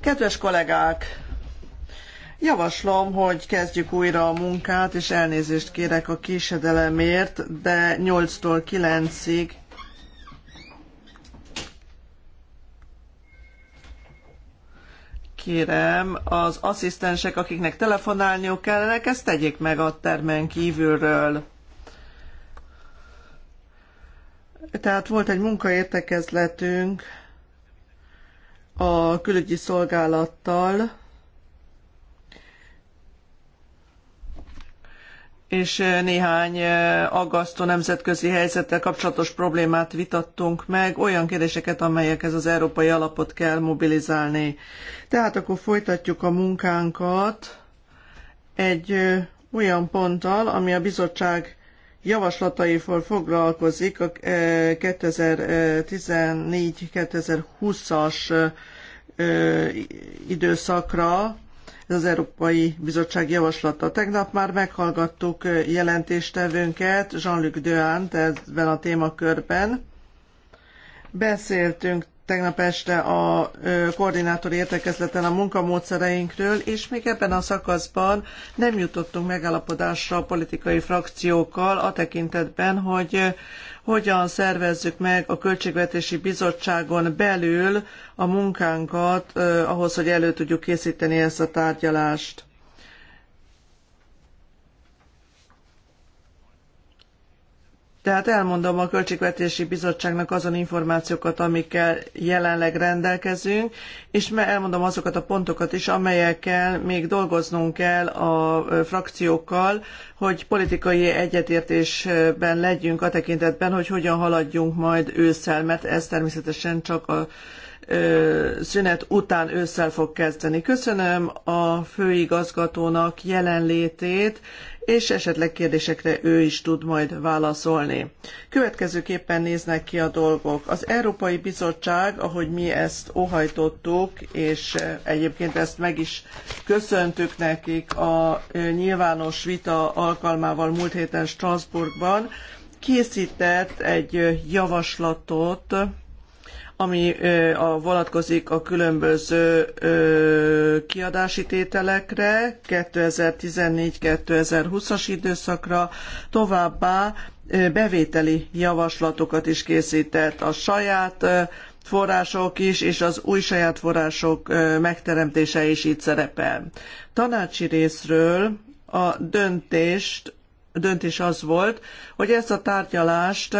Kedves kollégák, javaslom, hogy kezdjük újra a munkát, és elnézést kérek a késedelemért, de 8-tól 9-ig kérem az asszisztensek, akiknek telefonálniuk kellene, ezt tegyék meg a termen kívülről. Tehát volt egy munkaértekezletünk a külügyi szolgálattal, és néhány aggasztó nemzetközi helyzettel kapcsolatos problémát vitattunk meg, olyan kérdéseket, amelyekhez az európai alapot kell mobilizálni. Tehát akkor folytatjuk a munkánkat egy olyan ponttal, ami a bizottság javaslataival foglalkozik a 2014-2020-as e, e, időszakra, ez az Európai Bizottság javaslata. Tegnap már meghallgattuk e, jelentéstevőnket, Jean-Luc Deant ebben a témakörben. Beszéltünk tegnap este a koordinátori értekezleten a munkamódszereinkről, és még ebben a szakaszban nem jutottunk megállapodásra a politikai frakciókkal a tekintetben, hogy hogyan szervezzük meg a Költségvetési Bizottságon belül a munkánkat ahhoz, hogy elő tudjuk készíteni ezt a tárgyalást. Tehát elmondom a Költségvetési Bizottságnak azon információkat, amikkel jelenleg rendelkezünk, és elmondom azokat a pontokat is, amelyekkel még dolgoznunk kell a frakciókkal, hogy politikai egyetértésben legyünk a tekintetben, hogy hogyan haladjunk majd ősszel, mert ez természetesen csak a szünet után ősszel fog kezdeni. Köszönöm a főigazgatónak jelenlétét, és esetleg kérdésekre ő is tud majd válaszolni. Következőképpen néznek ki a dolgok. Az Európai Bizottság, ahogy mi ezt óhajtottuk, és egyébként ezt meg is köszöntük nekik a e, nyilvános vita alkalmával múlt héten Strasbourgban, készített egy javaslatot, ami a, vonatkozik a különböző kiadási tételekre 2014-2020-as időszakra, továbbá bevételi javaslatokat is készített a saját források is, és az új saját források megteremtése is itt szerepel. Tanácsi részről a döntést, döntés az volt, hogy ezt a tárgyalást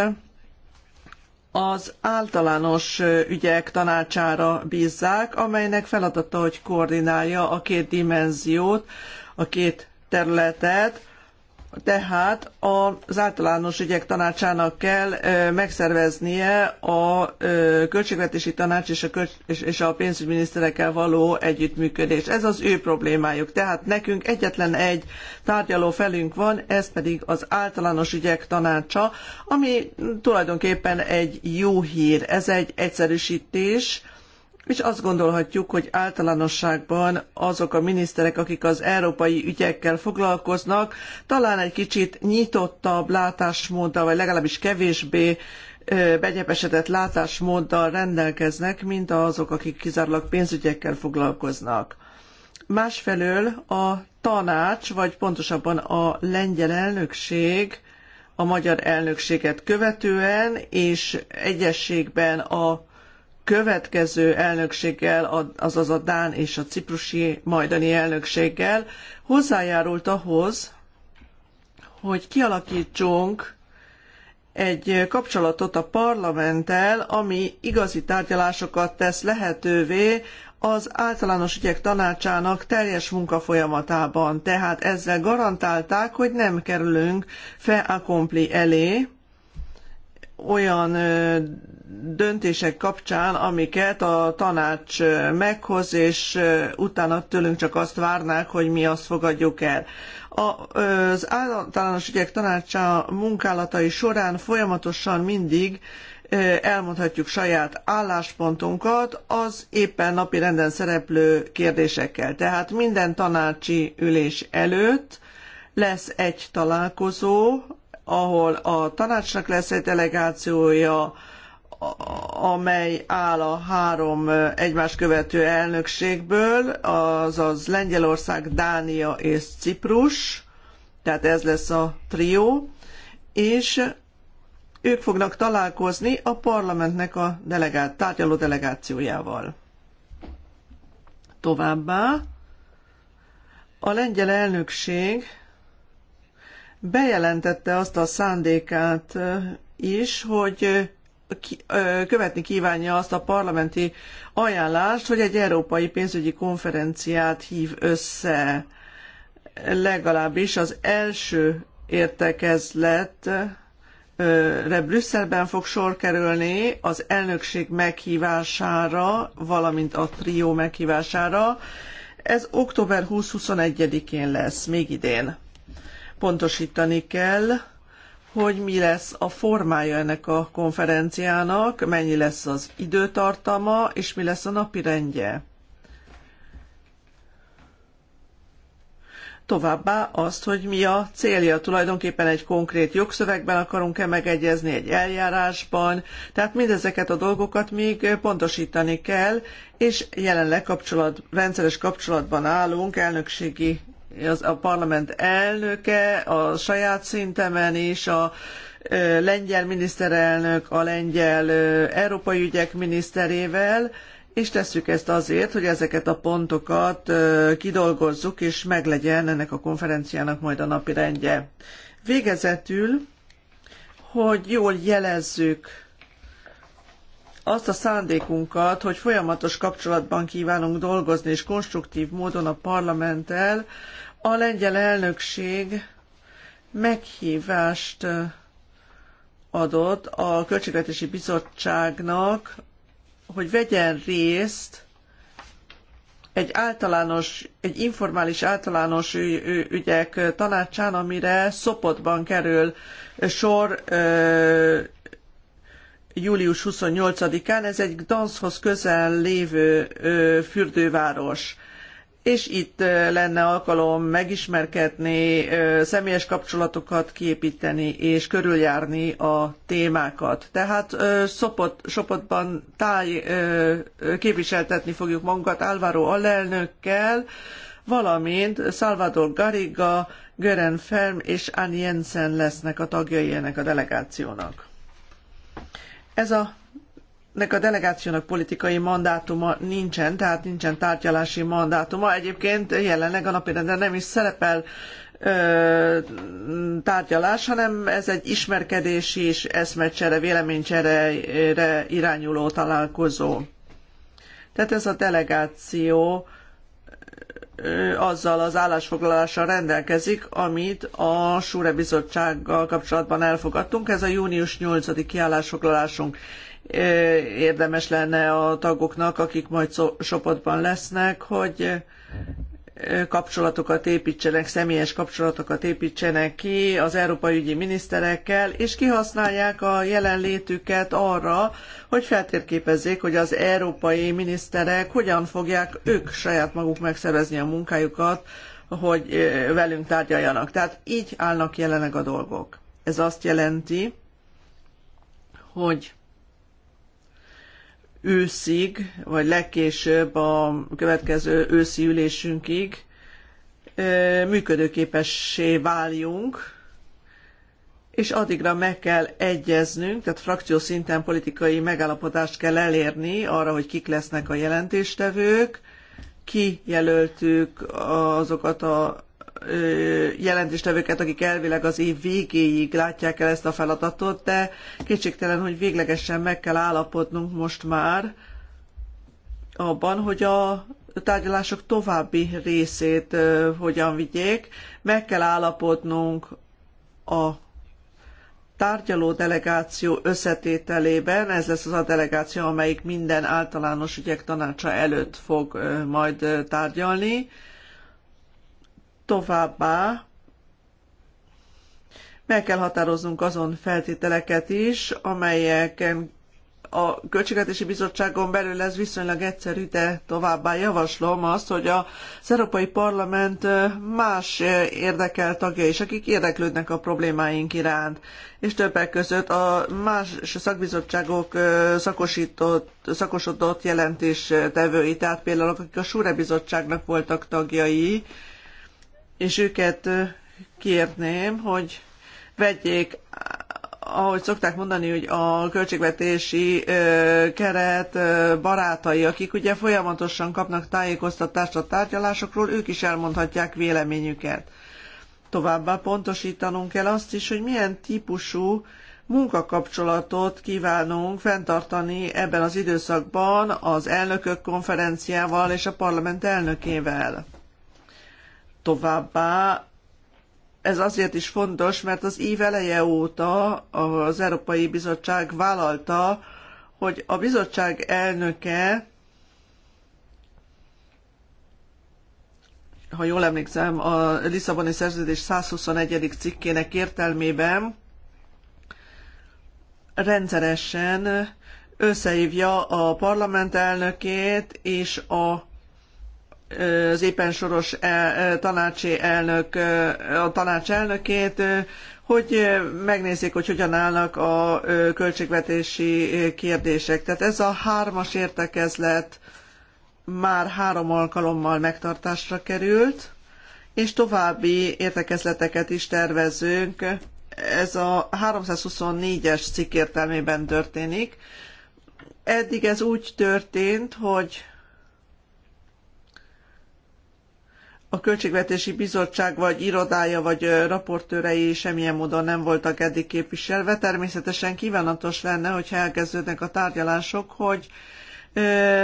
az általános ügyek tanácsára bízzák, amelynek feladata, hogy koordinálja a két dimenziót, a két területet, tehát az általános ügyek tanácsának kell megszerveznie a költségvetési tanács és a, költ- és a pénzügyminiszterekkel való együttműködés. Ez az ő problémájuk. Tehát nekünk egyetlen egy tárgyaló felünk van, ez pedig az általános ügyek tanácsa, ami tulajdonképpen egy jó hír. Ez egy egyszerűsítés, és azt gondolhatjuk, hogy általánosságban azok a miniszterek, akik az európai ügyekkel foglalkoznak, talán egy kicsit nyitottabb látásmóddal, vagy legalábbis kevésbé begyepesedett látásmóddal rendelkeznek, mint azok, akik kizárólag pénzügyekkel foglalkoznak. Másfelől a tanács, vagy pontosabban a lengyel elnökség a magyar elnökséget követően, és egyességben a következő elnökséggel, azaz a Dán és a ciprusi majdani elnökséggel hozzájárult ahhoz, hogy kialakítsunk egy kapcsolatot a parlamenttel, ami igazi tárgyalásokat tesz lehetővé az általános ügyek tanácsának teljes munkafolyamatában. Tehát ezzel garantálták, hogy nem kerülünk fe accompli elé, olyan döntések kapcsán, amiket a tanács meghoz, és utána tőlünk csak azt várnák, hogy mi azt fogadjuk el. az általános ügyek tanácsa munkálatai során folyamatosan mindig elmondhatjuk saját álláspontunkat az éppen napirenden szereplő kérdésekkel. Tehát minden tanácsi ülés előtt lesz egy találkozó, ahol a tanácsnak lesz egy delegációja, amely áll a három egymást követő elnökségből, azaz Lengyelország, Dánia és Ciprus, tehát ez lesz a trió, és ők fognak találkozni a parlamentnek a delegát, tárgyaló delegációjával. Továbbá a lengyel elnökség bejelentette azt a szándékát is, hogy követni kívánja azt a parlamenti ajánlást, hogy egy európai pénzügyi konferenciát hív össze. Legalábbis az első értekezletre Brüsszelben fog sor kerülni az elnökség meghívására, valamint a trió meghívására. Ez október 20-21-én lesz, még idén pontosítani kell, hogy mi lesz a formája ennek a konferenciának, mennyi lesz az időtartama, és mi lesz a napi rendje. Továbbá azt, hogy mi a célja, tulajdonképpen egy konkrét jogszövegben akarunk-e megegyezni, egy eljárásban, tehát mindezeket a dolgokat még pontosítani kell, és jelenleg kapcsolat, rendszeres kapcsolatban állunk elnökségi az a parlament elnöke a saját szintemen is, a lengyel miniszterelnök a lengyel európai ügyek miniszterével, és tesszük ezt azért, hogy ezeket a pontokat kidolgozzuk, és meglegyen ennek a konferenciának majd a napi rendje. Végezetül, hogy jól jelezzük azt a szándékunkat, hogy folyamatos kapcsolatban kívánunk dolgozni és konstruktív módon a parlamenttel, a lengyel elnökség meghívást adott a Költségvetési Bizottságnak, hogy vegyen részt egy általános, egy informális általános ügyek tanácsán, amire Szopotban kerül sor július 28-án. Ez egy Gdanszhoz közel lévő fürdőváros és itt lenne alkalom megismerkedni, személyes kapcsolatokat kiépíteni és körüljárni a témákat. Tehát Szopot, Sopotban táj, képviseltetni fogjuk magunkat Álvaro alelnökkel, valamint Salvador Garriga, Gören Ferm és Ann Jensen lesznek a tagjai ennek a delegációnak. Ez a nek a delegációnak politikai mandátuma nincsen, tehát nincsen tárgyalási mandátuma. Egyébként jelenleg a napirenden nem is szerepel ö, tárgyalás, hanem ez egy ismerkedési és eszmecsere, véleménycsere irányuló találkozó. Tehát ez a delegáció azzal az állásfoglalással rendelkezik, amit a Súre Bizottsággal kapcsolatban elfogadtunk. Ez a június 8-i állásfoglalásunk érdemes lenne a tagoknak, akik majd csoportban lesznek, hogy kapcsolatokat építsenek, személyes kapcsolatokat építsenek ki az európai ügyi miniszterekkel, és kihasználják a jelenlétüket arra, hogy feltérképezzék, hogy az európai miniszterek hogyan fogják ők saját maguk megszervezni a munkájukat, hogy velünk tárgyaljanak. Tehát így állnak jelenleg a dolgok. Ez azt jelenti, hogy őszig, vagy legkésőbb a következő őszi ülésünkig működőképessé váljunk, és addigra meg kell egyeznünk, tehát frakció szinten politikai megállapodást kell elérni arra, hogy kik lesznek a jelentéstevők, kijelöltük azokat a jelentéstevőket, akik elvileg az év végéig látják el ezt a feladatot, de kétségtelen, hogy véglegesen meg kell állapodnunk most már abban, hogy a tárgyalások további részét hogyan vigyék. Meg kell állapodnunk a tárgyaló delegáció összetételében, ez lesz az a delegáció, amelyik minden általános ügyek tanácsa előtt fog majd tárgyalni, Továbbá meg kell határoznunk azon feltételeket is, amelyeken a Költségvetési Bizottságon belül ez viszonylag egyszerű, de továbbá javaslom azt, hogy az Európai Parlament más érdekel tagja is, akik érdeklődnek a problémáink iránt, és többek között a más szakbizottságok szakosított, szakosodott jelentéstevői, tehát például akik a Súre Bizottságnak voltak tagjai, és őket kérném, hogy vegyék, ahogy szokták mondani, hogy a költségvetési keret barátai, akik ugye folyamatosan kapnak tájékoztatást a tárgyalásokról, ők is elmondhatják véleményüket. Továbbá pontosítanunk kell azt is, hogy milyen típusú munkakapcsolatot kívánunk fenntartani ebben az időszakban az elnökök konferenciával és a parlament elnökével. Továbbá ez azért is fontos, mert az év eleje óta az Európai Bizottság vállalta, hogy a bizottság elnöke, ha jól emlékszem, a Lisszaboni Szerződés 121. cikkének értelmében rendszeresen összehívja a parlament elnökét és a az éppen soros e, e, tanácsi elnök, e, a tanács elnökét, hogy megnézzék, hogy hogyan állnak a költségvetési kérdések. Tehát ez a hármas értekezlet már három alkalommal megtartásra került, és további értekezleteket is tervezünk. Ez a 324-es cikk értelmében történik. Eddig ez úgy történt, hogy a Költségvetési Bizottság vagy irodája vagy raportőrei semmilyen módon nem voltak eddig képviselve. Természetesen kívánatos lenne, hogyha elkezdődnek a tárgyalások, hogy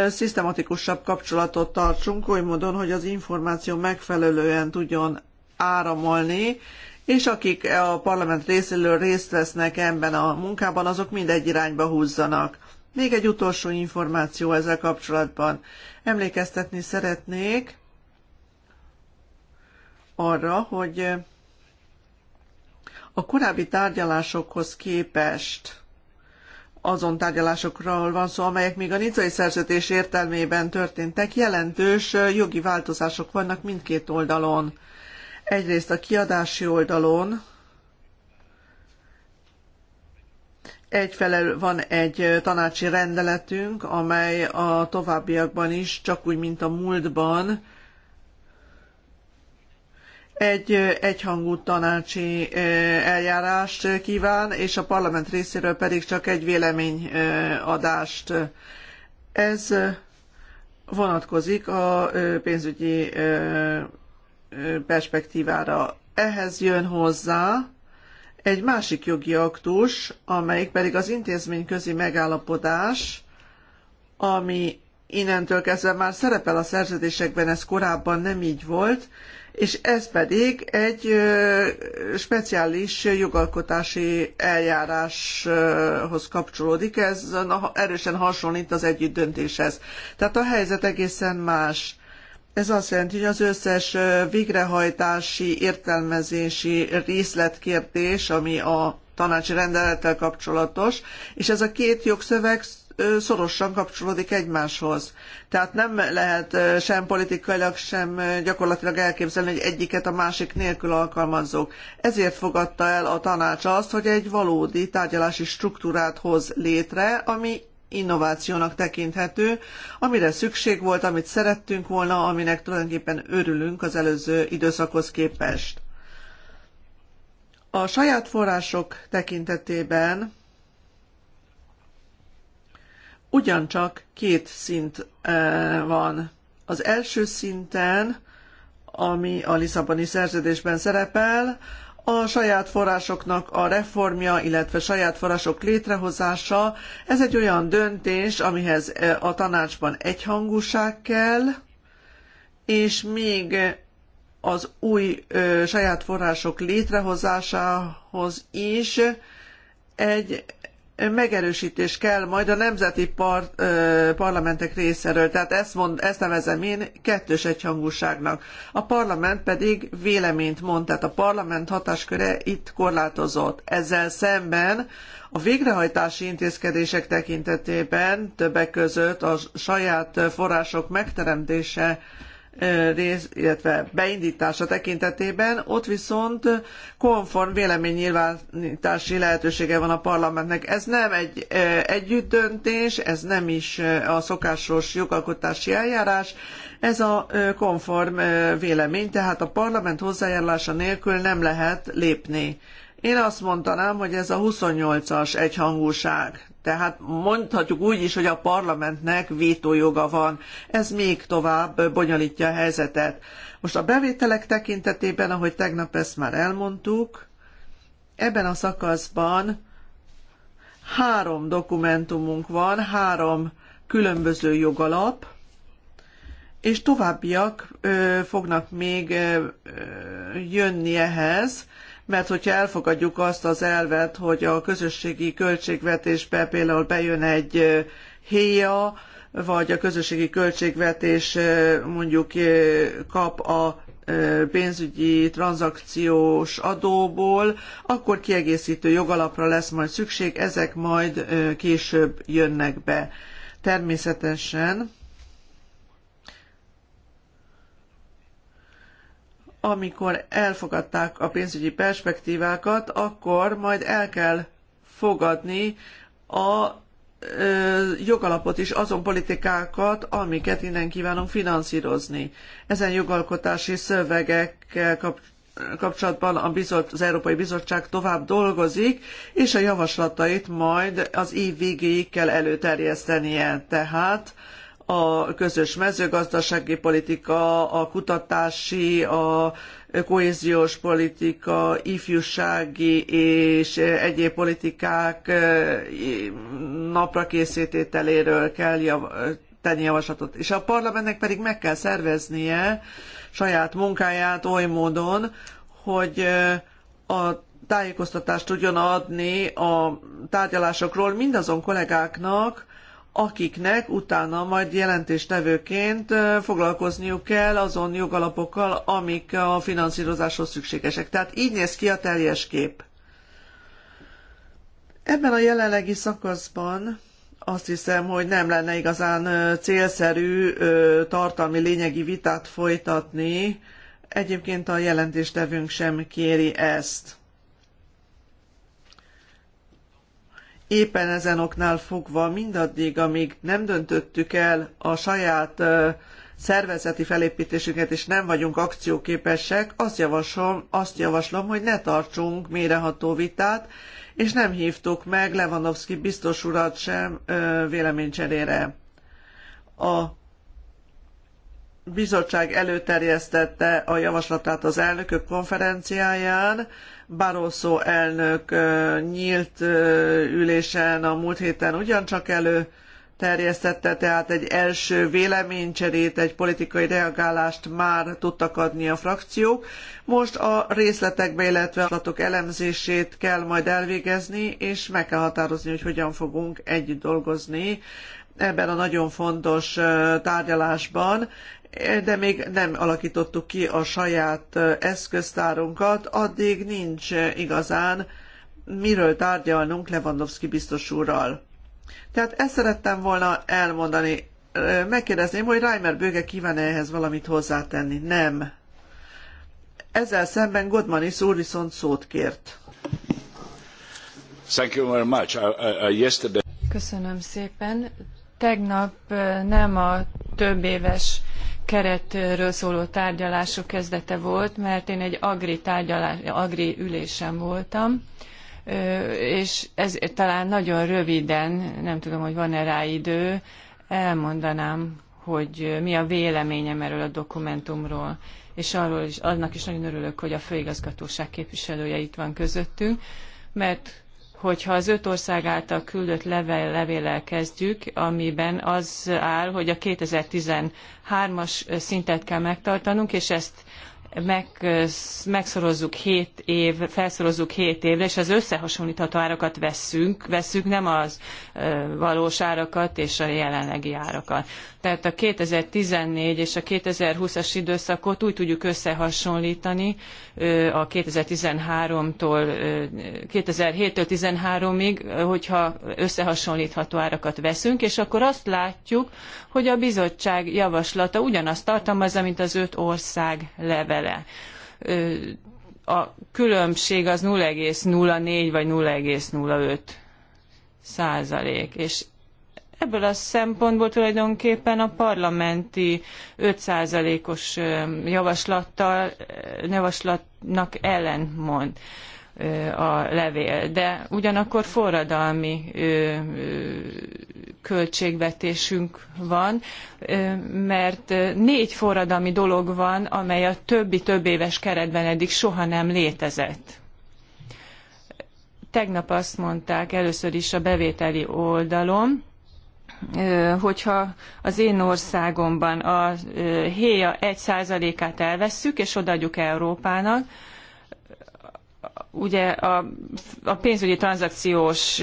szisztematikusabb kapcsolatot tartsunk, oly módon, hogy az információ megfelelően tudjon áramolni, és akik a parlament részéről részt vesznek ebben a munkában, azok mind egy irányba húzzanak. Még egy utolsó információ ezzel kapcsolatban. Emlékeztetni szeretnék, arra, hogy a korábbi tárgyalásokhoz képest azon tárgyalásokról van szó, amelyek még a nicai szerződés értelmében történtek, jelentős jogi változások vannak mindkét oldalon. Egyrészt a kiadási oldalon, Egyfelől van egy tanácsi rendeletünk, amely a továbbiakban is, csak úgy, mint a múltban, egy egyhangú tanácsi eljárást kíván, és a parlament részéről pedig csak egy véleményadást. Ez vonatkozik a pénzügyi perspektívára. Ehhez jön hozzá egy másik jogi aktus, amelyik pedig az intézményközi megállapodás, ami innentől kezdve már szerepel a szerződésekben, ez korábban nem így volt, és ez pedig egy speciális jogalkotási eljáráshoz kapcsolódik, ez erősen hasonlít az együttdöntéshez. Tehát a helyzet egészen más. Ez azt jelenti, hogy az összes végrehajtási, értelmezési részletkérdés, ami a tanácsi rendelettel kapcsolatos, és ez a két jogszöveg szorosan kapcsolódik egymáshoz. Tehát nem lehet sem politikailag, sem gyakorlatilag elképzelni, hogy egyiket a másik nélkül alkalmazzuk. Ezért fogadta el a tanács azt, hogy egy valódi tárgyalási struktúrát hoz létre, ami innovációnak tekinthető, amire szükség volt, amit szerettünk volna, aminek tulajdonképpen örülünk az előző időszakhoz képest. A saját források tekintetében ugyancsak két szint eh, van. Az első szinten, ami a Lisszaboni szerződésben szerepel, a saját forrásoknak a reformja, illetve saját források létrehozása, ez egy olyan döntés, amihez eh, a tanácsban egyhangúság kell, és még az új ö, saját források létrehozásához is egy megerősítés kell majd a nemzeti par, ö, parlamentek részéről. Tehát ezt, mond, ezt nevezem én kettős egyhangúságnak. A parlament pedig véleményt mond, tehát a parlament hatásköre itt korlátozott. Ezzel szemben a végrehajtási intézkedések tekintetében többek között a saját források megteremtése rész, illetve beindítása tekintetében, ott viszont konform véleménynyilvánítási lehetősége van a parlamentnek. Ez nem egy együttdöntés, ez nem is a szokásos jogalkotási eljárás, ez a konform vélemény, tehát a parlament hozzájárulása nélkül nem lehet lépni én azt mondanám, hogy ez a 28-as egyhangúság. Tehát mondhatjuk úgy is, hogy a parlamentnek vétójoga van. Ez még tovább bonyolítja a helyzetet. Most a bevételek tekintetében, ahogy tegnap ezt már elmondtuk, ebben a szakaszban három dokumentumunk van, három különböző jogalap, és továbbiak ö, fognak még ö, jönni ehhez, mert hogyha elfogadjuk azt az elvet, hogy a közösségi költségvetésbe például bejön egy héja, vagy a közösségi költségvetés mondjuk kap a pénzügyi tranzakciós adóból, akkor kiegészítő jogalapra lesz majd szükség, ezek majd később jönnek be. Természetesen amikor elfogadták a pénzügyi perspektívákat, akkor majd el kell fogadni a jogalapot is, azon politikákat, amiket innen kívánunk finanszírozni. Ezen jogalkotási szövegekkel kapcsolatban kapcsolatban a bizot, az Európai Bizottság tovább dolgozik, és a javaslatait majd az év végéig kell előterjesztenie. Tehát a közös mezőgazdasági politika, a kutatási, a kohéziós politika, ifjúsági és egyéb politikák napra készítételéről kell jav- tenni javaslatot. És a parlamentnek pedig meg kell szerveznie saját munkáját oly módon, hogy a tájékoztatást tudjon adni a tárgyalásokról mindazon kollégáknak, akiknek utána majd jelentéstevőként foglalkozniuk kell azon jogalapokkal, amik a finanszírozáshoz szükségesek. Tehát így néz ki a teljes kép. Ebben a jelenlegi szakaszban azt hiszem, hogy nem lenne igazán célszerű tartalmi lényegi vitát folytatni. Egyébként a jelentéstevőnk sem kéri ezt. éppen ezen oknál fogva mindaddig, amíg nem döntöttük el a saját szervezeti felépítésünket, és nem vagyunk akcióképesek, azt javaslom, azt javaslom, hogy ne tartsunk méreható vitát, és nem hívtuk meg Lewandowski biztos urat sem véleménycserére. A bizottság előterjesztette a javaslatát az elnökök konferenciáján, Barroso elnök nyílt ülésen a múlt héten ugyancsak elő terjesztette, tehát egy első véleménycserét, egy politikai reagálást már tudtak adni a frakciók. Most a részletekbe, illetve a elemzését kell majd elvégezni, és meg kell határozni, hogy hogyan fogunk együtt dolgozni ebben a nagyon fontos tárgyalásban de még nem alakítottuk ki a saját eszköztárunkat, addig nincs igazán miről tárgyalnunk Lewandowski biztos úrral. Tehát ezt szerettem volna elmondani. Megkérdezném, hogy Reimer bőge kíván-e ehhez valamit hozzátenni? Nem. Ezzel szemben is úr viszont szót kért. Thank you very much. Yesterday. Köszönöm szépen. Tegnap nem a több éves keretről szóló tárgyalások kezdete volt, mert én egy agri, tárgyalás, agri ülésen voltam, és ez talán nagyon röviden, nem tudom, hogy van-e rá idő, elmondanám, hogy mi a véleményem erről a dokumentumról, és arról is, annak is nagyon örülök, hogy a főigazgatóság képviselője itt van közöttünk, mert hogyha az öt ország által küldött level, levéllel kezdjük, amiben az áll, hogy a 2013-as szintet kell megtartanunk, és ezt meg, megszorozzuk 7 év, felszorozzuk 7 évre, és az összehasonlítható árakat vesszünk, vesszük, nem az ö, valós árakat és a jelenlegi árakat tehát a 2014 és a 2020-as időszakot úgy tudjuk összehasonlítani a 2013-tól, 2007-től 13-ig, hogyha összehasonlítható árakat veszünk, és akkor azt látjuk, hogy a bizottság javaslata ugyanazt tartalmazza, mint az öt ország levele a különbség az 0,04 vagy 0,05 százalék. És ebből a szempontból tulajdonképpen a parlamenti 5%-os javaslatnak ellentmond a levél, de ugyanakkor forradalmi költségvetésünk van, mert négy forradalmi dolog van, amely a többi többéves keretben eddig soha nem létezett. Tegnap azt mondták először is a bevételi oldalon, hogyha az én országomban a héja 1%-át elvesszük, és odaadjuk Európának, ugye a, a pénzügyi tranzakciós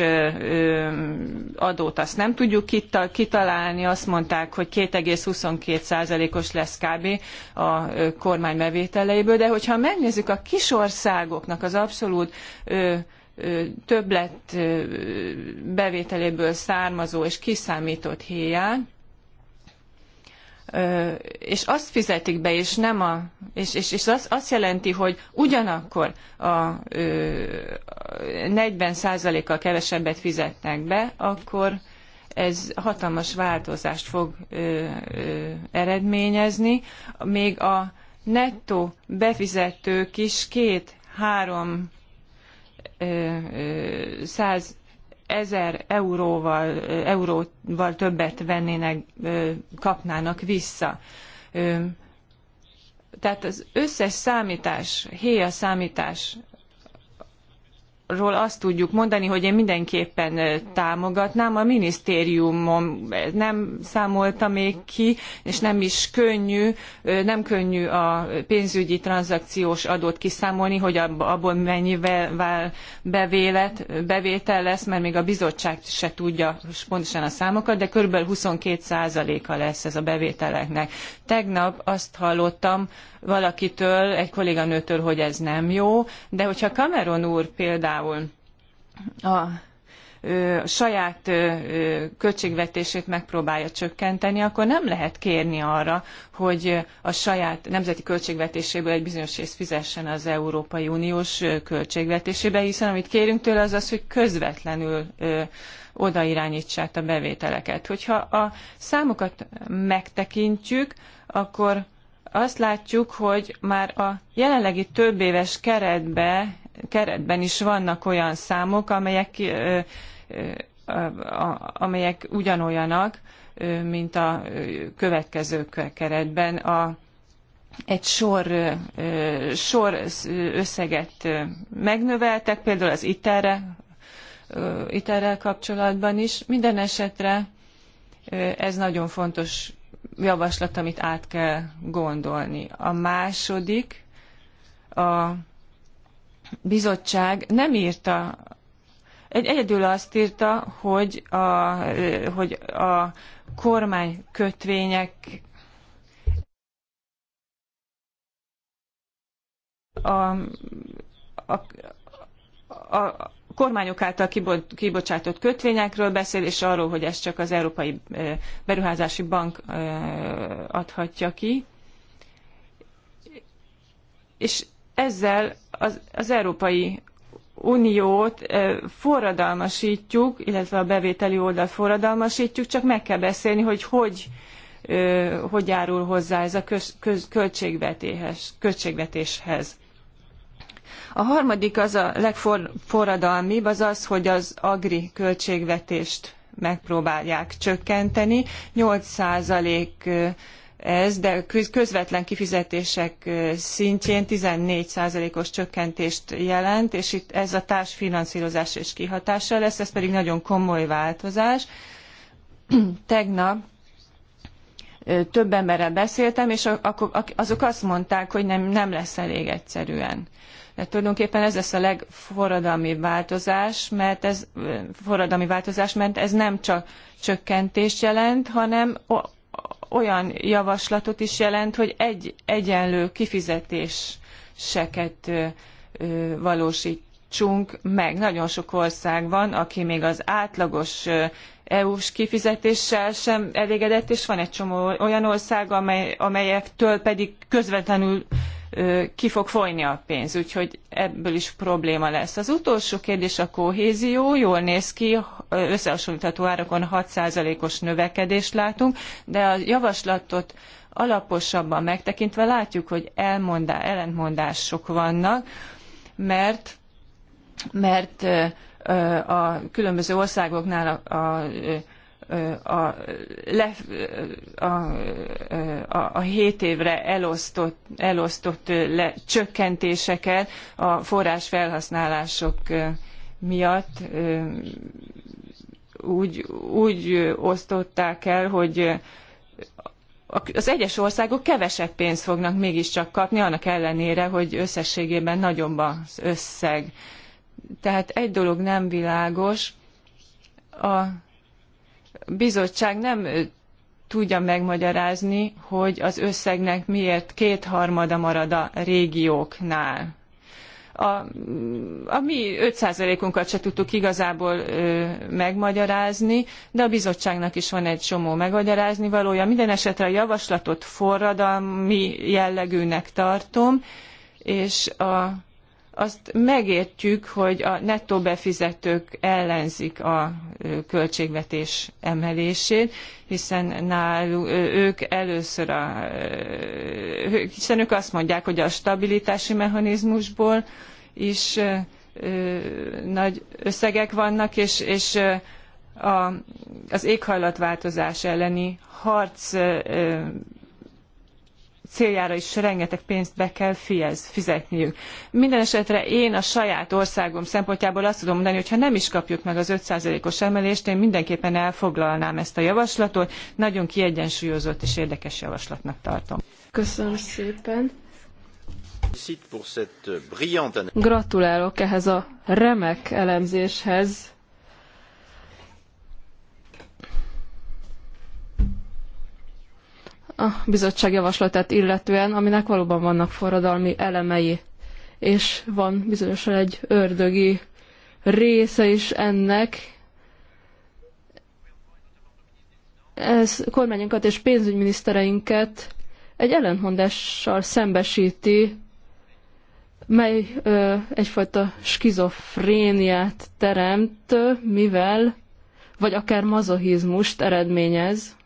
adót azt nem tudjuk kitalálni, azt mondták, hogy 2,22%-os lesz kb. a kormány bevételeiből, de hogyha megnézzük a kis országoknak az abszolút többlet bevételéből származó és kiszámított héját, és azt fizetik be, és nem a, és, és, és az, azt jelenti, hogy ugyanakkor a ö, 40%-kal kevesebbet fizetnek be, akkor ez hatalmas változást fog ö, ö, eredményezni. Még a nettó befizetők is két-három 100 ezer euróval, euróval többet vennének, kapnának vissza. Tehát az összes számítás, héja számítás ról azt tudjuk mondani, hogy én mindenképpen támogatnám. A minisztériumom nem számolta még ki, és nem is könnyű, nem könnyű a pénzügyi tranzakciós adót kiszámolni, hogy abból mennyivel bevélet, bevétel lesz, mert még a bizottság se tudja pontosan a számokat, de körülbelül 22%-a lesz ez a bevételeknek. Tegnap azt hallottam valakitől, egy kolléganőtől, hogy ez nem jó, de hogyha Cameron úr például például a a saját költségvetését megpróbálja csökkenteni, akkor nem lehet kérni arra, hogy a saját nemzeti költségvetéséből egy bizonyos részt fizessen az Európai Uniós költségvetésébe, hiszen amit kérünk tőle az az, hogy közvetlenül oda irányítsák a bevételeket. Hogyha a számokat megtekintjük, akkor azt látjuk, hogy már a jelenlegi több éves keretbe keretben is vannak olyan számok, amelyek, amelyek ugyanolyanak, mint a következő keretben. A, egy sor, sor összeget megnöveltek, például az iterre, iterrel kapcsolatban is. Minden esetre ez nagyon fontos javaslat, amit át kell gondolni. A második, a bizottság nem írta, egy, egyedül azt írta, hogy a, hogy a kormány kötvények a, a, a kormányok által kibocsátott kötvényekről beszél, és arról, hogy ezt csak az Európai Beruházási Bank adhatja ki. És ezzel az, az Európai Uniót forradalmasítjuk, illetve a bevételi oldalt forradalmasítjuk, csak meg kell beszélni, hogy hogy, hogy járul hozzá ez a köz, köz, költségvetéshez. A harmadik, az a legforradalmibb, az az, hogy az agri költségvetést megpróbálják csökkenteni. 8 ez, de közvetlen kifizetések szintjén 14%-os csökkentést jelent, és itt ez a társfinanszírozás és kihatással lesz, ez pedig nagyon komoly változás. Tegnap több emberrel beszéltem, és azok azt mondták, hogy nem, nem lesz elég egyszerűen. De tulajdonképpen ez lesz a legforradalmi változás, mert ez forradalmi változás, mert ez nem csak csökkentést jelent, hanem olyan javaslatot is jelent, hogy egy egyenlő kifizetéseket valósítsunk meg. Nagyon sok ország van, aki még az átlagos EU-s kifizetéssel sem elégedett, és van egy csomó olyan ország, amely, amelyektől pedig közvetlenül ki fog folyni a pénz, úgyhogy ebből is probléma lesz. Az utolsó kérdés a kohézió, jól néz ki, összehasonlítható árakon 6%-os növekedést látunk, de a javaslatot alaposabban megtekintve látjuk, hogy elmondá, ellentmondások vannak, mert, mert a különböző országoknál a, a a, le, a, a, a 7 évre elosztott, elosztott le, csökkentéseket a forrás felhasználások miatt úgy, úgy osztották el, hogy az egyes országok kevesebb pénzt fognak mégiscsak kapni, annak ellenére, hogy összességében nagyobb az összeg. Tehát egy dolog nem világos, a bizottság nem tudja megmagyarázni, hogy az összegnek miért kétharmada marad a régióknál. A, a mi 5%-unkat se tudtuk igazából ö, megmagyarázni, de a bizottságnak is van egy csomó megmagyarázni valója. Minden esetre a javaslatot forradalmi jellegűnek tartom, és a azt megértjük, hogy a nettó befizetők ellenzik a költségvetés emelését, hiszen náluk, ők először a, hiszen ők azt mondják, hogy a stabilitási mechanizmusból is nagy összegek vannak, és, és a, az éghajlatváltozás elleni harc céljára is rengeteg pénzt be kell fiez, fizetniük. Minden esetre én a saját országom szempontjából azt tudom mondani, hogy ha nem is kapjuk meg az 5%-os emelést, én mindenképpen elfoglalnám ezt a javaslatot. Nagyon kiegyensúlyozott és érdekes javaslatnak tartom. Köszönöm szépen. Gratulálok ehhez a remek elemzéshez a bizottság javaslatát illetően, aminek valóban vannak forradalmi elemei, és van bizonyosan egy ördögi része is ennek. Ez kormányunkat és pénzügyminisztereinket egy ellentmondással szembesíti, mely ö, egyfajta skizofréniát teremt, mivel, vagy akár mazohizmust eredményez.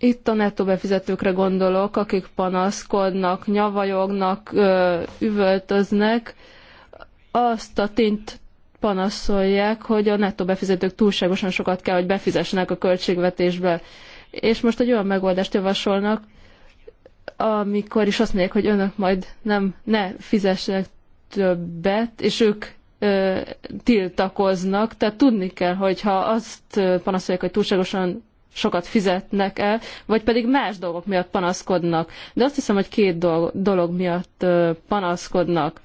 Itt a nettó befizetőkre gondolok, akik panaszkodnak, nyavajognak, üvöltöznek, azt a tényt panaszolják, hogy a nettó befizetők túlságosan sokat kell, hogy befizessenek a költségvetésbe. És most egy olyan megoldást javasolnak, amikor is azt mondják, hogy önök majd nem, ne fizessenek többet, és ők ö, tiltakoznak, tehát tudni kell, hogy ha azt panaszolják, hogy túlságosan sokat fizetnek el, vagy pedig más dolgok miatt panaszkodnak. De azt hiszem, hogy két dolog, dolog miatt panaszkodnak.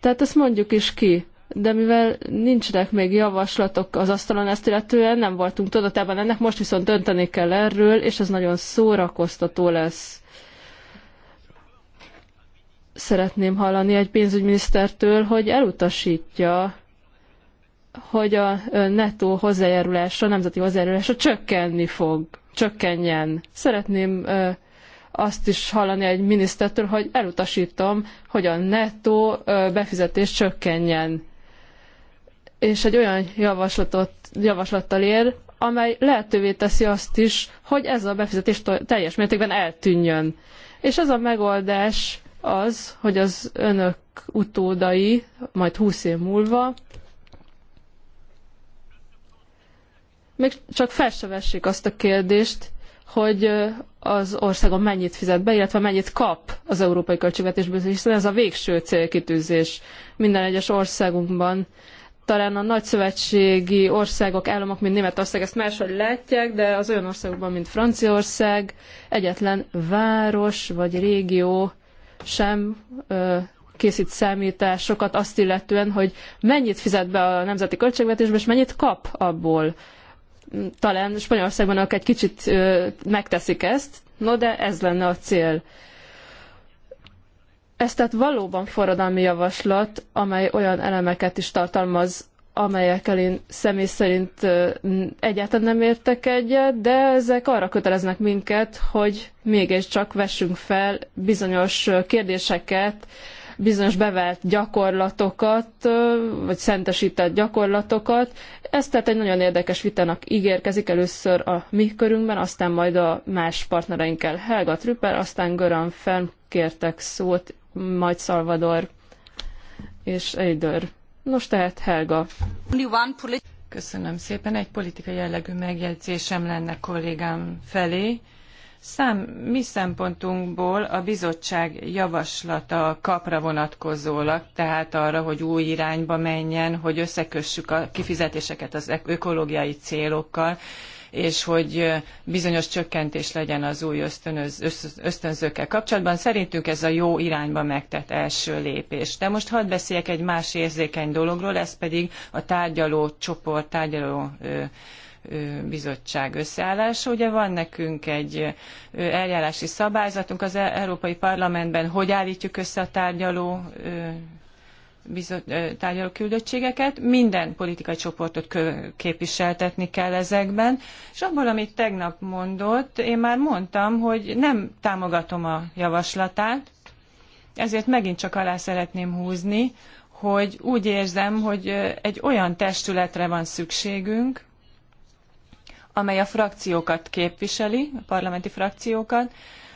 Tehát ezt mondjuk is ki. De mivel nincsenek még javaslatok az asztalon ezt illetően, nem voltunk tudatában ennek, most viszont dönteni kell erről, és ez nagyon szórakoztató lesz szeretném hallani egy pénzügyminisztertől, hogy elutasítja hogy a nettó hozzájárulása, a nemzeti hozzájárulása csökkenni fog, csökkenjen. Szeretném azt is hallani egy minisztertől, hogy elutasítom, hogy a nettó befizetés csökkenjen. És egy olyan javaslatot, javaslattal ér, amely lehetővé teszi azt is, hogy ez a befizetés teljes mértékben eltűnjön. És ez a megoldás az, hogy az önök utódai majd húsz év múlva még csak fel se vessék azt a kérdést, hogy az országon mennyit fizet be, illetve mennyit kap az európai költségvetésből, hiszen ez a végső célkitűzés minden egyes országunkban. Talán a nagyszövetségi országok, államok, mint Németország ezt máshogy látják, de az olyan országokban, mint Franciaország, egyetlen város vagy régió sem ö, készít számításokat azt illetően, hogy mennyit fizet be a nemzeti költségvetésbe, és mennyit kap abból talán Spanyolországban ők egy kicsit megteszik ezt, no de ez lenne a cél. Ez tehát valóban forradalmi javaslat, amely olyan elemeket is tartalmaz, amelyekkel én személy szerint egyáltalán nem értek egyet, de ezek arra köteleznek minket, hogy mégiscsak vessünk fel bizonyos kérdéseket, bizonyos bevált gyakorlatokat, vagy szentesített gyakorlatokat. Ez tehát egy nagyon érdekes vitának ígérkezik először a mi körünkben, aztán majd a más partnereinkkel Helga Trüpper, aztán Göran Fenn kértek szót, majd Salvador és Eider. Nos tehát Helga. Köszönöm szépen. Egy politikai jellegű megjegyzésem lenne kollégám felé Szám, mi szempontunkból a bizottság javaslata kapra vonatkozólag, tehát arra, hogy új irányba menjen, hogy összekössük a kifizetéseket az ökológiai célokkal, és hogy bizonyos csökkentés legyen az új ösztönöz, ösztönzőkkel kapcsolatban. Szerintünk ez a jó irányba megtett első lépés. De most hadd beszéljek egy más érzékeny dologról, ez pedig a tárgyaló csoport, tárgyaló ö, bizottság összeállása. Ugye van nekünk egy eljárási szabályzatunk az e- Európai Parlamentben, hogy állítjuk össze a tárgyaló tárgyaló küldöttségeket, minden politikai csoportot képviseltetni kell ezekben, és abból, amit tegnap mondott, én már mondtam, hogy nem támogatom a javaslatát, ezért megint csak alá szeretném húzni, hogy úgy érzem, hogy egy olyan testületre van szükségünk, amely a frakciókat képviseli, a parlamenti frakciókat,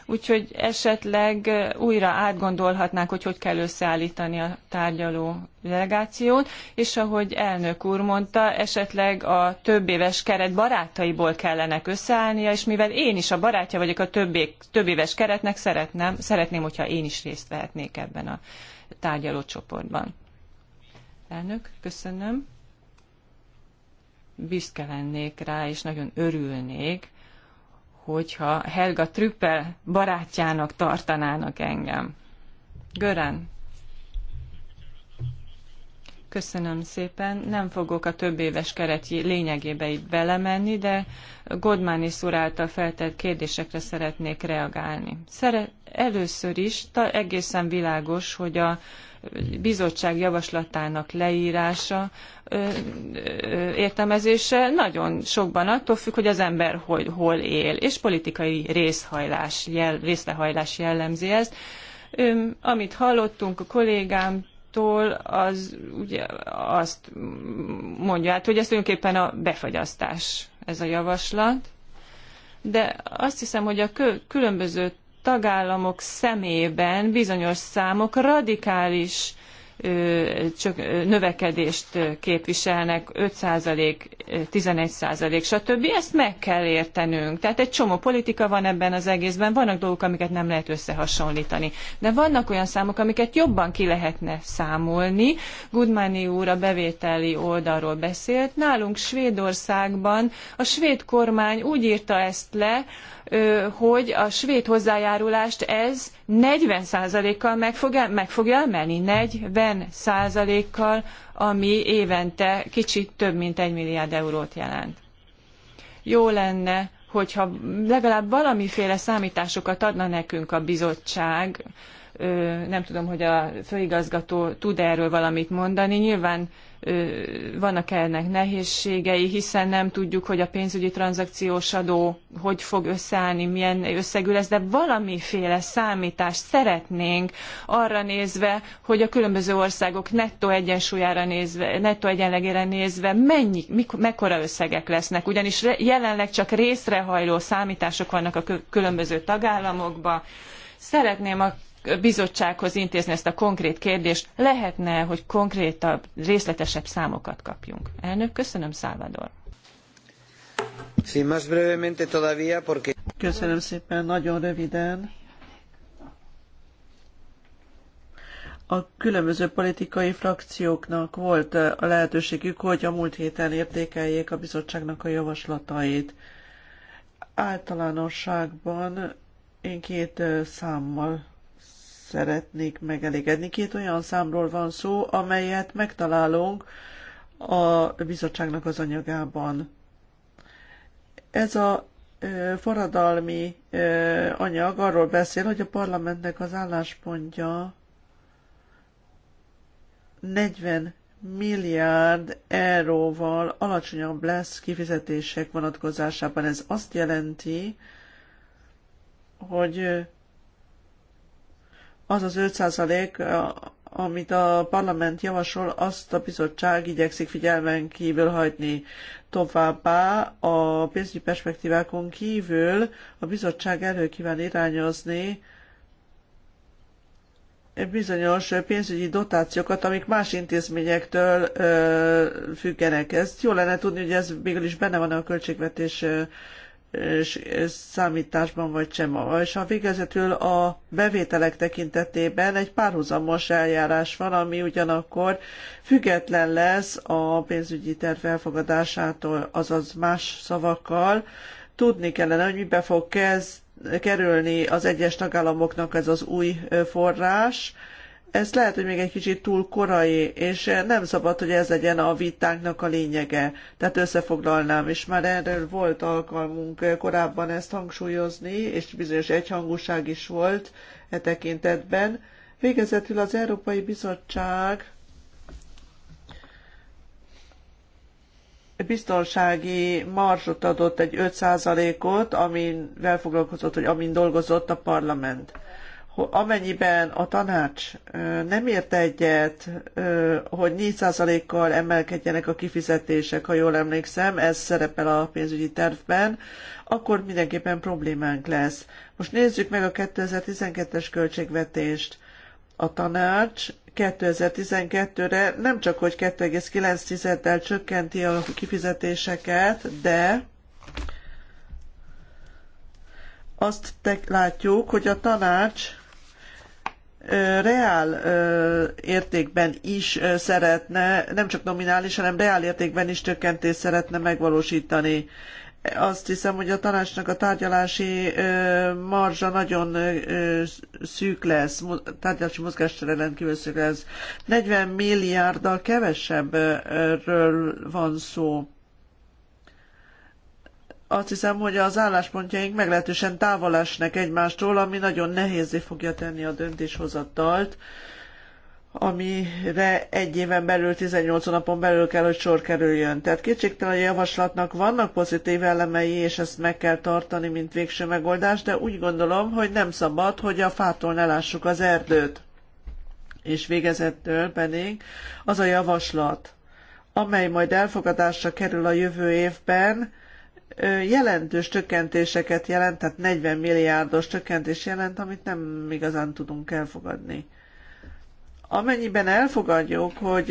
úgyhogy esetleg újra átgondolhatnánk, hogy hogy kell összeállítani a tárgyaló delegációt, és ahogy elnök úr mondta, esetleg a többéves keret barátaiból kellene összeállnia, és mivel én is a barátja vagyok a többé, többéves keretnek, szeretném, szeretném, hogyha én is részt vehetnék ebben a tárgyaló csoportban. Elnök, köszönöm büszke lennék rá, és nagyon örülnék, hogyha Helga Trüppel barátjának tartanának engem. Gören. Köszönöm szépen. Nem fogok a több éves keret lényegébe belemenni, de Godmáni úr által feltett kérdésekre szeretnék reagálni. Szere- először is ta- egészen világos, hogy a bizottság javaslatának leírása, értelmezése nagyon sokban attól függ, hogy az ember hogy, hol él, és politikai részhajlás, jel, részlehajlás jellemzi ezt. Amit hallottunk a kollégámtól, az ugye azt mondja, hát, hogy ez tulajdonképpen a befagyasztás, ez a javaslat. De azt hiszem, hogy a különböző tagállamok szemében bizonyos számok radikális csak növekedést képviselnek, 5%, 11%, stb. Ezt meg kell értenünk. Tehát egy csomó politika van ebben az egészben, vannak dolgok, amiket nem lehet összehasonlítani. De vannak olyan számok, amiket jobban ki lehetne számolni. Gudmáni úr a bevételi oldalról beszélt. Nálunk Svédországban a svéd kormány úgy írta ezt le, hogy a svéd hozzájárulást ez 40%-kal meg, meg fogja emelni. 40%-kal, ami évente kicsit több mint 1 milliárd eurót jelent. Jó lenne, hogyha legalább valamiféle számításokat adna nekünk a bizottság, nem tudom, hogy a főigazgató tud erről valamit mondani. Nyilván vannak ennek nehézségei, hiszen nem tudjuk, hogy a pénzügyi tranzakciós adó hogy fog összeállni, milyen összegű lesz, de valamiféle számítást szeretnénk arra nézve, hogy a különböző országok nettó egyensúlyára nézve, nettó egyenlegére nézve mennyi, mik, mekkora összegek lesznek, ugyanis jelenleg csak részrehajló számítások vannak a különböző tagállamokban, szeretném a bizottsághoz intézni ezt a konkrét kérdést. Lehetne, hogy konkrétabb, részletesebb számokat kapjunk. Elnök, köszönöm, Salvador. Köszönöm szépen, nagyon röviden. a különböző politikai frakcióknak volt a lehetőségük, hogy a múlt héten értékeljék a bizottságnak a javaslatait. Általánosságban én két számmal szeretnék megelégedni. Két olyan számról van szó, amelyet megtalálunk a bizottságnak az anyagában. Ez a forradalmi anyag arról beszél, hogy a parlamentnek az álláspontja 40 milliárd euróval alacsonyabb lesz kifizetések vonatkozásában. Ez azt jelenti, hogy az az 5% amit a parlament javasol, azt a bizottság igyekszik figyelmen kívül hagyni. Továbbá a pénzügyi perspektívákon kívül a bizottság elő kíván irányozni bizonyos pénzügyi dotációkat, amik más intézményektől ö, függenek. Ezt jó lenne tudni, hogy ez végül is benne van a költségvetés számításban vagy sem. És a végezetül a bevételek tekintetében egy párhuzamos eljárás van, ami ugyanakkor független lesz a pénzügyi terv elfogadásától, azaz más szavakkal. Tudni kellene, hogy mibe fog kezd, kerülni az egyes tagállamoknak ez az új forrás, ez lehet, hogy még egy kicsit túl korai, és nem szabad, hogy ez legyen a vitánknak a lényege. Tehát összefoglalnám, és már erről volt alkalmunk korábban ezt hangsúlyozni, és bizonyos egyhangúság is volt e tekintetben. Végezetül az Európai Bizottság biztonsági marzsot adott egy 5%-ot, amivel foglalkozott, hogy amin dolgozott a parlament amennyiben a tanács nem ért egyet, hogy 4%-kal emelkedjenek a kifizetések, ha jól emlékszem, ez szerepel a pénzügyi tervben, akkor mindenképpen problémánk lesz. Most nézzük meg a 2012-es költségvetést. A tanács 2012-re nem csak hogy 2,9-tel csökkenti a kifizetéseket, de azt látjuk, hogy a tanács reál értékben is szeretne, nem csak nominális, hanem reál értékben is csökkentést szeretne megvalósítani. Azt hiszem, hogy a tanácsnak a tárgyalási marzsa nagyon szűk lesz, tárgyalási mozgástere rendkívül szűk lesz. 40 milliárddal kevesebbről van szó azt hiszem, hogy az álláspontjaink meglehetősen távol esnek egymástól, ami nagyon nehézé fogja tenni a döntéshozatalt, amire egy éven belül, 18 napon belül kell, hogy sor kerüljön. Tehát kétségtelen a javaslatnak vannak pozitív elemei, és ezt meg kell tartani, mint végső megoldás, de úgy gondolom, hogy nem szabad, hogy a fától ne lássuk az erdőt. És végezettől pedig az a javaslat, amely majd elfogadásra kerül a jövő évben, jelentős csökkentéseket jelent, tehát 40 milliárdos csökkentés jelent, amit nem igazán tudunk elfogadni. Amennyiben elfogadjuk, hogy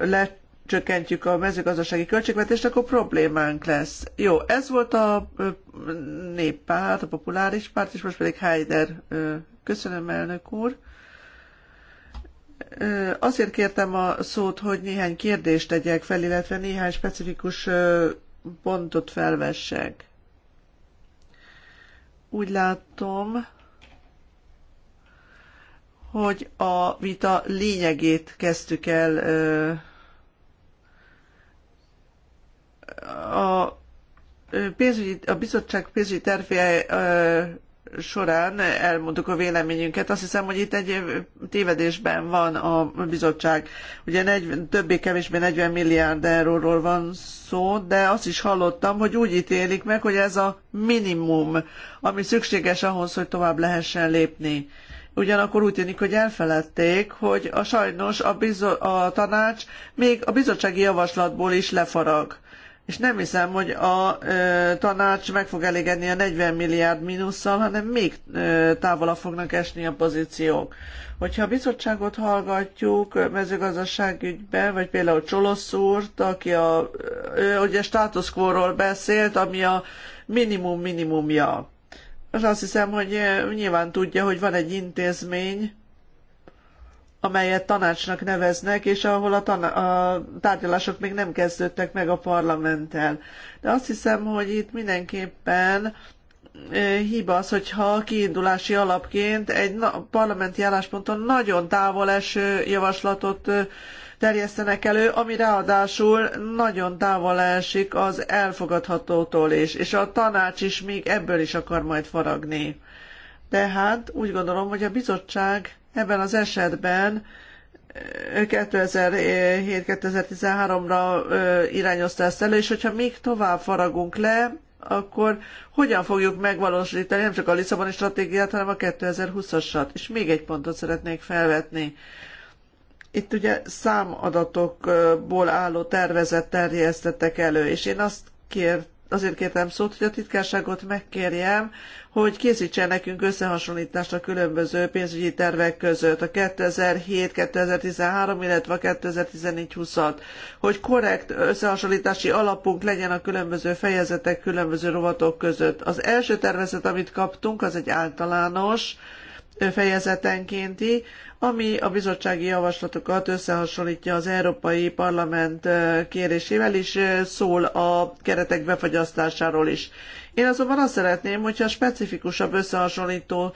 lecsökkentjük a mezőgazdasági költségvetést, akkor problémánk lesz. Jó, ez volt a néppárt, a populáris párt, és most pedig Heider. Köszönöm, elnök úr. Azért kértem a szót, hogy néhány kérdést tegyek fel, illetve néhány specifikus pontot felvessek. Úgy látom, hogy a vita lényegét kezdtük el a pénzügyi, a bizottság pénzügyi tervé során elmondtuk a véleményünket. Azt hiszem, hogy itt egy tévedésben van a bizottság. Ugye negy, többé-kevésbé 40 milliárd euróról van szó, de azt is hallottam, hogy úgy ítélik meg, hogy ez a minimum, ami szükséges ahhoz, hogy tovább lehessen lépni. Ugyanakkor úgy tűnik, hogy elfeledték, hogy a sajnos a, bizo- a tanács még a bizottsági javaslatból is lefarag és nem hiszem, hogy a ö, tanács meg fog elégedni a 40 milliárd mínusszal, hanem még ö, távolabb fognak esni a pozíciók. Hogyha a bizottságot hallgatjuk mezőgazdaságügyben, vagy például Csolosz úrt, aki a, ö, ugye status quo-ról beszélt, ami a minimum minimumja. És azt hiszem, hogy nyilván tudja, hogy van egy intézmény, amelyet tanácsnak neveznek, és ahol a, tan- a tárgyalások még nem kezdődtek meg a parlamenttel. De azt hiszem, hogy itt mindenképpen hiba az, hogyha kiindulási alapként egy parlamenti állásponton nagyon távol eső javaslatot terjesztenek elő, ami ráadásul nagyon távol esik az elfogadhatótól is, és a tanács is még ebből is akar majd faragni. Tehát úgy gondolom, hogy a bizottság Ebben az esetben 2007-2013-ra irányozta ezt elő, és hogyha még tovább faragunk le, akkor hogyan fogjuk megvalósítani nem csak a Lisszaboni stratégiát, hanem a 2020-asat. És még egy pontot szeretnék felvetni. Itt ugye számadatokból álló tervezet terjesztettek elő, és én azt kért azért kértem szót, hogy a titkárságot megkérjem, hogy készítsen nekünk összehasonlítást a különböző pénzügyi tervek között, a 2007-2013, illetve a 2014-20-at, hogy korrekt összehasonlítási alapunk legyen a különböző fejezetek, különböző rovatok között. Az első tervezet, amit kaptunk, az egy általános, fejezetenkénti, ami a bizottsági javaslatokat összehasonlítja az Európai Parlament kérésével, és szól a keretek befagyasztásáról is. Én azonban azt szeretném, hogyha specifikusabb összehasonlító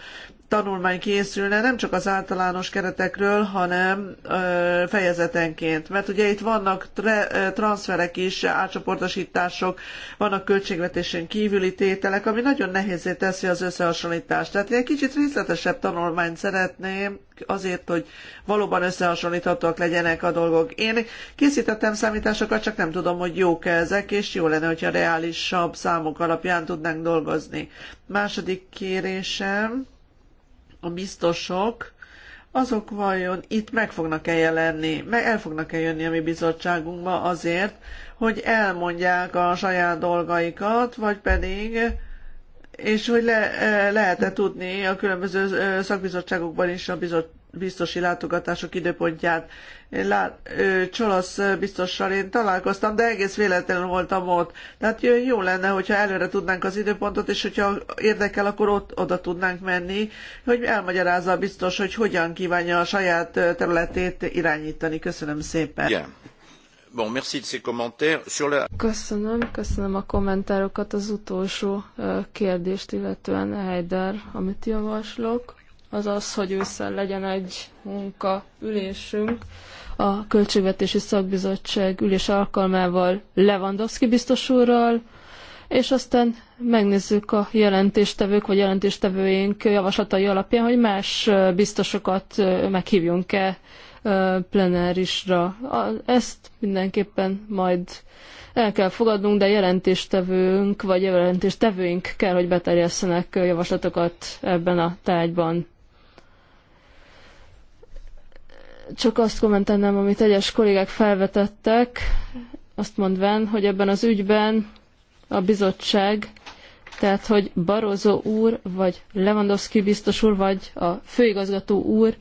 tanulmány készülne nem csak az általános keretekről, hanem fejezetenként. Mert ugye itt vannak tre, transferek is, átcsoportosítások, vannak költségvetésen kívüli tételek, ami nagyon nehézé teszi az összehasonlítást. Tehát én egy kicsit részletesebb tanulmányt szeretném, azért, hogy valóban összehasonlíthatóak legyenek a dolgok. Én készítettem számításokat, csak nem tudom, hogy jók -e ezek, és jó lenne, hogyha reálisabb számok alapján tudnánk dolgozni. Második kérésem, a biztosok, azok vajon itt meg fognak-e jelenni, meg el fognak-e jönni a mi bizottságunkba azért, hogy elmondják a saját dolgaikat, vagy pedig, és hogy le, eh, lehet-e tudni a különböző eh, szakbizottságokban is a bizot, biztosi látogatások időpontját. Én lá, Csolasz biztossal én találkoztam, de egész véletlenül voltam ott. Tehát jó lenne, hogyha előre tudnánk az időpontot, és hogyha érdekel, akkor ott oda tudnánk menni, hogy elmagyarázza a biztos, hogy hogyan kívánja a saját területét irányítani. Köszönöm szépen. Yeah. Bon, merci de ces commentaires. Sur la... Köszönöm, köszönöm a kommentárokat az utolsó kérdést, illetően Heider, amit javaslok az az, hogy ősszel legyen egy munka ülésünk a Költségvetési Szakbizottság ülés alkalmával Lewandowski biztos úrral, és aztán megnézzük a jelentéstevők vagy jelentéstevőink javaslatai alapján, hogy más biztosokat meghívjunk-e plenárisra. Ezt mindenképpen majd el kell fogadnunk, de jelentéstevőnk vagy jelentéstevőink kell, hogy beterjesszenek javaslatokat ebben a tárgyban. csak azt kommentálnám, amit egyes kollégák felvetettek, azt mondván, hogy ebben az ügyben a bizottság, tehát hogy Barozó úr, vagy Lewandowski biztos úr, vagy a főigazgató úr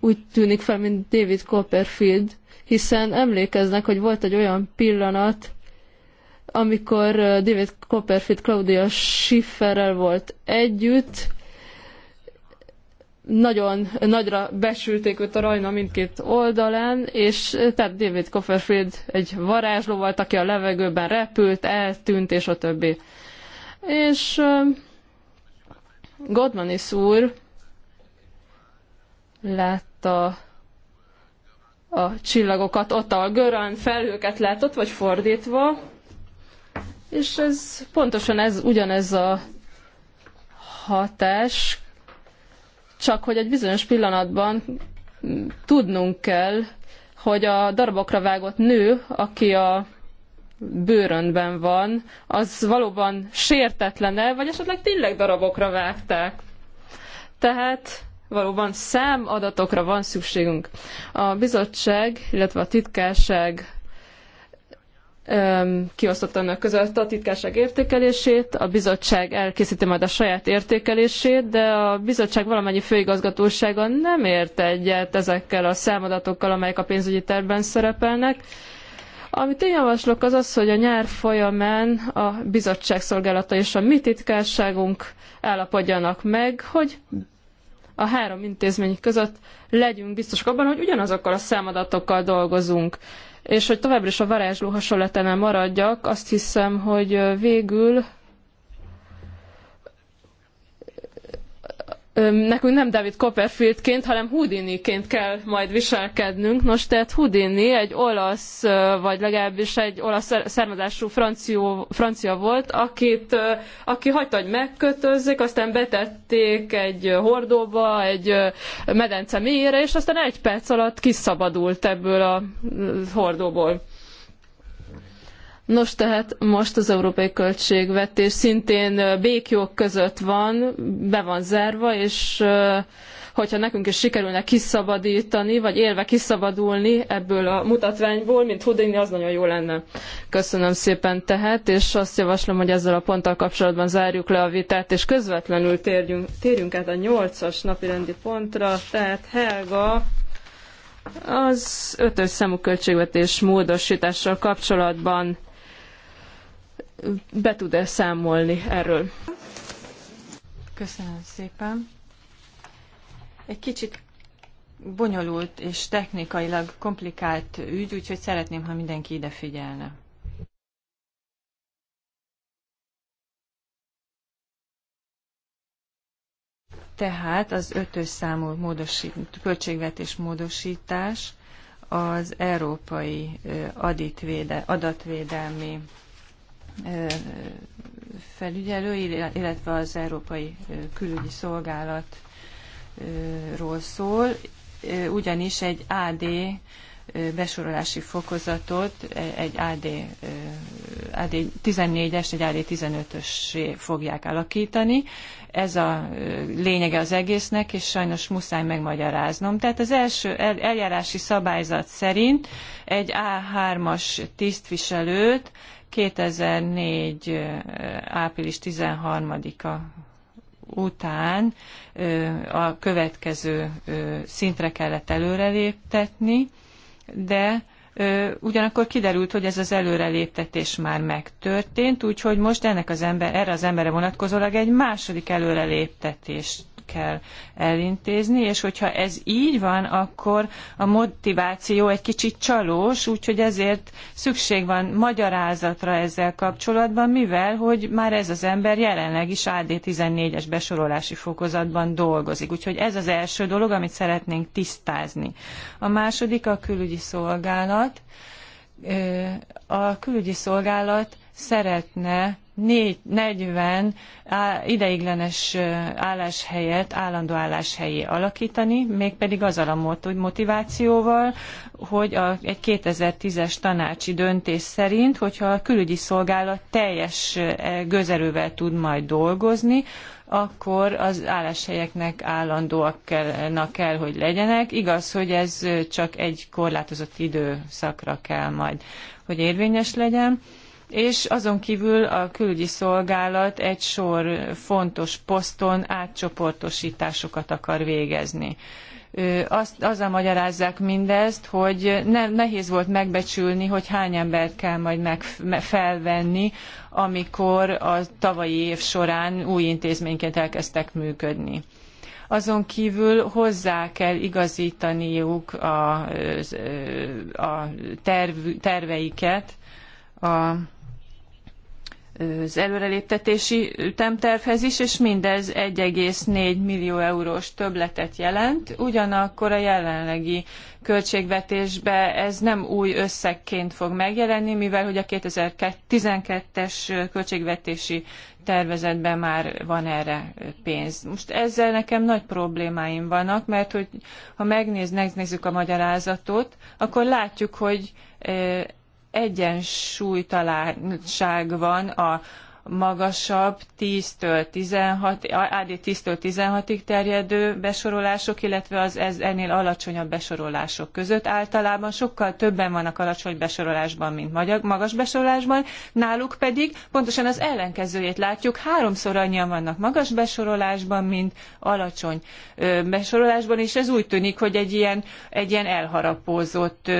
úgy tűnik fel, mint David Copperfield, hiszen emlékeznek, hogy volt egy olyan pillanat, amikor David Copperfield Claudia Schifferrel volt együtt, nagyon nagyra besülték őt a rajna mindkét oldalán, és tehát David Copperfield egy varázsló volt, aki a levegőben repült, eltűnt, és a többi. És uh, Godmanis úr látta a csillagokat ott, ahol Görön felhőket látott, vagy fordítva, és ez pontosan ez ugyanez a hatás csak hogy egy bizonyos pillanatban tudnunk kell, hogy a darabokra vágott nő, aki a bőrönben van, az valóban sértetlene, vagy esetleg tényleg darabokra vágták. Tehát valóban számadatokra van szükségünk. A bizottság, illetve a titkárság kiosztott önök között a titkárság értékelését, a bizottság elkészíti majd a saját értékelését, de a bizottság valamennyi főigazgatósága nem ért egyet ezekkel a számadatokkal, amelyek a pénzügyi tervben szerepelnek. Amit én javaslok az az, hogy a nyár folyamán a bizottság szolgálata és a mi titkárságunk állapodjanak meg, hogy a három intézmény között legyünk biztosak abban, hogy ugyanazokkal a számadatokkal dolgozunk. És hogy továbbra is a varázsló hasonlatánál maradjak, azt hiszem, hogy végül nekünk nem David Copperfieldként, hanem Houdini-ként kell majd viselkednünk. Nos, tehát Houdini egy olasz, vagy legalábbis egy olasz származású francia, francia volt, akit, aki hagyta, hogy megkötözzék, aztán betették egy hordóba, egy medence mélyére, és aztán egy perc alatt kiszabadult ebből a hordóból. Nos, tehát most az európai költségvetés szintén békjog között van, be van zárva, és hogyha nekünk is sikerülne kiszabadítani, vagy élve kiszabadulni ebből a mutatványból, mint Houdini, az nagyon jó lenne. Köszönöm szépen tehát, és azt javaslom, hogy ezzel a ponttal kapcsolatban zárjuk le a vitát, és közvetlenül térjünk, térjünk át a nyolcas napirendi pontra, tehát Helga az ötös számú költségvetés módosítással kapcsolatban be tud-e számolni erről? Köszönöm szépen. Egy kicsit bonyolult és technikailag komplikált ügy, úgyhogy szeretném, ha mindenki ide figyelne. Tehát az ötös számú módosít, költségvetés módosítás az európai adatvédelmi felügyelő, illetve az Európai Külügyi Szolgálatról szól, ugyanis egy AD besorolási fokozatot, e, egy AD, AD 14-es, egy AD 15 ös fogják alakítani. Ez a lényege az egésznek, és sajnos muszáj megmagyaráznom. Tehát az első eljárási szabályzat szerint egy A3-as tisztviselőt 2004. április 13-a után a következő szintre kellett előreléptetni, de ugyanakkor kiderült, hogy ez az előreléptetés már megtörtént, úgyhogy most ennek az ember, erre az emberre vonatkozólag egy második előreléptetést kell elintézni, és hogyha ez így van, akkor a motiváció egy kicsit csalós, úgyhogy ezért szükség van magyarázatra ezzel kapcsolatban, mivel, hogy már ez az ember jelenleg is AD14-es besorolási fokozatban dolgozik. Úgyhogy ez az első dolog, amit szeretnénk tisztázni. A második a külügyi szolgálat. A külügyi szolgálat szeretne 40 ideiglenes álláshelyet állandó álláshelyé alakítani, mégpedig azzal a motivációval, hogy a, egy 2010-es tanácsi döntés szerint, hogyha a külügyi szolgálat teljes e, gözerővel tud majd dolgozni, akkor az álláshelyeknek állandóak kell, kell, hogy legyenek. Igaz, hogy ez csak egy korlátozott időszakra kell majd, hogy érvényes legyen és azon kívül a külügyi szolgálat egy sor fontos poszton átcsoportosításokat akar végezni. Azt, azzal magyarázzák mindezt, hogy ne, nehéz volt megbecsülni, hogy hány embert kell majd meg, felvenni, amikor a tavalyi év során új intézményként elkezdtek működni azon kívül hozzá kell igazítaniuk a, a terv, terveiket a az előreléptetési ütemtervhez is, és mindez 1,4 millió eurós többletet jelent. Ugyanakkor a jelenlegi költségvetésbe ez nem új összegként fog megjelenni, mivel hogy a 2012-es költségvetési tervezetben már van erre pénz. Most ezzel nekem nagy problémáim vannak, mert hogy ha megnéz, megnézzük a magyarázatot, akkor látjuk, hogy eh, egyensúlytalanság van a magasabb 10-től 16, AD 10-től 16-ig terjedő besorolások, illetve az ez, ennél alacsonyabb besorolások között. Általában sokkal többen vannak alacsony besorolásban, mint magas besorolásban, náluk pedig pontosan az ellenkezőjét látjuk, háromszor annyian vannak magas besorolásban, mint alacsony besorolásban, és ez úgy tűnik, hogy egy ilyen, egy ilyen elharapózott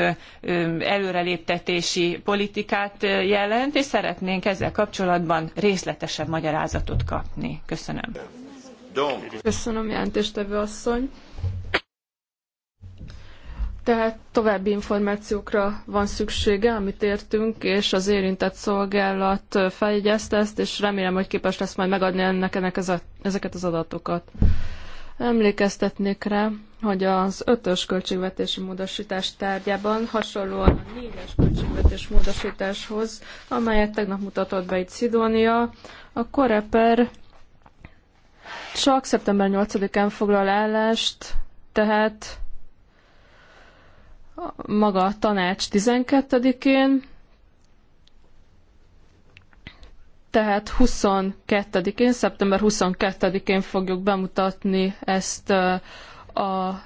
előreléptetési politikát jelent, és szeretnénk ezzel kapcsolatban részletesebb magyarázatot kapni. Köszönöm. Köszönöm, jelentéstevő asszony. Tehát további információkra van szüksége, amit értünk, és az érintett szolgálat feljegyezte ezt, és remélem, hogy képes lesz majd megadni ennek, ennek ez a, ezeket az adatokat. Emlékeztetnék rá, hogy az ötös költségvetési módosítás tárgyában hasonlóan a négyes költségvetés módosításhoz, amelyet tegnap mutatott be itt Szidónia, a Koreper csak szeptember 8-án foglal állást, tehát maga a tanács 12-én, tehát 22-én, szeptember 22-én fogjuk bemutatni ezt a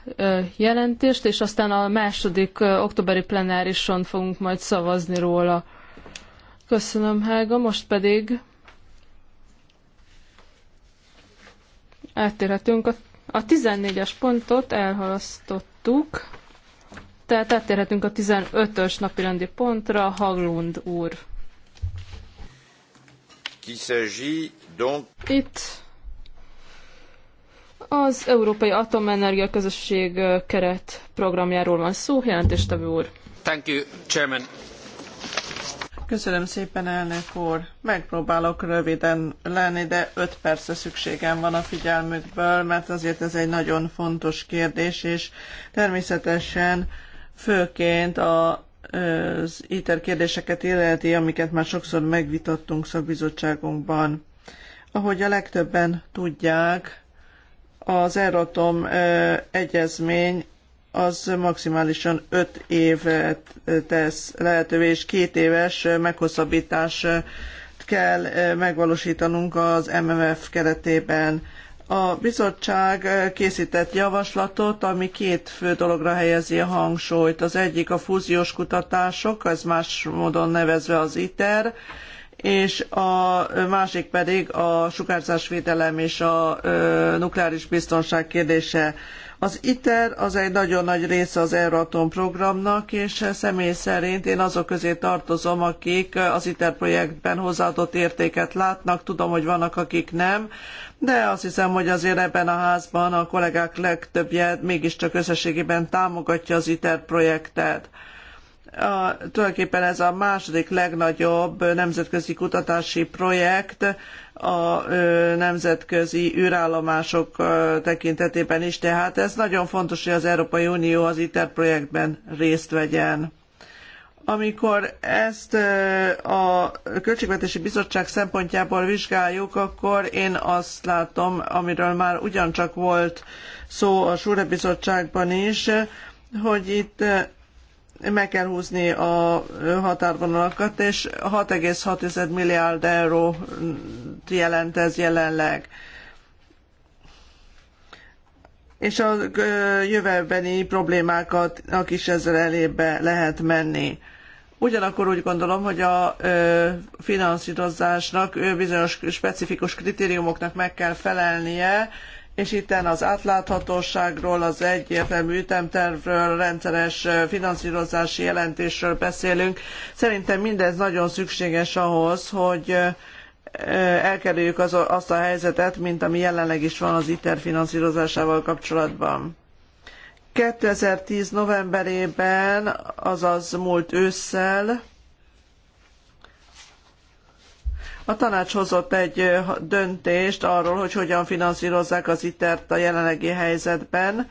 jelentést, és aztán a második októberi plenárison fogunk majd szavazni róla. Köszönöm, Hága. Most pedig áttérhetünk. A, 14-es pontot elhalasztottuk, tehát áttérhetünk a 15-ös napirendi pontra, Haglund úr. Qui s'agit donc... Itt az Európai Atomenergia Közösség keret programjáról van szó, jelentéstevő úr. Thank you, Chairman. Köszönöm szépen, elnök úr. Megpróbálok röviden lenni, de öt percre szükségem van a figyelmükből, mert azért ez egy nagyon fontos kérdés, és természetesen főként a az ITER kérdéseket illeti, amiket már sokszor megvitattunk szakbizottságunkban. Ahogy a legtöbben tudják, az Euratom egyezmény az maximálisan 5 évet tesz lehetővé, és két éves meghosszabbítás kell megvalósítanunk az MMF keretében. A bizottság készített javaslatot, ami két fő dologra helyezi a hangsúlyt. Az egyik a fúziós kutatások, ez más módon nevezve az ITER, és a másik pedig a sugárzásvédelem és a nukleáris biztonság kérdése. Az ITER az egy nagyon nagy része az Euratom programnak, és személy szerint én azok közé tartozom, akik az ITER projektben hozzáadott értéket látnak, tudom, hogy vannak, akik nem, de azt hiszem, hogy azért ebben a házban a kollégák legtöbbje mégiscsak összességében támogatja az ITER projektet a, tulajdonképpen ez a második legnagyobb nemzetközi kutatási projekt a ö, nemzetközi űrállomások ö, tekintetében is, tehát ez nagyon fontos, hogy az Európai Unió az ITER projektben részt vegyen. Amikor ezt ö, a Költségvetési Bizottság szempontjából vizsgáljuk, akkor én azt látom, amiről már ugyancsak volt szó a Súre Bizottságban is, hogy itt meg kell húzni a határvonalakat, és 6,6 milliárd eurót jelent ez jelenleg és a jövőbeni problémáknak is ezzel elébe lehet menni. Ugyanakkor úgy gondolom, hogy a finanszírozásnak bizonyos specifikus kritériumoknak meg kell felelnie, és itten az átláthatóságról, az egyértelmű ütemtervről, rendszeres finanszírozási jelentésről beszélünk. Szerintem mindez nagyon szükséges ahhoz, hogy elkerüljük az, azt a helyzetet, mint ami jelenleg is van az ITER finanszírozásával kapcsolatban. 2010 novemberében, azaz múlt ősszel, A tanács hozott egy döntést arról, hogy hogyan finanszírozzák az ITER-t a jelenlegi helyzetben,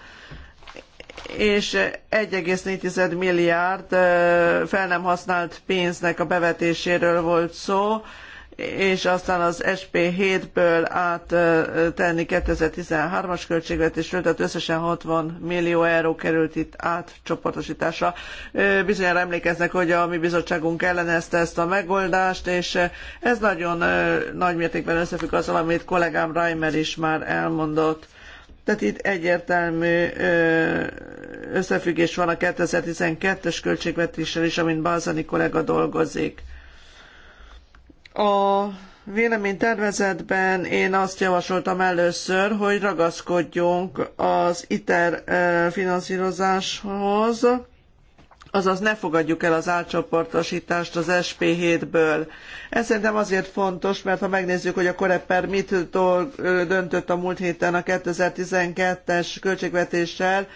és 1,4 milliárd fel nem használt pénznek a bevetéséről volt szó, és aztán az SP7-ből áttenni 2013-as költségvetésről, tehát összesen 60 millió euró került itt átcsoportosításra. Bizonyára emlékeznek, hogy a mi bizottságunk ellenezte ezt a megoldást, és ez nagyon nagy mértékben összefügg azzal, amit kollégám Reimer is már elmondott. Tehát itt egyértelmű összefüggés van a 2012-es költségvetéssel is, amin Balzani kollega dolgozik. A véleménytervezetben én azt javasoltam először, hogy ragaszkodjunk az ITER eh, finanszírozáshoz, azaz ne fogadjuk el az átcsoportosítást az SP7-ből. Ez szerintem azért fontos, mert ha megnézzük, hogy a Koreper mit döntött a múlt héten a 2012-es költségvetéssel,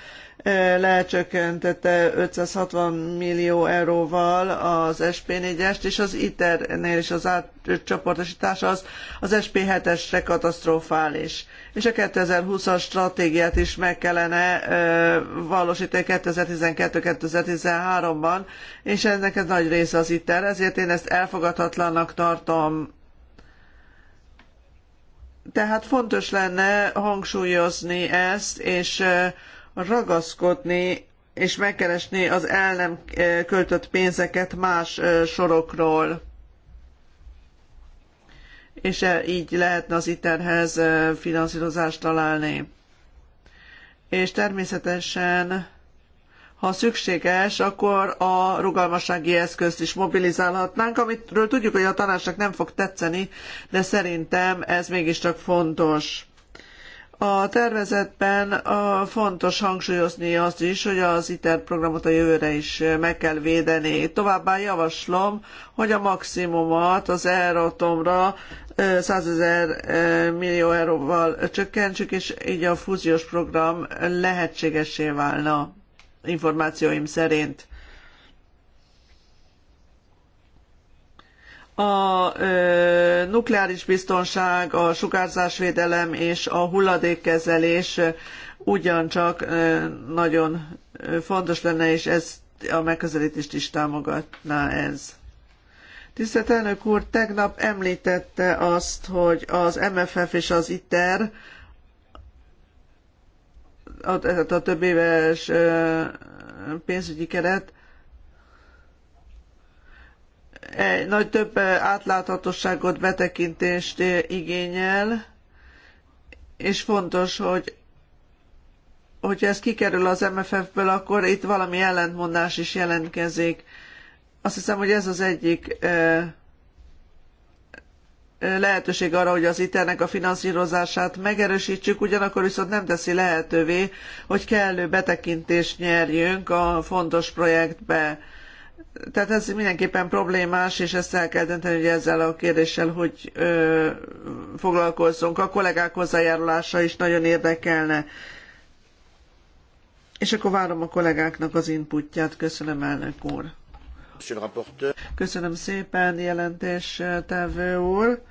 lecsökkentette 560 millió euróval az SP4-est, és az ITER-nél is az átcsoportosítás az, az SP7-esre katasztrofális. És a 2020-as stratégiát is meg kellene valósítani 2012-2013-ban, és ennek ez nagy része az ITER, ezért én ezt elfogadhatatlannak tartom tehát fontos lenne hangsúlyozni ezt, és ragaszkodni és megkeresni az el nem eh, költött pénzeket más eh, sorokról. És e, így lehetne az iterhez eh, finanszírozást találni. És természetesen ha szükséges, akkor a rugalmassági eszközt is mobilizálhatnánk, amitről tudjuk, hogy a tanácsnak nem fog tetszeni, de szerintem ez mégiscsak fontos. A tervezetben fontos hangsúlyozni azt is, hogy az ITER programot a jövőre is meg kell védeni. Továbbá javaslom, hogy a maximumot az Euratomra 100 ezer millió euróval csökkentsük, és így a fúziós program lehetségessé válna információim szerint. a ö, nukleáris biztonság, a sugárzásvédelem és a hulladékkezelés ugyancsak ö, nagyon fontos lenne, és ezt a megközelítést is támogatná ez. Tisztelt elnök úr, tegnap említette azt, hogy az MFF és az ITER, a, a több éves pénzügyi keret nagy több átláthatóságot, betekintést igényel, és fontos, hogy hogyha ez kikerül az MFF-ből, akkor itt valami ellentmondás is jelentkezik. Azt hiszem, hogy ez az egyik lehetőség arra, hogy az iternek a finanszírozását megerősítsük, ugyanakkor viszont nem teszi lehetővé, hogy kellő betekintést nyerjünk a fontos projektbe tehát ez mindenképpen problémás, és ezt el kell dönteni, hogy ezzel a kérdéssel hogy ö, foglalkozzunk. A kollégák hozzájárulása is nagyon érdekelne. És akkor várom a kollégáknak az inputját. Köszönöm, elnök úr. Köszönöm szépen, jelentéstevő úr.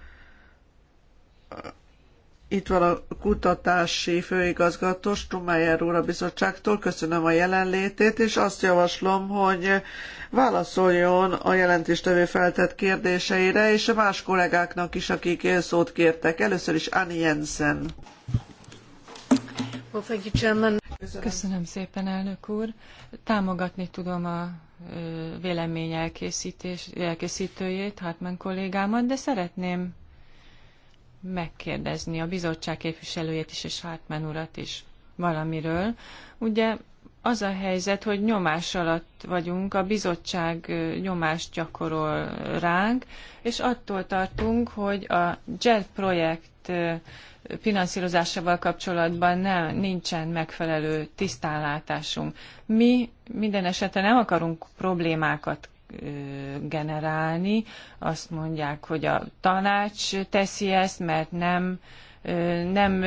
Itt van a kutatási főigazgató Strumeyer úr a bizottságtól. Köszönöm a jelenlétét, és azt javaslom, hogy válaszoljon a jelentéstevő feltett kérdéseire, és a más kollégáknak is, akik szót kértek. Először is Annie Jensen. Köszönöm. szépen, elnök úr. Támogatni tudom a vélemény elkészítés, elkészítőjét, Hartmann kollégámat, de szeretném megkérdezni a bizottság képviselőjét is és Hartmann urat is valamiről. Ugye az a helyzet, hogy nyomás alatt vagyunk, a bizottság nyomást gyakorol ránk, és attól tartunk, hogy a JET projekt finanszírozásával kapcsolatban nem, nincsen megfelelő tisztánlátásunk. Mi minden esetre nem akarunk problémákat generálni. Azt mondják, hogy a tanács teszi ezt, mert nem, nem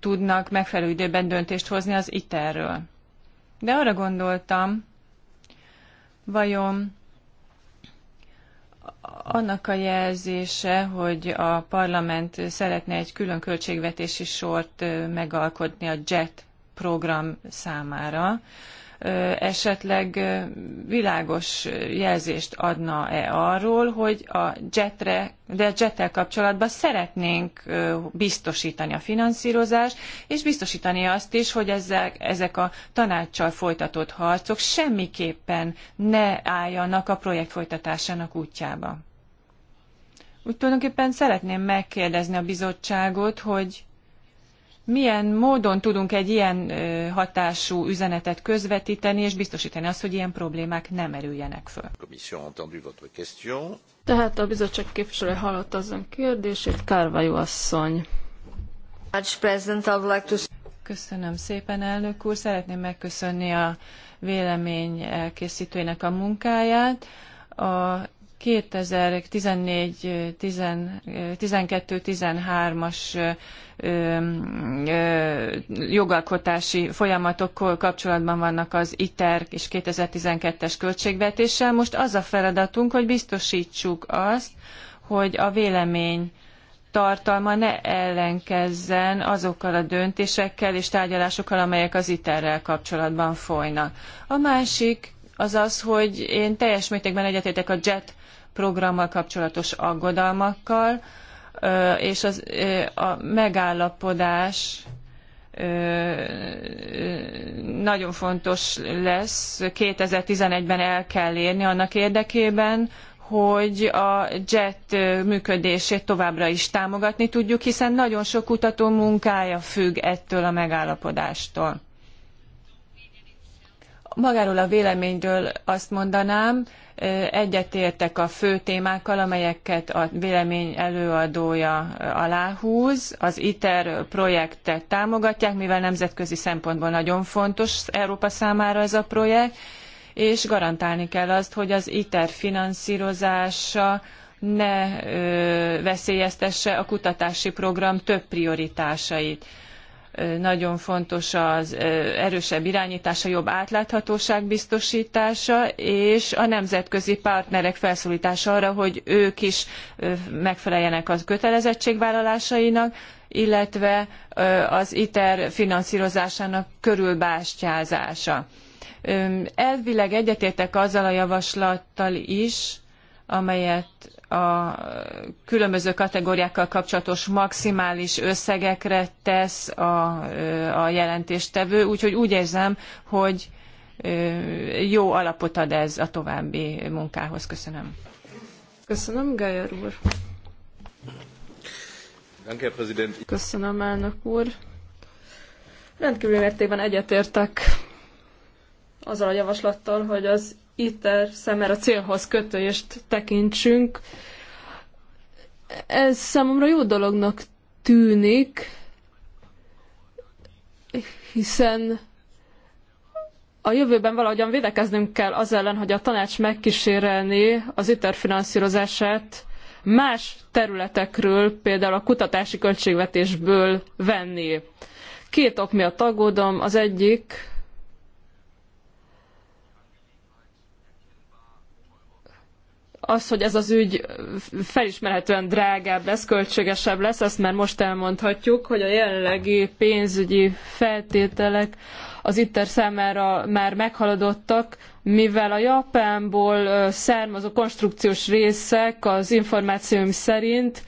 tudnak megfelelő időben döntést hozni az ITER-ről. De arra gondoltam, vajon annak a jelzése, hogy a parlament szeretne egy külön költségvetési sort megalkotni a JET program számára, esetleg világos jelzést adna-e arról, hogy a jetre, de a jettel kapcsolatban szeretnénk biztosítani a finanszírozást, és biztosítani azt is, hogy ezek, ezek a tanácssal folytatott harcok semmiképpen ne álljanak a projekt folytatásának útjába. Úgy tulajdonképpen szeretném megkérdezni a bizottságot, hogy milyen módon tudunk egy ilyen hatású üzenetet közvetíteni és biztosítani azt, hogy ilyen problémák nem merüljenek föl. Tehát a bizottság képviselő hallotta az ön kérdését, Kárvajó asszony. Köszönöm szépen, elnök úr. Szeretném megköszönni a vélemény készítőinek a munkáját. A 2014-12-13-as jogalkotási folyamatokkal kapcsolatban vannak az ITER és 2012-es költségvetéssel. Most az a feladatunk, hogy biztosítsuk azt, hogy a vélemény tartalma ne ellenkezzen azokkal a döntésekkel és tárgyalásokkal, amelyek az ITER-rel kapcsolatban folynak. A másik az az, hogy én teljes mértékben egyetértek a JET programmal kapcsolatos aggodalmakkal, és az, a megállapodás nagyon fontos lesz, 2011-ben el kell érni annak érdekében, hogy a JET működését továbbra is támogatni tudjuk, hiszen nagyon sok kutató munkája függ ettől a megállapodástól. Magáról a véleményről azt mondanám, egyetértek a fő témákkal, amelyeket a vélemény előadója aláhúz. Az ITER projektet támogatják, mivel nemzetközi szempontból nagyon fontos Európa számára ez a projekt, és garantálni kell azt, hogy az ITER finanszírozása ne veszélyeztesse a kutatási program több prioritásait nagyon fontos az erősebb irányítása, jobb átláthatóság biztosítása, és a nemzetközi partnerek felszólítása arra, hogy ők is megfeleljenek az kötelezettségvállalásainak, illetve az ITER finanszírozásának körülbástyázása. Elvileg egyetértek azzal a javaslattal is, amelyet a különböző kategóriákkal kapcsolatos maximális összegekre tesz a, a jelentéstevő, úgyhogy úgy érzem, hogy jó alapot ad ez a további munkához. Köszönöm. Köszönöm, Gájer úr. Köszönöm, elnök úr. Rendkívül mértékben egyetértek azzal a javaslattal, hogy az ITER a célhoz kötőjést tekintsünk. Ez számomra jó dolognak tűnik, hiszen a jövőben valahogyan védekeznünk kell az ellen, hogy a tanács megkísérelni az ITER finanszírozását más területekről, például a kutatási költségvetésből venni. Két ok miatt aggódom. Az egyik, az, hogy ez az ügy felismerhetően drágább lesz, költségesebb lesz, azt már most elmondhatjuk, hogy a jelenlegi pénzügyi feltételek az ITER számára már meghaladottak, mivel a Japánból származó konstrukciós részek az információim szerint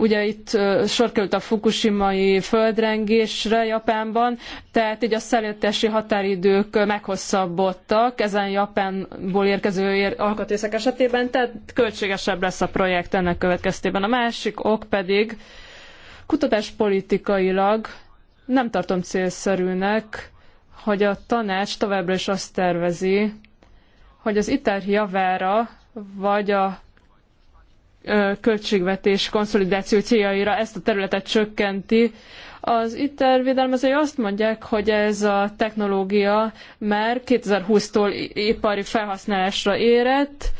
Ugye itt sor került a fukushimai földrengésre Japánban, tehát így a szállítási határidők meghosszabbodtak ezen Japánból érkező ér- alkatrészek esetében, tehát költségesebb lesz a projekt ennek következtében. A másik ok pedig kutatáspolitikailag nem tartom célszerűnek, hogy a tanács továbbra is azt tervezi, hogy az ITER javára vagy a költségvetés konszolidáció céljaira ezt a területet csökkenti. Az ITER védelmezői azt mondják, hogy ez a technológia már 2020-tól ipari felhasználásra érett,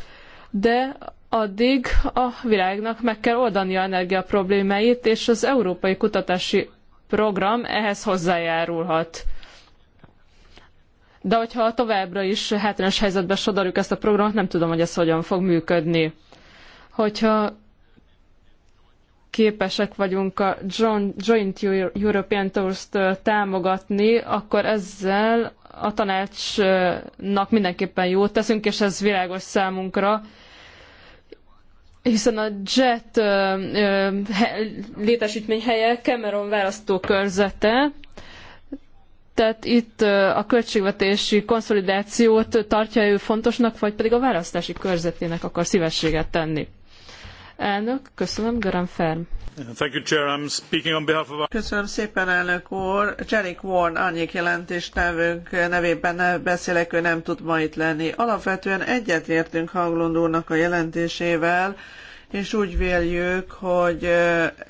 de addig a világnak meg kell oldania energia problémáit, és az Európai Kutatási Program ehhez hozzájárulhat. De hogyha továbbra is hátrányos helyzetbe sodorjuk ezt a programot, nem tudom, hogy ez hogyan fog működni hogyha képesek vagyunk a Joint European Tours-t támogatni, akkor ezzel a tanácsnak mindenképpen jót teszünk, és ez világos számunkra, hiszen a JET ö, létesítmény helye Cameron választókörzete, tehát itt a költségvetési konszolidációt tartja ő fontosnak, vagy pedig a választási körzetének akar szívességet tenni. Elnök, köszönöm, Garam Ferm. Köszönöm szépen, elnök úr. Jerick Warren, jelentés jelentéstevőnk nevében beszélek, ő nem tud ma itt lenni. Alapvetően egyetértünk Haglund úrnak a jelentésével, és úgy véljük, hogy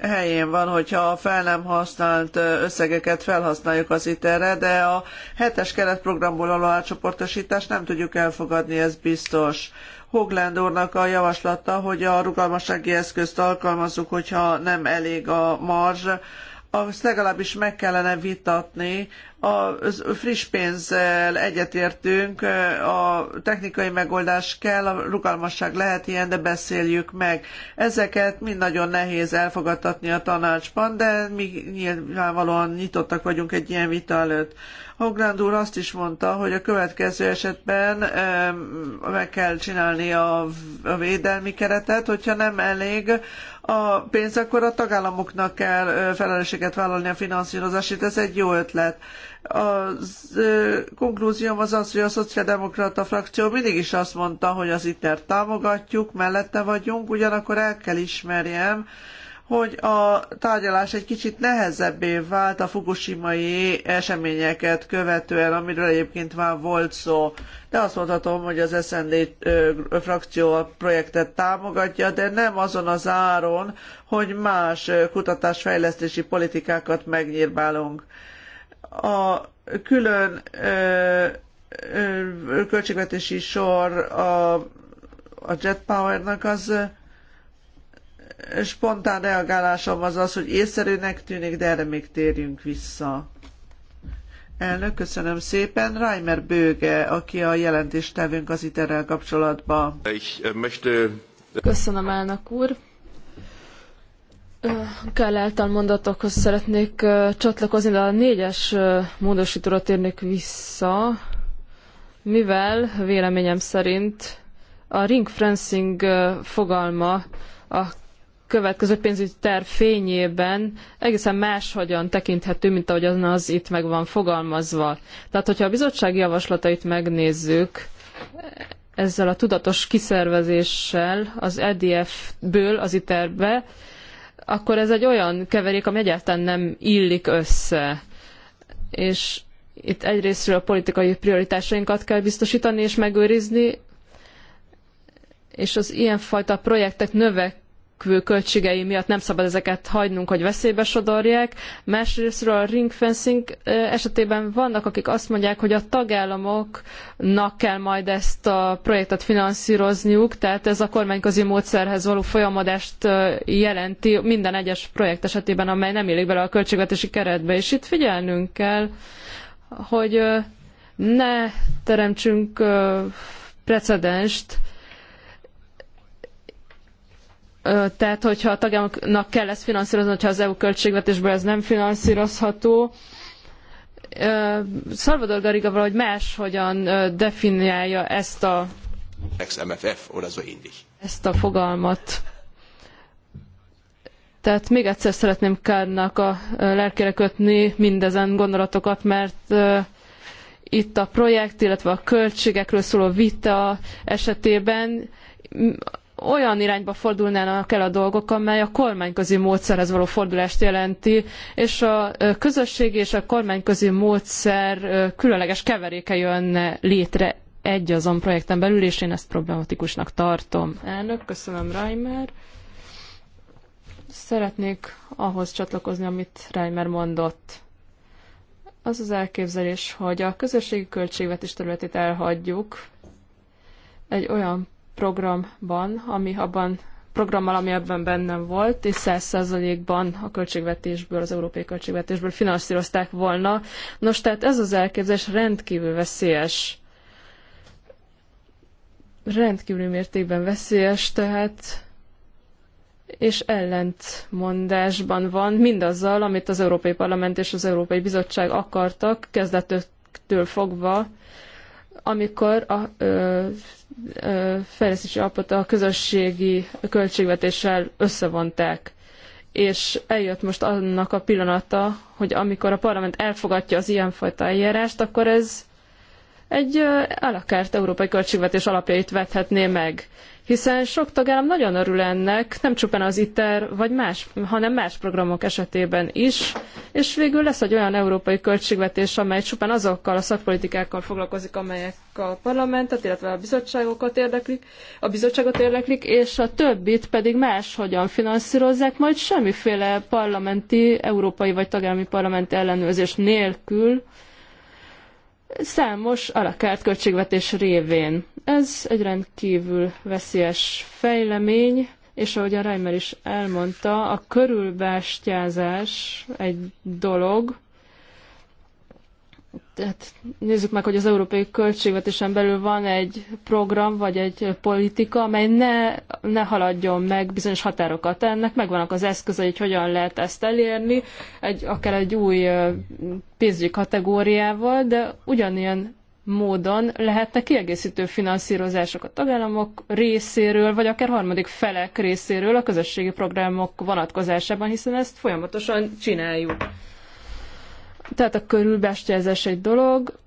helyén van, hogyha a fel nem használt összegeket felhasználjuk az iter de a hetes keretprogramból való átcsoportosítást nem tudjuk elfogadni, ez biztos. Hogland úrnak a javaslata, hogy a rugalmassági eszközt alkalmazzuk, hogyha nem elég a marzs, azt legalábbis meg kellene vitatni a friss pénzzel egyetértünk, a technikai megoldás kell, a rugalmasság lehet ilyen, de beszéljük meg. Ezeket mind nagyon nehéz elfogadtatni a tanácsban, de mi nyilvánvalóan nyitottak vagyunk egy ilyen vita előtt. Hogland úr azt is mondta, hogy a következő esetben meg kell csinálni a, a védelmi keretet, hogyha nem elég a pénz, akkor a tagállamoknak kell felelősséget vállalni a finanszírozásért. Ez egy jó ötlet. Az konklúzióm az az, hogy a szociáldemokrata frakció mindig is azt mondta, hogy az ITER támogatjuk, mellette vagyunk, ugyanakkor el kell ismerjem, hogy a tárgyalás egy kicsit nehezebbé vált a fukushimai eseményeket követően, amiről egyébként már volt szó. De azt mondhatom, hogy az SND frakció a projektet támogatja, de nem azon az áron, hogy más kutatásfejlesztési politikákat megnyírbálunk a külön költségvetési sor a, a JetPower-nak az spontán reagálásom az az, hogy észszerűnek tűnik, de erre még térjünk vissza. Elnök, köszönöm szépen. Reimer Bőge, aki a jelentéstevőnk az iterrel kapcsolatban. Köszönöm, elnök úr. Kell által mondatokhoz szeretnék csatlakozni, de a négyes módosítóra térnék vissza, mivel véleményem szerint a ring fencing fogalma a következő pénzügyi terv fényében egészen máshogyan tekinthető, mint ahogy az itt meg van fogalmazva. Tehát, hogyha a bizottság javaslatait megnézzük, ezzel a tudatos kiszervezéssel az EDF-ből az ITER-be, akkor ez egy olyan keverék, ami egyáltalán nem illik össze. És itt egyrésztről a politikai prioritásainkat kell biztosítani és megőrizni, és az ilyen fajta projektek növek, növekvő költségei miatt nem szabad ezeket hagynunk, hogy veszélybe sodorják. Másrésztről a ringfencing esetében vannak, akik azt mondják, hogy a tagállamoknak kell majd ezt a projektet finanszírozniuk, tehát ez a kormányközi módszerhez való folyamadást jelenti minden egyes projekt esetében, amely nem illik bele a költségvetési keretbe. És itt figyelnünk kell, hogy ne teremtsünk precedenst, tehát, hogyha a tagállamnak kell ezt finanszírozni, hogyha az EU költségvetésből ez nem finanszírozható, Salvador Garriga valahogy máshogyan definiálja ezt a MFF Ezt a fogalmat. Tehát még egyszer szeretném Kárnak a lelkére kötni mindezen gondolatokat, mert itt a projekt, illetve a költségekről szóló vita esetében olyan irányba fordulnának el a dolgok, amely a kormányközi módszerhez való fordulást jelenti, és a közösségi és a kormányközi módszer különleges keveréke jön létre egy azon projekten belül, és én ezt problematikusnak tartom. Elnök, köszönöm Reimer. Szeretnék ahhoz csatlakozni, amit Reimer mondott. Az az elképzelés, hogy a közösségi költségvetés területét elhagyjuk egy olyan programban, ami abban programmal, ami ebben bennem volt, és száz ban a költségvetésből, az európai költségvetésből finanszírozták volna. Nos, tehát ez az elképzelés rendkívül veszélyes. Rendkívül mértékben veszélyes, tehát és ellentmondásban van mindazzal, amit az Európai Parlament és az Európai Bizottság akartak kezdetektől fogva, amikor a ö, fejlesztési alapot a közösségi költségvetéssel összevonták. És eljött most annak a pillanata, hogy amikor a parlament elfogadja az ilyenfajta eljárást, akkor ez egy alakárt európai költségvetés alapjait vethetné meg hiszen sok tagállam nagyon örül ennek, nem csupán az ITER, vagy más, hanem más programok esetében is, és végül lesz egy olyan európai költségvetés, amely csupán azokkal a szakpolitikákkal foglalkozik, amelyek a parlamentet, illetve a bizottságokat érdeklik, a bizottságot érdeklik, és a többit pedig máshogyan finanszírozzák, majd semmiféle parlamenti, európai vagy tagállami parlamenti ellenőrzés nélkül, számos alakárt költségvetés révén. Ez egy rendkívül veszélyes fejlemény, és ahogy a Reimer is elmondta, a körülbástyázás egy dolog, tehát nézzük meg, hogy az európai költségvetésen belül van egy program, vagy egy politika, amely ne, ne haladjon meg bizonyos határokat. Ennek megvannak az eszközei, hogy hogyan lehet ezt elérni, egy, akár egy új pénzügyi kategóriával, de ugyanilyen módon lehetne kiegészítő finanszírozások a tagállamok részéről, vagy akár harmadik felek részéről a közösségi programok vonatkozásában, hiszen ezt folyamatosan csináljuk. Tehát a körülbestezés egy dolog,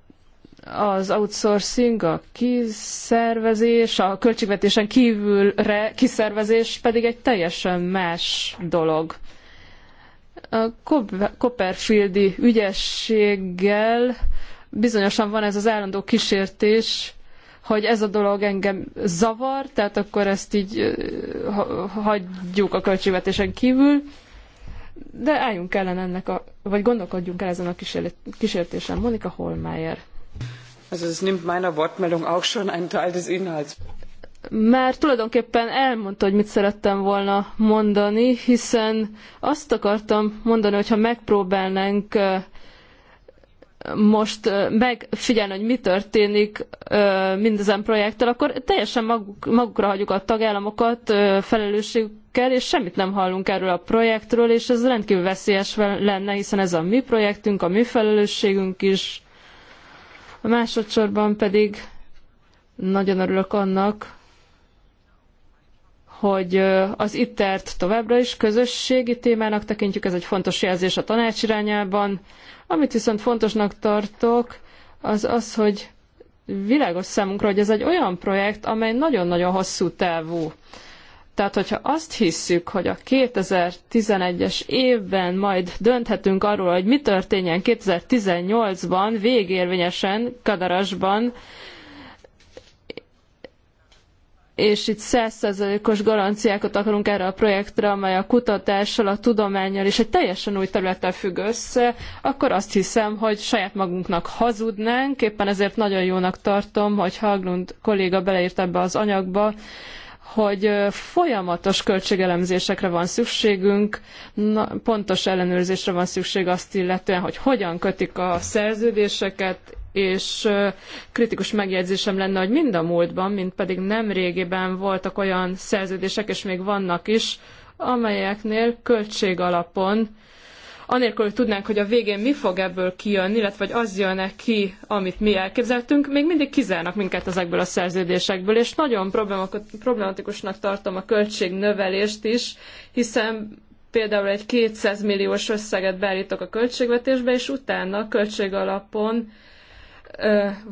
az outsourcing, a kiszervezés, a költségvetésen kívülre kiszervezés pedig egy teljesen más dolog. A Copperfieldi ügyességgel bizonyosan van ez az állandó kísértés, hogy ez a dolog engem zavar, tehát akkor ezt így hagyjuk a költségvetésen kívül de álljunk ellen ennek a, vagy gondolkodjunk el ezen a kísértésen. Monika Holmeier. Also es nimmt meiner Wortmeldung auch schon einen Teil des Inhalts. Már tulajdonképpen elmondta, hogy mit szerettem volna mondani, hiszen azt akartam mondani, hogy ha megpróbálnánk uh, most megfigyelni, hogy mi történik mindezen projekttel, akkor teljesen maguk, magukra hagyjuk a tagállamokat felelősségükkel, és semmit nem hallunk erről a projektről, és ez rendkívül veszélyes lenne, hiszen ez a mi projektünk, a mi felelősségünk is. A másodszorban pedig nagyon örülök annak, hogy az ittert továbbra is közösségi témának tekintjük, ez egy fontos jelzés a tanács irányában. Amit viszont fontosnak tartok, az az, hogy világos számunkra, hogy ez egy olyan projekt, amely nagyon-nagyon hosszú távú. Tehát, hogyha azt hisszük, hogy a 2011-es évben majd dönthetünk arról, hogy mi történjen 2018-ban végérvényesen Kadarasban, és itt százszerzalékos garanciákat akarunk erre a projektre, amely a kutatással, a tudományjal és egy teljesen új területtel függ össze, akkor azt hiszem, hogy saját magunknak hazudnánk, éppen ezért nagyon jónak tartom, hogy Haglund kolléga beleírt ebbe az anyagba, hogy folyamatos költségelemzésekre van szükségünk, pontos ellenőrzésre van szükség azt illetően, hogy hogyan kötik a szerződéseket, és kritikus megjegyzésem lenne, hogy mind a múltban, mint pedig nem régiben voltak olyan szerződések, és még vannak is, amelyeknél költség alapon, anélkül, hogy tudnánk, hogy a végén mi fog ebből kijönni, illetve hogy az jön-e ki, amit mi elképzeltünk, még mindig kizárnak minket ezekből a szerződésekből, és nagyon problematikusnak tartom a költségnövelést is, hiszen például egy 200 milliós összeget beállítok a költségvetésbe, és utána költség alapon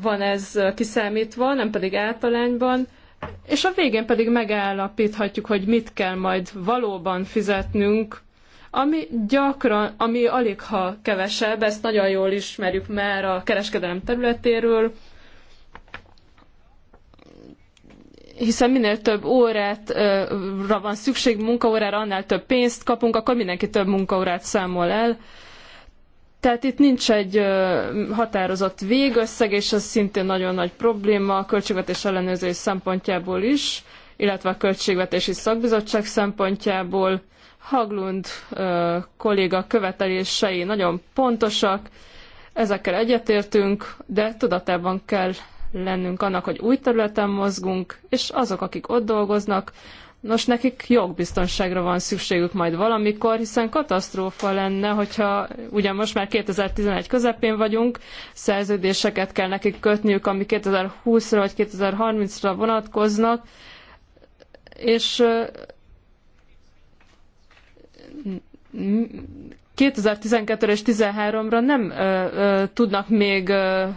van ez kiszámítva, nem pedig általányban, és a végén pedig megállapíthatjuk, hogy mit kell majd valóban fizetnünk, ami gyakran, ami alig ha kevesebb, ezt nagyon jól ismerjük már a kereskedelem területéről, hiszen minél több órát, van szükség munkaórára, annál több pénzt kapunk, akkor mindenki több munkaórát számol el, tehát itt nincs egy határozott végösszeg, és ez szintén nagyon nagy probléma a költségvetés ellenőrzés szempontjából is, illetve a költségvetési szakbizottság szempontjából. Haglund ö, kolléga követelései nagyon pontosak, ezekkel egyetértünk, de tudatában kell lennünk annak, hogy új területen mozgunk, és azok, akik ott dolgoznak, Nos, nekik jogbiztonságra van szükségük majd valamikor, hiszen katasztrófa lenne, hogyha ugyan most már 2011 közepén vagyunk, szerződéseket kell nekik kötniük, ami 2020-ra vagy 2030-ra vonatkoznak, és 2012-re és 2013-ra nem ö, ö, tudnak még ö,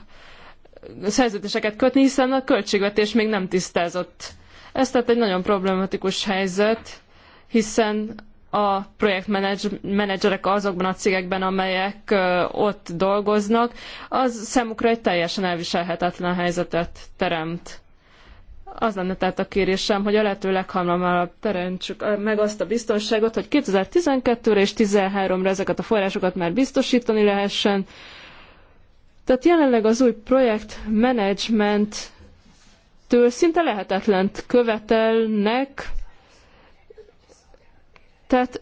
szerződéseket kötni, hiszen a költségvetés még nem tisztázott ez tehát egy nagyon problematikus helyzet, hiszen a projektmenedzserek azokban a cégekben, amelyek ott dolgoznak, az számukra egy teljesen elviselhetetlen helyzetet teremt. Az lenne tehát a kérésem, hogy a lehető leghamarabb teremtsük meg azt a biztonságot, hogy 2012-re és 2013-ra ezeket a forrásokat már biztosítani lehessen. Tehát jelenleg az új projektmenedzsment keresztül szinte lehetetlent követelnek, tehát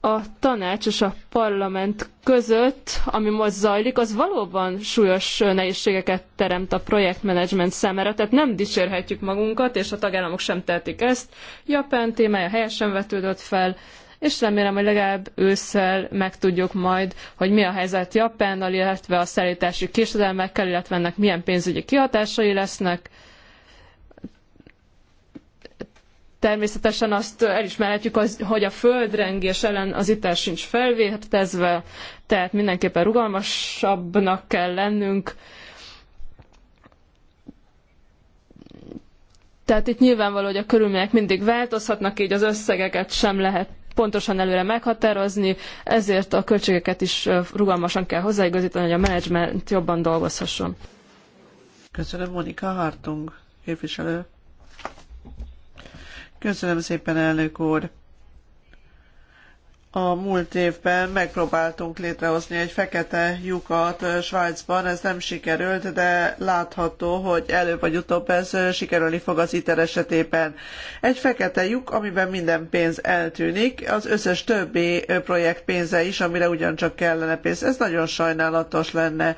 a tanács és a parlament között, ami most zajlik, az valóban súlyos nehézségeket teremt a projektmenedzsment számára, tehát nem dicsérhetjük magunkat, és a tagállamok sem tehetik ezt. Japán témája helyesen vetődött fel, és remélem, hogy legalább ősszel megtudjuk majd, hogy mi a helyzet Japánnal, illetve a szállítási késedelmekkel, illetve ennek milyen pénzügyi kihatásai lesznek. Természetesen azt elismerhetjük, hogy a földrengés ellen az ITER sincs felvértezve, tehát mindenképpen rugalmasabbnak kell lennünk. Tehát itt nyilvánvaló, hogy a körülmények mindig változhatnak, így az összegeket sem lehet pontosan előre meghatározni, ezért a költségeket is rugalmasan kell hozzáigazítani, hogy a menedzsment jobban dolgozhasson. Köszönöm, Monika Hartung, képviselő. Köszönöm szépen, elnök úr! A múlt évben megpróbáltunk létrehozni egy fekete lyukat Svájcban, ez nem sikerült, de látható, hogy előbb vagy utóbb ez sikerülni fog az ITER esetében. Egy fekete lyuk, amiben minden pénz eltűnik, az összes többi projekt pénze is, amire ugyancsak kellene pénz. Ez nagyon sajnálatos lenne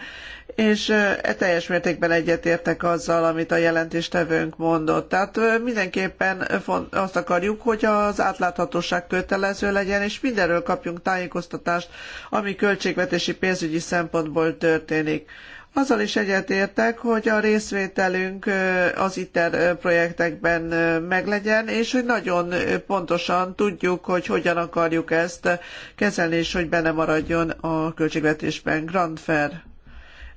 és e teljes mértékben egyetértek azzal, amit a jelentéstevőnk mondott. Tehát mindenképpen azt akarjuk, hogy az átláthatóság kötelező legyen, és mindenről kapjunk tájékoztatást, ami költségvetési pénzügyi szempontból történik. Azzal is egyetértek, hogy a részvételünk az ITER projektekben meglegyen, és hogy nagyon pontosan tudjuk, hogy hogyan akarjuk ezt kezelni, és hogy benne maradjon a költségvetésben. Grandfer.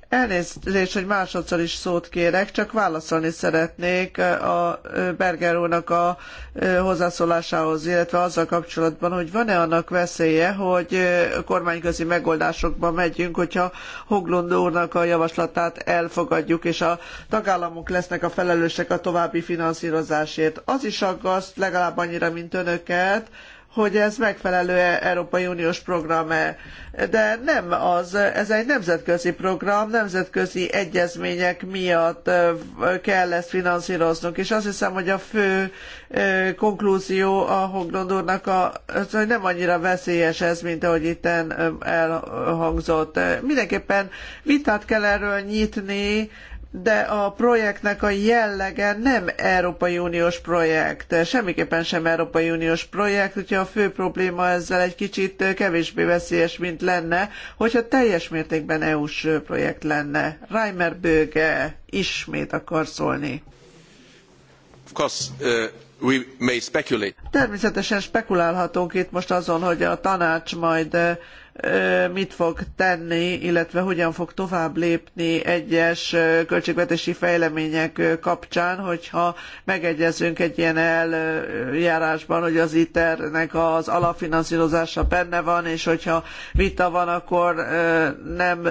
Elnézést, hogy másodszor is szót kérek, csak válaszolni szeretnék a Berger úrnak a hozzászólásához, illetve azzal kapcsolatban, hogy van-e annak veszélye, hogy kormányközi megoldásokba megyünk, hogyha Hoglund úrnak a javaslatát elfogadjuk, és a tagállamok lesznek a felelősek a további finanszírozásért. Az is aggaszt legalább annyira, mint önöket, hogy ez megfelelő -e Európai Uniós program-e. De nem az, ez egy nemzetközi program, nemzetközi egyezmények miatt kell ezt finanszíroznunk, és azt hiszem, hogy a fő konklúzió a Hoglund úrnak, a, hogy nem annyira veszélyes ez, mint ahogy itt elhangzott. Mindenképpen vitát kell erről nyitni, de a projektnek a jellege nem Európai Uniós projekt, semmiképpen sem Európai Uniós projekt, úgyhogy a fő probléma ezzel egy kicsit kevésbé veszélyes, mint lenne, hogyha teljes mértékben EU-s projekt lenne. Reimer Böge ismét akar szólni. Of course, uh... We may speculate. Természetesen spekulálhatunk itt most azon, hogy a tanács majd mit fog tenni, illetve hogyan fog tovább lépni egyes költségvetési fejlemények kapcsán, hogyha megegyezünk egy ilyen eljárásban, hogy az ITER-nek az alapfinanszírozása benne van, és hogyha vita van, akkor nem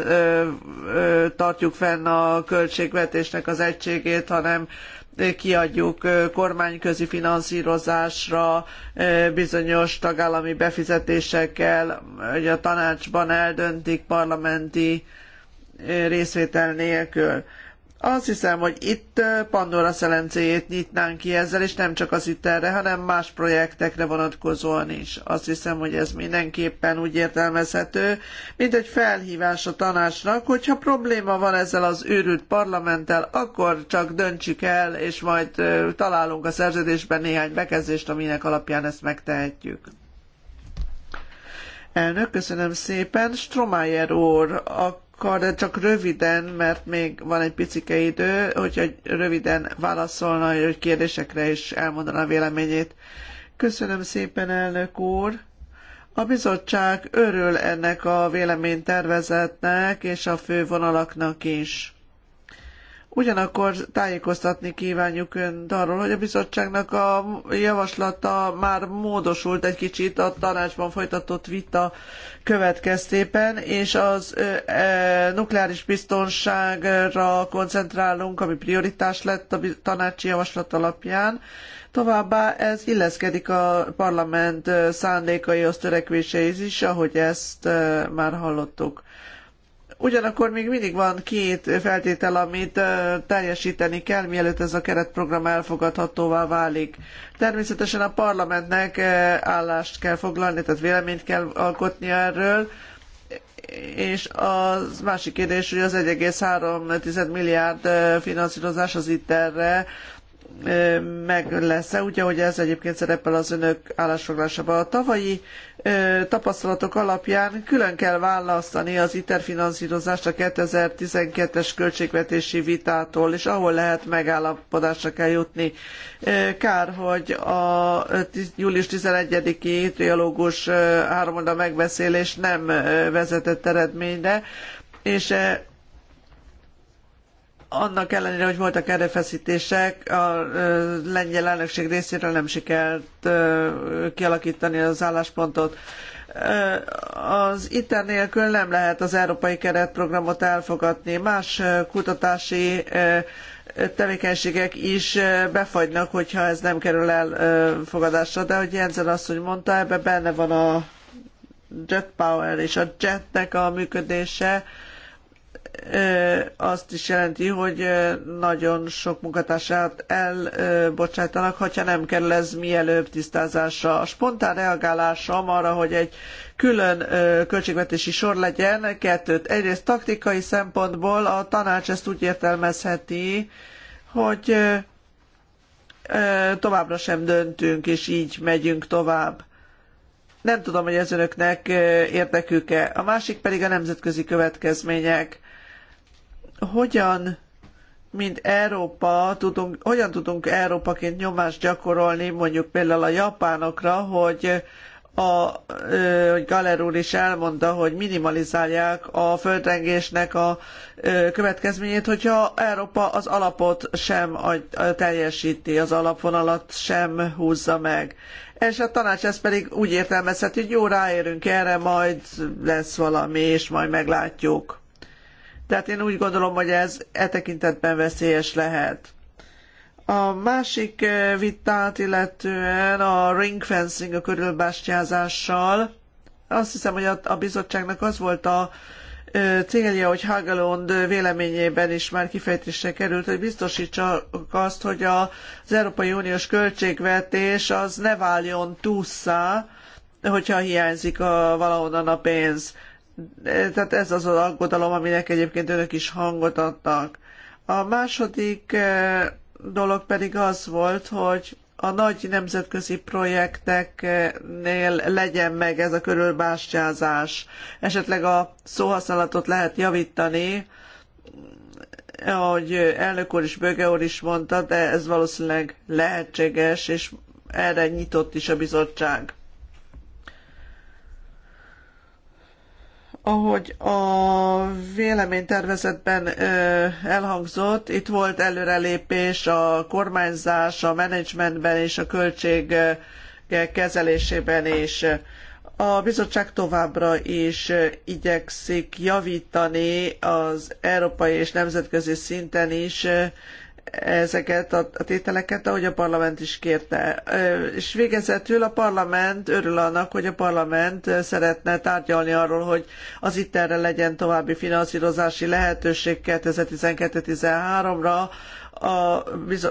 tartjuk fenn a költségvetésnek az egységét, hanem kiadjuk kormányközi finanszírozásra, bizonyos tagállami befizetésekkel, hogy a tanácsban eldöntik parlamenti részvétel nélkül. Azt hiszem, hogy itt Pandora szelencéjét nyitnánk ki ezzel, és nem csak az erre, hanem más projektekre vonatkozóan is. Azt hiszem, hogy ez mindenképpen úgy értelmezhető, mint egy felhívás a tanácsnak, hogy ha probléma van ezzel az őrült parlamenttel, akkor csak döntsük el, és majd találunk a szerződésben néhány bekezdést, aminek alapján ezt megtehetjük. Elnök, köszönöm szépen. Stromayer úr, a akkor de csak röviden, mert még van egy picike idő, hogyha röviden válaszolna, a kérdésekre és elmondaná véleményét. Köszönöm szépen, elnök úr! A bizottság örül ennek a véleménytervezetnek és a fő vonalaknak is. Ugyanakkor tájékoztatni kívánjuk önt arról, hogy a bizottságnak a javaslata már módosult egy kicsit a tanácsban folytatott vita következtében, és az e, nukleáris biztonságra koncentrálunk, ami prioritás lett a tanácsi javaslat alapján. Továbbá ez illeszkedik a parlament szándékaihoz, törekvéseihez is, ahogy ezt már hallottuk. Ugyanakkor még mindig van két feltétel, amit teljesíteni kell, mielőtt ez a keretprogram elfogadhatóvá válik. Természetesen a parlamentnek állást kell foglalni, tehát véleményt kell alkotnia erről, és az másik kérdés, hogy az 1,3 milliárd finanszírozás az ITER-re, meg lesz-e, úgy, ahogy ez egyébként szerepel az önök állásfoglalásában. A tavalyi tapasztalatok alapján külön kell választani az iterfinanszírozást a 2012-es költségvetési vitától, és ahol lehet megállapodásra kell jutni. Kár, hogy a július 11-i dialógus háromoldal megbeszélés nem vezetett eredményre, és annak ellenére, hogy voltak erőfeszítések, a lengyel elnökség részéről nem sikert kialakítani az álláspontot. Az ITER nélkül nem lehet az európai keretprogramot elfogadni. Más kutatási tevékenységek is befagynak, hogyha ez nem kerül elfogadásra. De ahogy Jensen asszony mondta, ebben benne van a jet power és a jetnek a működése, azt is jelenti, hogy nagyon sok munkatársát elbocsátanak, hogyha nem kell ez mielőbb tisztázása. A spontán reagálásom arra, hogy egy külön költségvetési sor legyen, kettőt. Egyrészt taktikai szempontból a tanács ezt úgy értelmezheti, hogy továbbra sem döntünk, és így megyünk tovább. Nem tudom, hogy ez önöknek érdekük-e. A másik pedig a nemzetközi következmények hogyan mint Európa tudunk, hogyan tudunk Európaként nyomást gyakorolni mondjuk például a japánokra, hogy a, hogy Galer úr is elmondta, hogy minimalizálják a földrengésnek a következményét, hogyha Európa az alapot sem teljesíti, az alapvonalat sem húzza meg. És a tanács ezt pedig úgy értelmezheti, hogy jó, ráérünk erre, majd lesz valami, és majd meglátjuk. Tehát én úgy gondolom, hogy ez e tekintetben veszélyes lehet. A másik vitát illetően a ring fencing, a körülbástyázással, azt hiszem, hogy a, a bizottságnak az volt a célja, hogy Hagelond véleményében is már kifejtésre került, hogy biztosítsa azt, hogy az Európai Uniós költségvetés az ne váljon túszá, hogyha hiányzik a, valahonnan a pénz tehát ez az az aggodalom, aminek egyébként önök is hangot adtak. A második eh, dolog pedig az volt, hogy a nagy nemzetközi projekteknél legyen meg ez a körülbástyázás. Esetleg a szóhasználatot lehet javítani, ahogy elnök úr is, Böge úr is mondta, de ez valószínűleg lehetséges, és erre nyitott is a bizottság. ahogy a véleménytervezetben elhangzott, itt volt előrelépés a kormányzás, a menedzsmentben és a költségek kezelésében is. A bizottság továbbra is igyekszik javítani az európai és nemzetközi szinten is ezeket a tételeket, ahogy a parlament is kérte. És végezetül a parlament örül annak, hogy a parlament szeretne tárgyalni arról, hogy az itterre legyen további finanszírozási lehetőség 2012-13-ra, a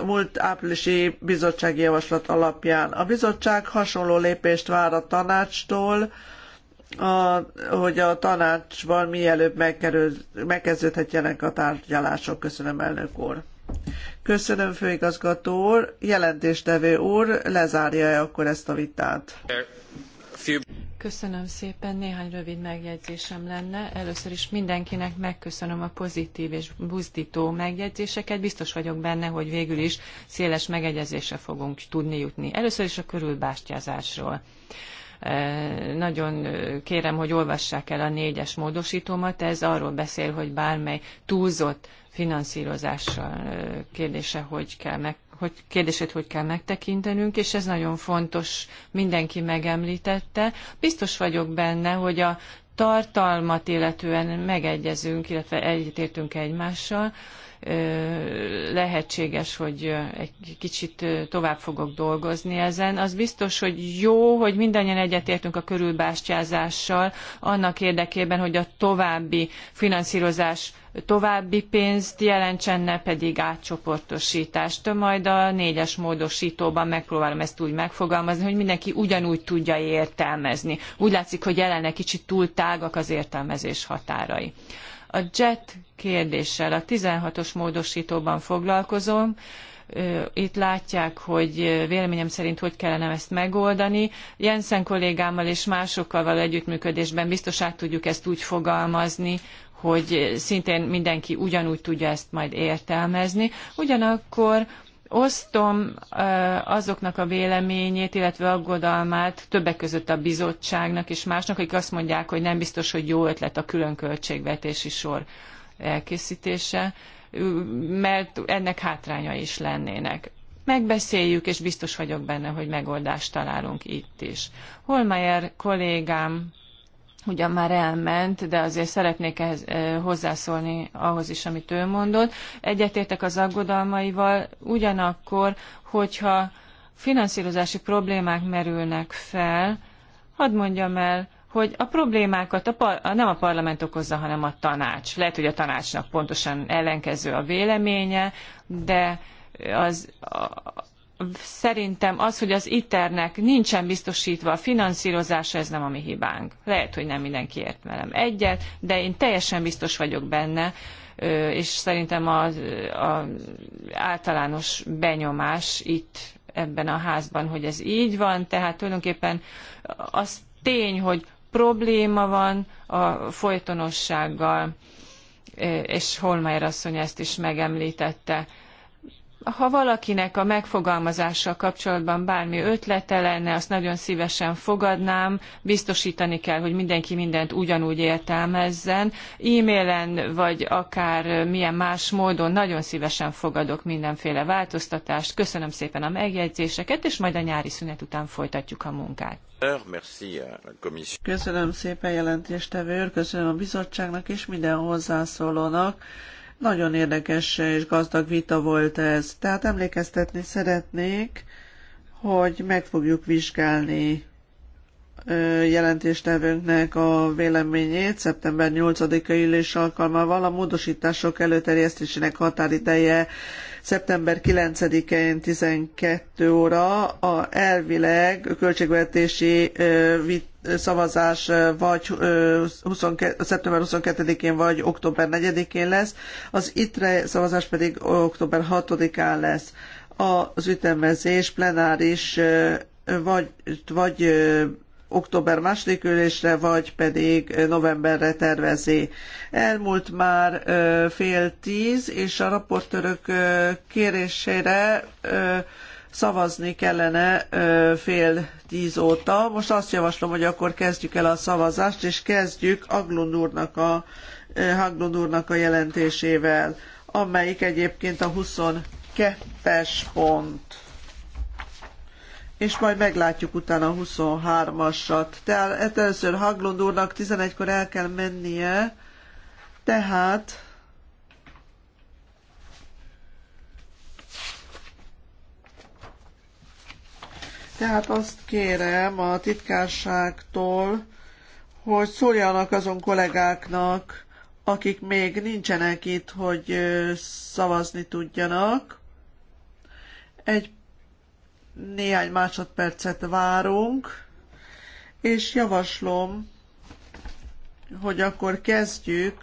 múlt áprilisi bizottsági javaslat alapján. A bizottság hasonló lépést vár a tanácstól, a, hogy a tanácsban mielőbb megkerül, megkezdődhetjenek a tárgyalások. Köszönöm, elnök úr. Köszönöm, főigazgató úr. Jelentéstevő úr, lezárja-e akkor ezt a vitát? Köszönöm szépen, néhány rövid megjegyzésem lenne. Először is mindenkinek megköszönöm a pozitív és buzdító megjegyzéseket. Biztos vagyok benne, hogy végül is széles megegyezésre fogunk tudni jutni. Először is a körülbástyázásról nagyon kérem, hogy olvassák el a négyes módosítómat, ez arról beszél, hogy bármely túlzott finanszírozással kérdése, hogy kell meg, hogy kérdését hogy kell megtekintenünk, és ez nagyon fontos, mindenki megemlítette. Biztos vagyok benne, hogy a tartalmat illetően megegyezünk, illetve egyetértünk egymással, lehetséges, hogy egy kicsit tovább fogok dolgozni ezen. Az biztos, hogy jó, hogy mindannyian egyetértünk a körülbástyázással annak érdekében, hogy a további finanszírozás további pénzt jelentsen, ne pedig átcsoportosítást. Majd a négyes módosítóban megpróbálom ezt úgy megfogalmazni, hogy mindenki ugyanúgy tudja értelmezni. Úgy látszik, hogy jelenleg kicsit túl tágak az értelmezés határai. A jet kérdéssel. A 16-os módosítóban foglalkozom, itt látják, hogy véleményem szerint hogy kellene ezt megoldani. Jensen kollégámmal és másokkal való együttműködésben biztos át tudjuk ezt úgy fogalmazni, hogy szintén mindenki ugyanúgy tudja ezt majd értelmezni. Ugyanakkor osztom azoknak a véleményét, illetve aggodalmát többek között a bizottságnak és másnak, akik azt mondják, hogy nem biztos, hogy jó ötlet a külön költségvetési sor elkészítése, mert ennek hátránya is lennének. Megbeszéljük, és biztos vagyok benne, hogy megoldást találunk itt is. Holmeyer kollégám ugyan már elment, de azért szeretnék ehhez, eh, hozzászólni ahhoz is, amit ő mondott. Egyetértek az aggodalmaival, ugyanakkor, hogyha finanszírozási problémák merülnek fel, hadd mondjam el, hogy a problémákat a par- nem a parlament okozza, hanem a tanács. Lehet, hogy a tanácsnak pontosan ellenkező a véleménye, de az, a, szerintem az, hogy az ITER-nek nincsen biztosítva a finanszírozása, ez nem a mi hibánk. Lehet, hogy nem mindenki ért velem egyet, de én teljesen biztos vagyok benne, és szerintem az a általános benyomás itt ebben a házban, hogy ez így van, tehát tulajdonképpen az tény, hogy probléma van a folytonossággal, és Holmeier asszony ezt is megemlítette ha valakinek a megfogalmazással kapcsolatban bármi ötlete lenne, azt nagyon szívesen fogadnám. Biztosítani kell, hogy mindenki mindent ugyanúgy értelmezzen. E-mailen vagy akár milyen más módon nagyon szívesen fogadok mindenféle változtatást. Köszönöm szépen a megjegyzéseket, és majd a nyári szünet után folytatjuk a munkát. Köszönöm szépen jelentéstevő köszönöm a bizottságnak és minden hozzászólónak nagyon érdekes és gazdag vita volt ez. Tehát emlékeztetni szeretnék, hogy meg fogjuk vizsgálni jelentéstevőnknek a véleményét szeptember 8-a ülés alkalmával a módosítások előterjesztésének határideje szeptember 9-én 12 óra a elvileg költségvetési szavazás vagy 22, szeptember 22-én vagy október 4-én lesz, az ITRE szavazás pedig október 6-án lesz. Az ütemezés plenáris vagy, vagy október második ülésre, vagy pedig novemberre tervezi. Elmúlt már fél tíz, és a raportőrök kérésére szavazni kellene fél tíz óta. Most azt javaslom, hogy akkor kezdjük el a szavazást, és kezdjük Aglund úrnak a, Haglund úrnak a jelentésével, amelyik egyébként a 22-es pont és majd meglátjuk utána a 23-asat. Tehát először Haglund úrnak 11-kor el kell mennie, tehát Tehát azt kérem a titkárságtól, hogy szóljanak azon kollégáknak, akik még nincsenek itt, hogy szavazni tudjanak. Egy néhány másodpercet várunk, és javaslom, hogy akkor kezdjük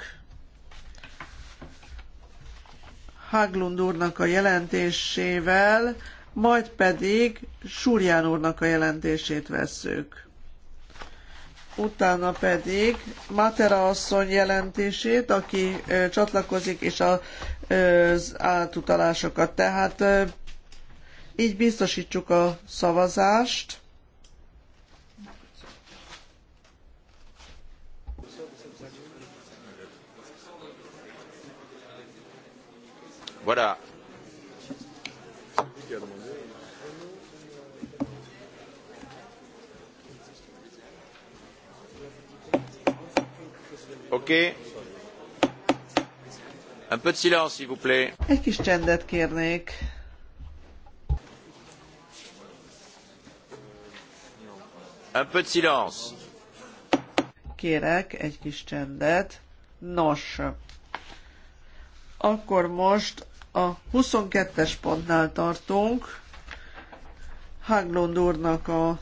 Haglund úrnak a jelentésével, majd pedig Súrján úrnak a jelentését vesszük. Utána pedig Matera asszony jelentését, aki csatlakozik, és az átutalásokat. Tehát így biztosítsuk a szavazást. Voilà. Ok. Un peu de silence, s'il vous plaît. Egy kis csendet kérnék. Un peu de silence. Kérek egy kis csendet. Nos, akkor most a 22-es pontnál tartunk. Haglund úrnak a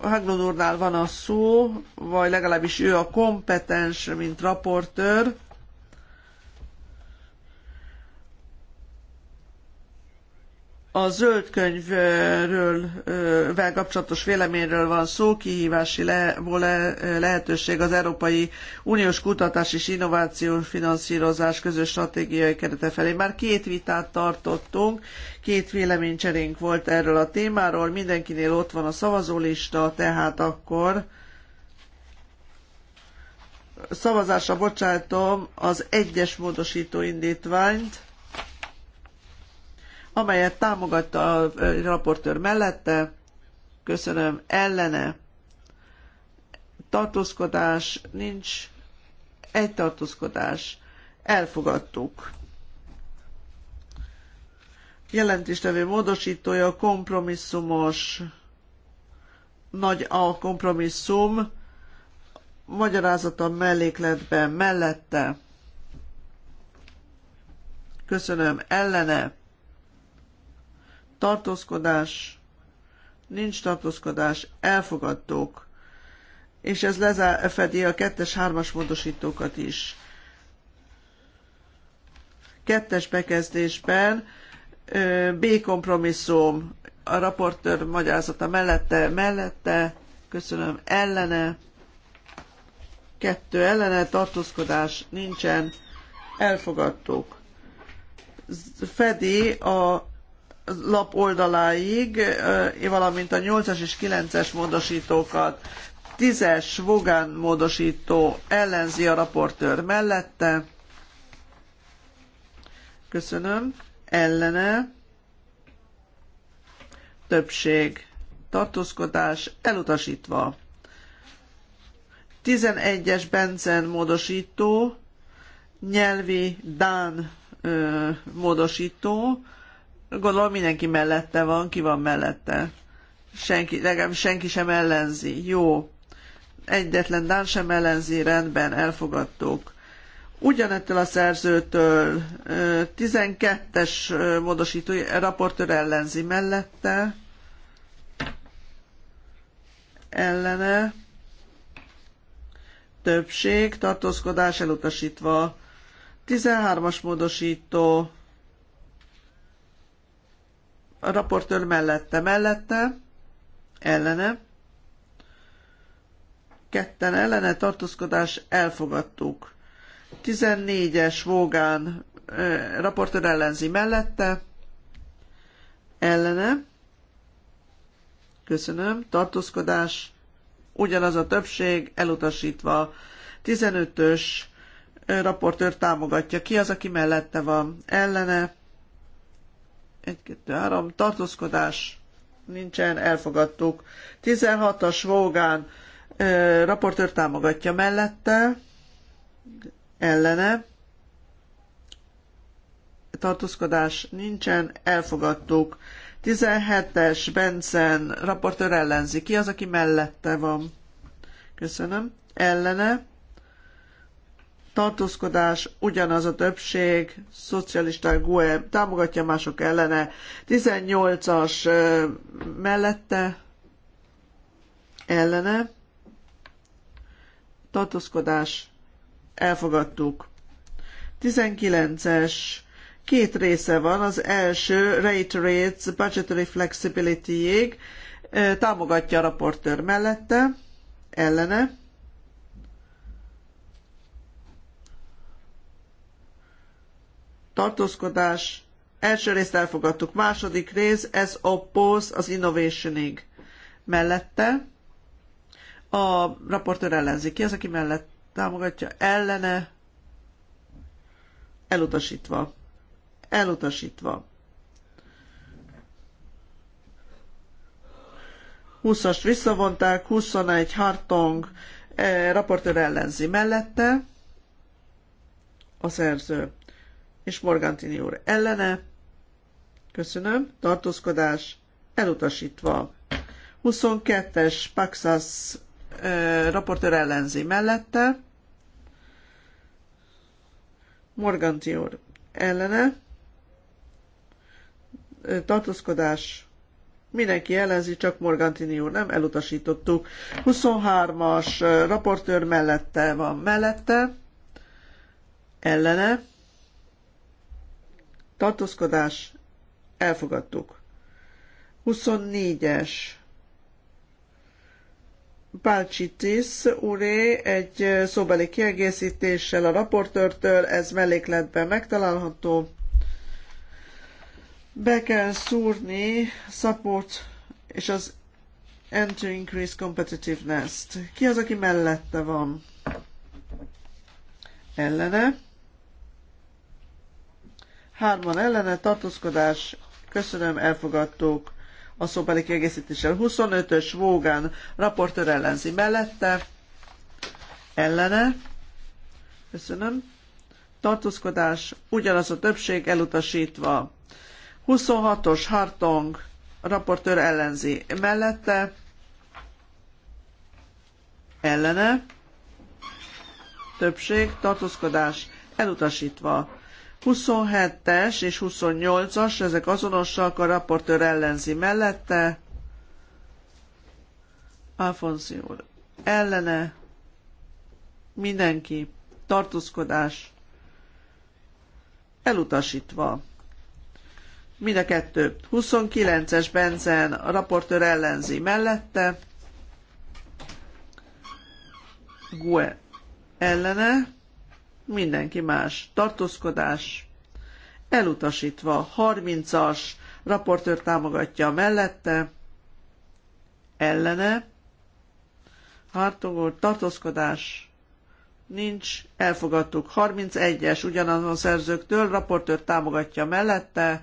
Haglund úrnál van a szó, vagy legalábbis ő a kompetens, mint raportőr. a zöld könyvről vel kapcsolatos véleményről van szó, kihívási le, lehetőség az Európai Uniós Kutatás és Innovációs Finanszírozás közös stratégiai kerete felé. Már két vitát tartottunk, két véleménycserénk volt erről a témáról, mindenkinél ott van a szavazólista, tehát akkor szavazásra bocsátom az egyes módosító indítványt, amelyet támogatta a raportőr mellette, köszönöm, ellene, tartózkodás, nincs, egy tartózkodás, elfogadtuk. Jelentéstevő módosítója kompromisszumos, nagy a kompromisszum, magyarázata mellékletben, mellette. Köszönöm, ellene tartózkodás, nincs tartózkodás, elfogadtok és ez lefedi a kettes, hármas módosítókat is. Kettes bekezdésben B kompromisszum, a raportőr magyarázata mellette, mellette, köszönöm, ellene, kettő ellene, tartózkodás nincsen, elfogadtuk. Fedi a lap oldaláig, valamint a 8-as és 9-es módosítókat. 10-es Vogán módosító ellenzi a raportőr mellette. Köszönöm. Ellene. Többség. Tartózkodás elutasítva. 11-es Bencen módosító, nyelvi Dán ö, módosító, Gondolom mindenki mellette van, ki van mellette. Senki, legalább senki sem ellenzi. Jó. Egyetlen Dán sem ellenzi, rendben, elfogadtuk. Ugyanettől a szerzőtől 12-es módosító raportőr ellenzi mellette, ellene, többség, tartózkodás elutasítva, 13-as módosító a raportőr mellette, mellette, ellene, ketten ellene tartózkodás elfogadtuk. 14-es Vógán raportőr ellenzi mellette, ellene, köszönöm, tartózkodás, ugyanaz a többség, elutasítva. 15-ös raportőr támogatja. Ki az, aki mellette van? Ellene, 1, 2, 3, tartózkodás nincsen, elfogadtuk. 16-as Vógán raportőr támogatja mellette, ellene, tartózkodás nincsen, elfogadtuk. 17-es Benzen raportőr ellenzi. Ki az, aki mellette van? Köszönöm. Ellene tartózkodás, ugyanaz a többség, szocialisták GUE támogatja, mások ellene. 18-as mellette, ellene, tartózkodás, elfogadtuk. 19-es, két része van, az első rate rates budgetary flexibility-ig, támogatja a raportőr mellette, ellene, tartózkodás, első részt elfogadtuk, második rész, ez oppose az innovationig. Mellette a raportőr ellenzi. Ki az, aki mellett támogatja? Ellene elutasítva. Elutasítva. 20-ast visszavonták, 21 Hartong eh, raportőr ellenzi mellette a szerző és Morgantini úr ellene. Köszönöm. Tartózkodás elutasítva. 22-es Paxas eh, raportőr ellenzi mellette. Morganti úr ellene. Tartózkodás Mindenki ellenzi, csak Morgantini úr nem, elutasítottuk. 23-as raportőr mellette van mellette, ellene, tartózkodás, elfogadtuk. 24-es Tisz úré egy szóbeli kiegészítéssel a raportörtől, ez mellékletben megtalálható. Be kell szúrni support és az "Enter increase competitiveness-t. Ki az, aki mellette van? Ellene hárman ellene tartózkodás, köszönöm, elfogadtuk a szóbeli kiegészítéssel. 25-ös Vógán raportőr ellenzi mellette, ellene, köszönöm, tartózkodás, ugyanaz a többség elutasítva. 26-os Hartong raportőr ellenzi mellette, ellene, többség, tartózkodás, elutasítva. 27-es és 28-as, ezek azonosak, a raportőr ellenzi mellette. Alfonzi úr, ellene mindenki, tartózkodás elutasítva. Mind a kettő. 29-es Benzen, a raportőr ellenzi mellette. Gue ellene mindenki más. Tartózkodás elutasítva. 30-as raportőr támogatja mellette, ellene. Hartogó tartózkodás nincs, elfogadtuk. 31-es ugyanazon szerzőktől raportőr támogatja mellette,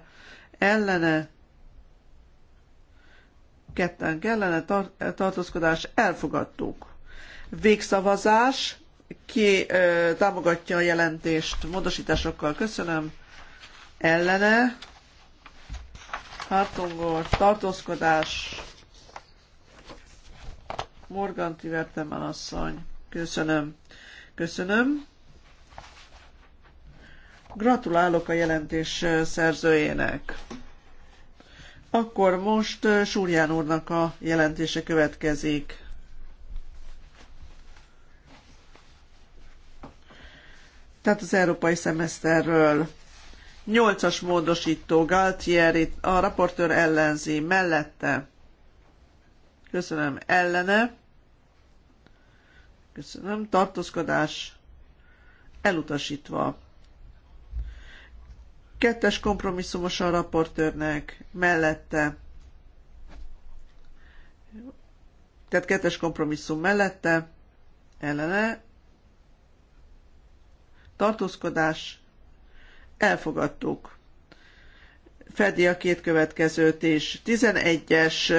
ellene. Ketten kellene tartózkodás elfogadtuk. Végszavazás ki ö, támogatja a jelentést módosításokkal. Köszönöm. Ellene. Hartongor, tartózkodás. Morgan Tivertemen asszony. Köszönöm. Köszönöm. Gratulálok a jelentés szerzőjének. Akkor most Súrján úrnak a jelentése következik. tehát az európai szemeszterről. Nyolcas módosító Galtieri, a raportőr ellenzi, mellette. Köszönöm, ellene. Köszönöm, tartózkodás elutasítva. Kettes kompromisszumos a raportőrnek, mellette. Tehát kettes kompromisszum mellette, ellene, tartózkodás, elfogadtuk. Fedi a két következőt is. 11-es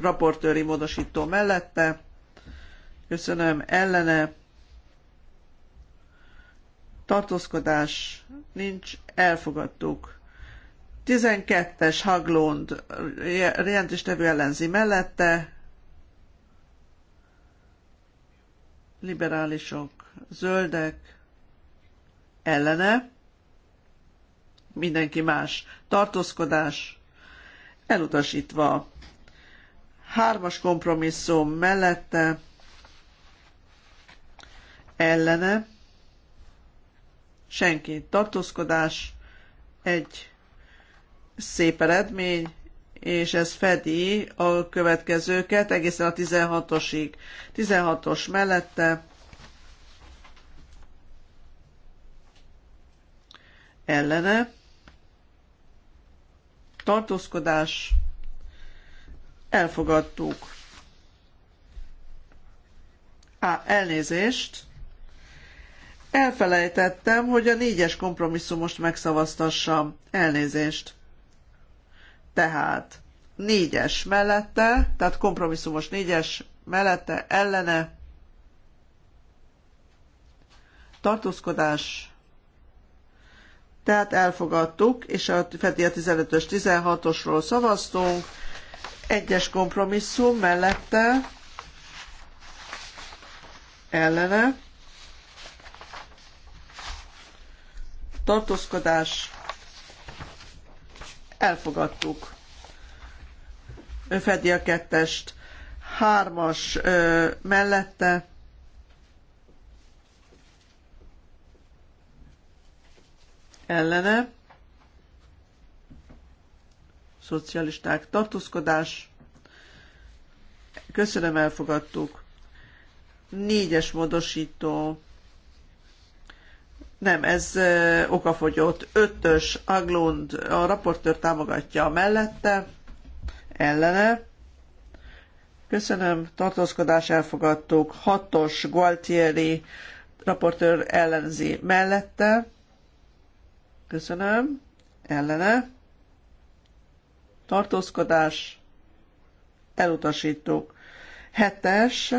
raportőri módosító mellette. Köszönöm, ellene. Tartózkodás nincs, elfogadtuk. 12-es Haglund jelentéstevő ellenzi mellette. Liberálisok, zöldek, ellene, mindenki más, tartózkodás, elutasítva. Hármas kompromisszum mellette, ellene, senki, tartózkodás, egy szép eredmény, és ez fedi a következőket egészen a 16-osig. 16-os mellette ellene, tartózkodás, elfogadtuk. Á, elnézést. Elfelejtettem, hogy a négyes kompromisszumost megszavaztassam. Elnézést. Tehát négyes mellette, tehát kompromisszumos négyes mellette, ellene, tartózkodás, tehát elfogadtuk, és a Feti a 15-ös, 16-osról szavaztunk, egyes kompromisszum mellette, ellene, tartózkodás, elfogadtuk. Fedi a kettest, hármas ö, mellette, ellene, szocialisták tartózkodás, köszönöm, elfogadtuk. Négyes módosító, nem, ez ö, okafogyott, ötös, Aglund, a raportőr támogatja mellette, ellene, Köszönöm, tartózkodás elfogadtuk. Hatos Gualtieri raportőr ellenzi mellette, Köszönöm. Ellene. Tartózkodás. Elutasítók. Hetes.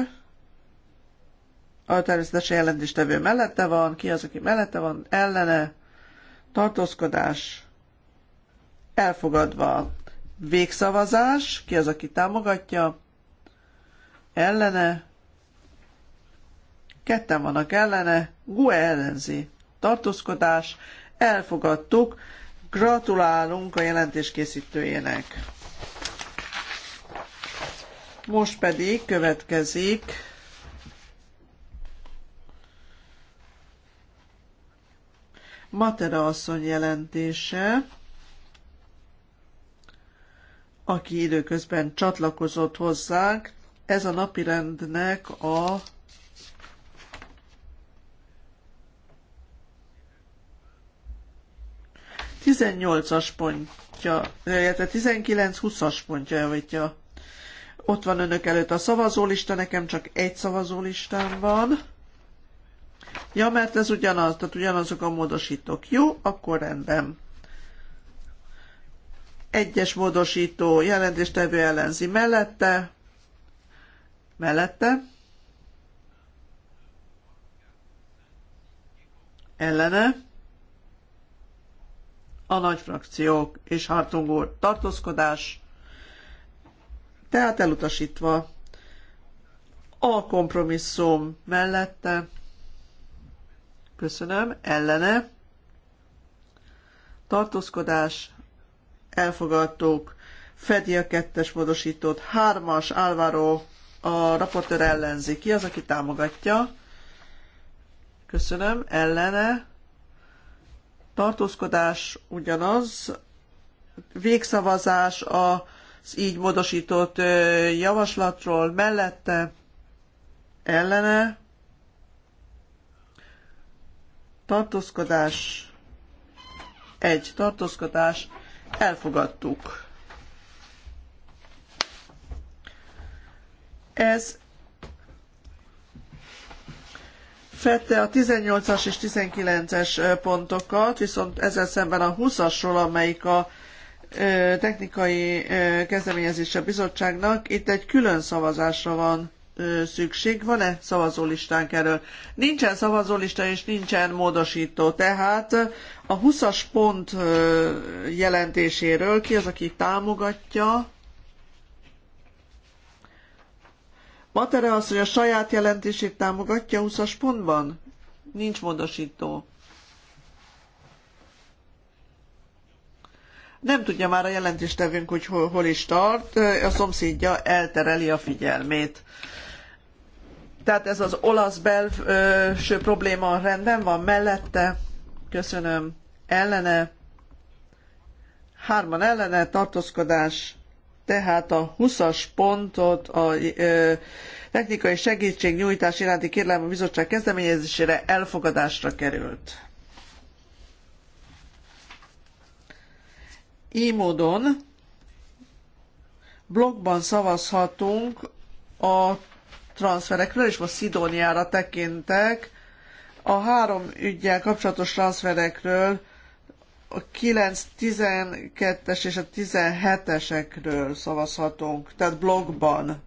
A természetesen jelentéstevő mellette van. Ki az, aki mellette van? Ellene. Tartózkodás. Elfogadva. Végszavazás. Ki az, aki támogatja? Ellene. Ketten vannak ellene. GUE ellenzi. Tartózkodás elfogadtuk. Gratulálunk a jelentés készítőjének. Most pedig következik Matera asszony jelentése, aki időközben csatlakozott hozzánk. Ez a napirendnek a 18-as pontja, illetve 19-20-as pontja javítja. Ott van önök előtt a szavazólista, nekem csak egy szavazólistám van. Ja, mert ez ugyanaz, tehát ugyanazok a módosítók. Jó, akkor rendben. Egyes módosító jelentéstevő ellenzi mellette. Mellette. Ellene a nagy frakciók és Hartung úr tartózkodás, tehát elutasítva a kompromisszum mellette, köszönöm, ellene, tartózkodás, elfogadtuk, fedi a kettes módosítót, hármas, Álvaro, a raportőr ellenzi, ki az, aki támogatja, köszönöm, ellene, tartózkodás ugyanaz, végszavazás az így módosított javaslatról mellette, ellene, tartózkodás, egy tartózkodás, elfogadtuk. Ez fette a 18-as és 19-es pontokat, viszont ezzel szemben a 20-asról, amelyik a technikai kezdeményezése bizottságnak, itt egy külön szavazásra van szükség. Van-e szavazólistánk erről? Nincsen szavazólista és nincsen módosító. Tehát a 20-as pont jelentéséről ki az, aki támogatja, Matere asszony hogy a saját jelentését támogatja 20-as pontban? Nincs módosító. Nem tudja már a jelentéstevünk, hogy hol, hol is tart, a szomszédja eltereli a figyelmét. Tehát ez az olasz belső probléma rendben van mellette. Köszönöm. Ellene. Hárman ellene, tartózkodás tehát a 20-as pontot a technikai segítségnyújtás iránti kérelem a bizottság kezdeményezésére elfogadásra került. Így módon blogban szavazhatunk a transferekről, és most Szidóniára tekintek, a három ügyel kapcsolatos transferekről a 9, 12-es és a 17-esekről szavazhatunk, tehát blogban.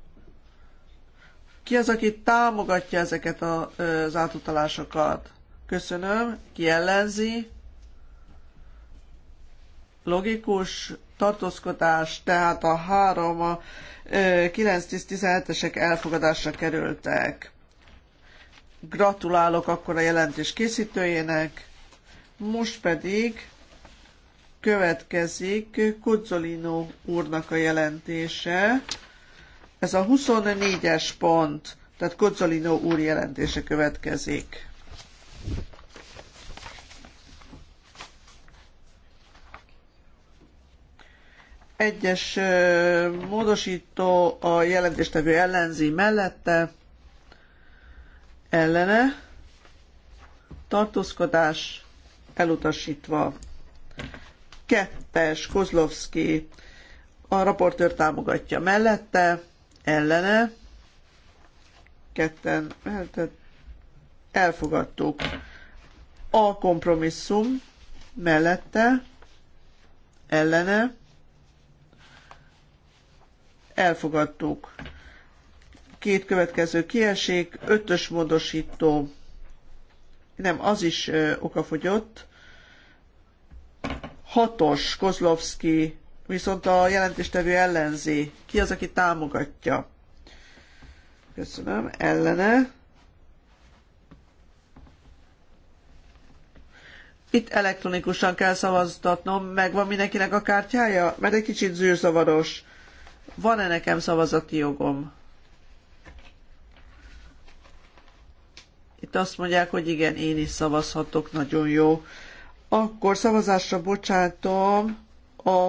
Ki az, aki támogatja ezeket az átutalásokat? Köszönöm. Ki ellenzi? Logikus tartózkodás, tehát a három a 9-10-17-esek elfogadásra kerültek. Gratulálok akkor a jelentés készítőjének. Most pedig Következik Kudzolino úrnak a jelentése. Ez a 24-es pont, tehát Kudzolino úr jelentése következik. Egyes módosító a jelentéstevő ellenzi mellette, ellene, tartózkodás elutasítva. Kettes, Kozlovszki, a raportőr támogatja mellette, ellene, ketten eh, elfogadtuk. A kompromisszum mellette, ellene, elfogadtuk. Két következő kiesik, ötös módosító, nem, az is eh, okafogyott, Hatos Kozlovski, viszont a jelentéstevő ellenzi. Ki az, aki támogatja? Köszönöm. Ellene. Itt elektronikusan kell szavaztatnom. Megvan mindenkinek a kártyája? Mert egy kicsit zűrzavaros. Van-e nekem szavazati jogom? Itt azt mondják, hogy igen, én is szavazhatok, nagyon jó akkor szavazásra bocsátom a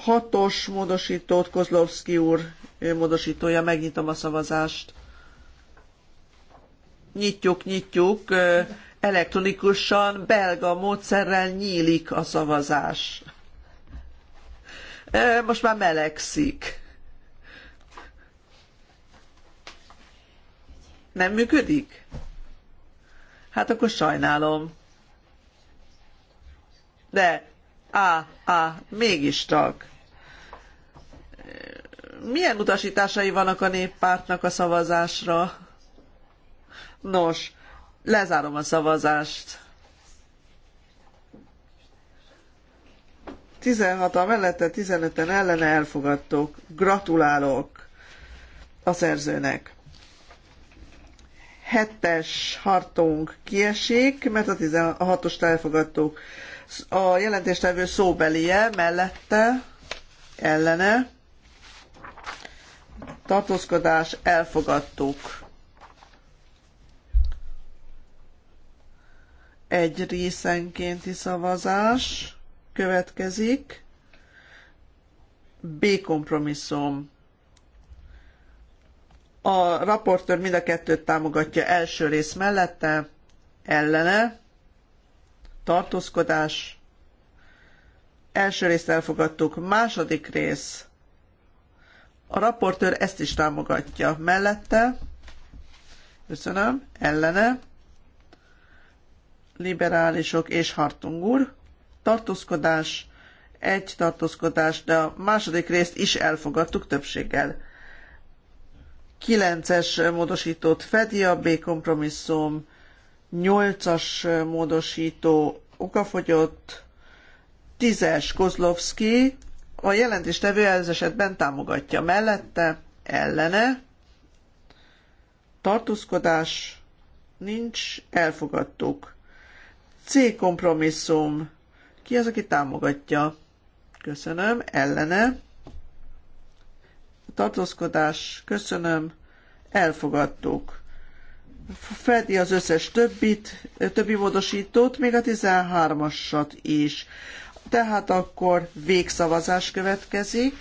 hatos módosítót Kozlovszki úr módosítója. Megnyitom a szavazást. Nyitjuk, nyitjuk. Elektronikusan, belga módszerrel nyílik a szavazás. Most már melegszik. Nem működik? Hát akkor sajnálom. De, á, á, mégis tag. Milyen utasításai vannak a néppártnak a szavazásra? Nos, lezárom a szavazást. 16-a mellette, 15-en ellene elfogadtok. Gratulálok a szerzőnek. Hettes hartunk kiesik, mert a 16-ost elfogadtuk. A jelentéstevő szóbelie mellette ellene tartózkodás elfogadtuk. Egy részenkénti szavazás következik. B kompromisszum. A raportőr mind a kettőt támogatja első rész mellette, ellene, tartózkodás. Első részt elfogadtuk, második rész. A raportőr ezt is támogatja. Mellette, köszönöm, ellene, liberálisok és Hartung úr, tartózkodás, egy tartózkodás, de a második részt is elfogadtuk többséggel. Kilences módosított módosítót fedi a B kompromisszum, 8-as módosító okafogyott, 10-es Kozlovski, a jelentéstevő ez esetben támogatja mellette, ellene, tartózkodás nincs, elfogadtuk. C kompromisszum. Ki az, aki támogatja? Köszönöm, ellene. Tartózkodás, köszönöm, elfogadtuk fedi az összes többit, többi módosítót, még a 13-asat is. Tehát akkor végszavazás következik,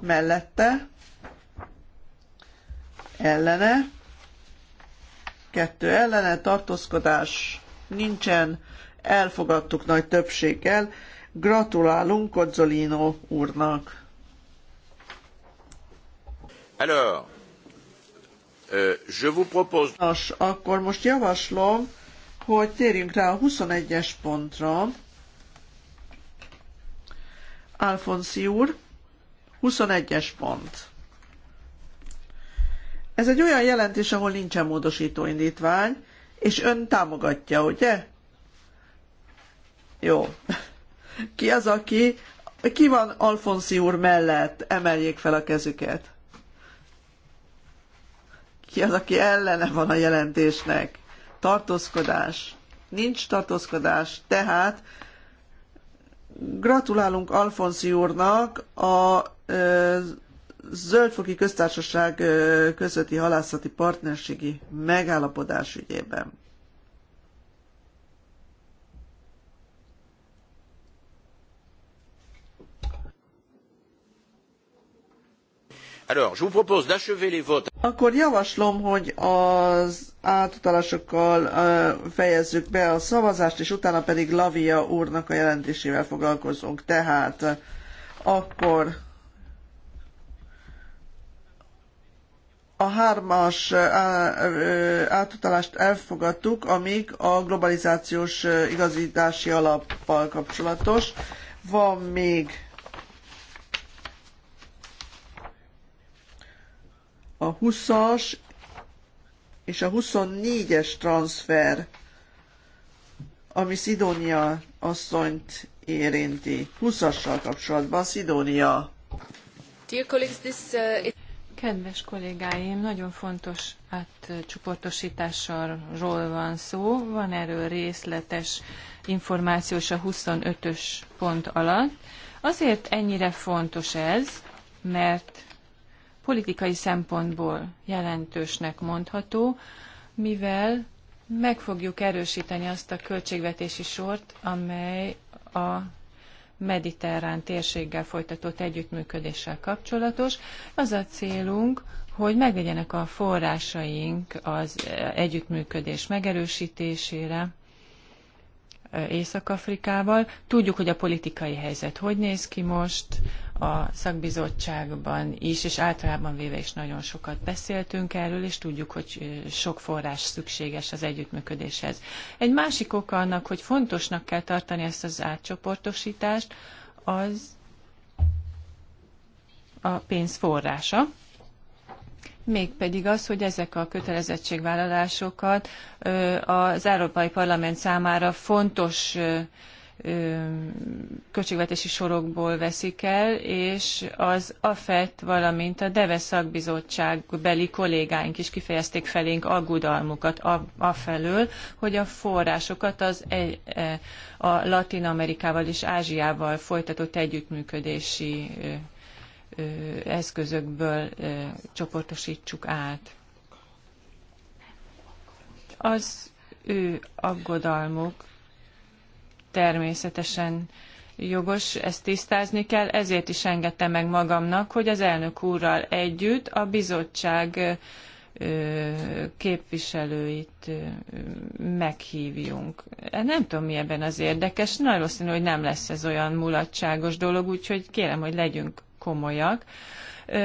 mellette, ellene, kettő ellene, tartózkodás nincsen, elfogadtuk nagy többséggel. Gratulálunk Kodzolino úrnak! Alors, Euh, je vous propose... Nos, akkor most javaslom, hogy térjünk rá a 21-es pontra. Alfonsi úr, 21-es pont. Ez egy olyan jelentés, ahol nincsen módosító indítvány, és ön támogatja, ugye? Jó. Ki az, aki... Ki van Alfonsi úr mellett? Emeljék fel a kezüket. Ki az, aki ellene van a jelentésnek? Tartózkodás. Nincs tartózkodás, tehát gratulálunk Alfonszi úrnak a Zöldfoki Köztársaság közötti halászati partnerségi megállapodás ügyében. Alors, je vous propose d'achever les votes. Akkor javaslom, hogy az átutalásokkal fejezzük be a szavazást, és utána pedig Lavia úrnak a jelentésével foglalkozunk. Tehát akkor a hármas átutalást elfogadtuk, amíg a globalizációs igazítási alappal kapcsolatos. Van még a 20-as és a 24-es transfer, ami Szidónia asszonyt érinti. 20-assal kapcsolatban Szidónia. Uh, Kedves kollégáim, nagyon fontos átcsoportosításról van szó. Van erről részletes információs a 25-ös pont alatt. Azért ennyire fontos ez, mert politikai szempontból jelentősnek mondható, mivel meg fogjuk erősíteni azt a költségvetési sort, amely a mediterrán térséggel folytatott együttműködéssel kapcsolatos. Az a célunk, hogy meglegyenek a forrásaink az együttműködés megerősítésére Észak-Afrikával. Tudjuk, hogy a politikai helyzet hogy néz ki most, a szakbizottságban is, és általában véve is nagyon sokat beszéltünk erről, és tudjuk, hogy sok forrás szükséges az együttműködéshez. Egy másik oka annak, hogy fontosnak kell tartani ezt az átcsoportosítást, az a pénz forrása, mégpedig az, hogy ezek a kötelezettségvállalásokat az Európai Parlament számára fontos költségvetési sorokból veszik el, és az AFET, valamint a DEVE szakbizottság beli kollégáink is kifejezték felénk aggodalmukat afelől, hogy a forrásokat az e, e, a Latin Amerikával és Ázsiával folytatott együttműködési eszközökből csoportosítsuk át. Az ő aggodalmuk természetesen jogos, ezt tisztázni kell, ezért is engedtem meg magamnak, hogy az elnök úrral együtt a bizottság képviselőit meghívjunk. E, nem tudom, mi ebben az érdekes. Nagyon hogy nem lesz ez olyan mulatságos dolog, úgyhogy kérem, hogy legyünk komolyak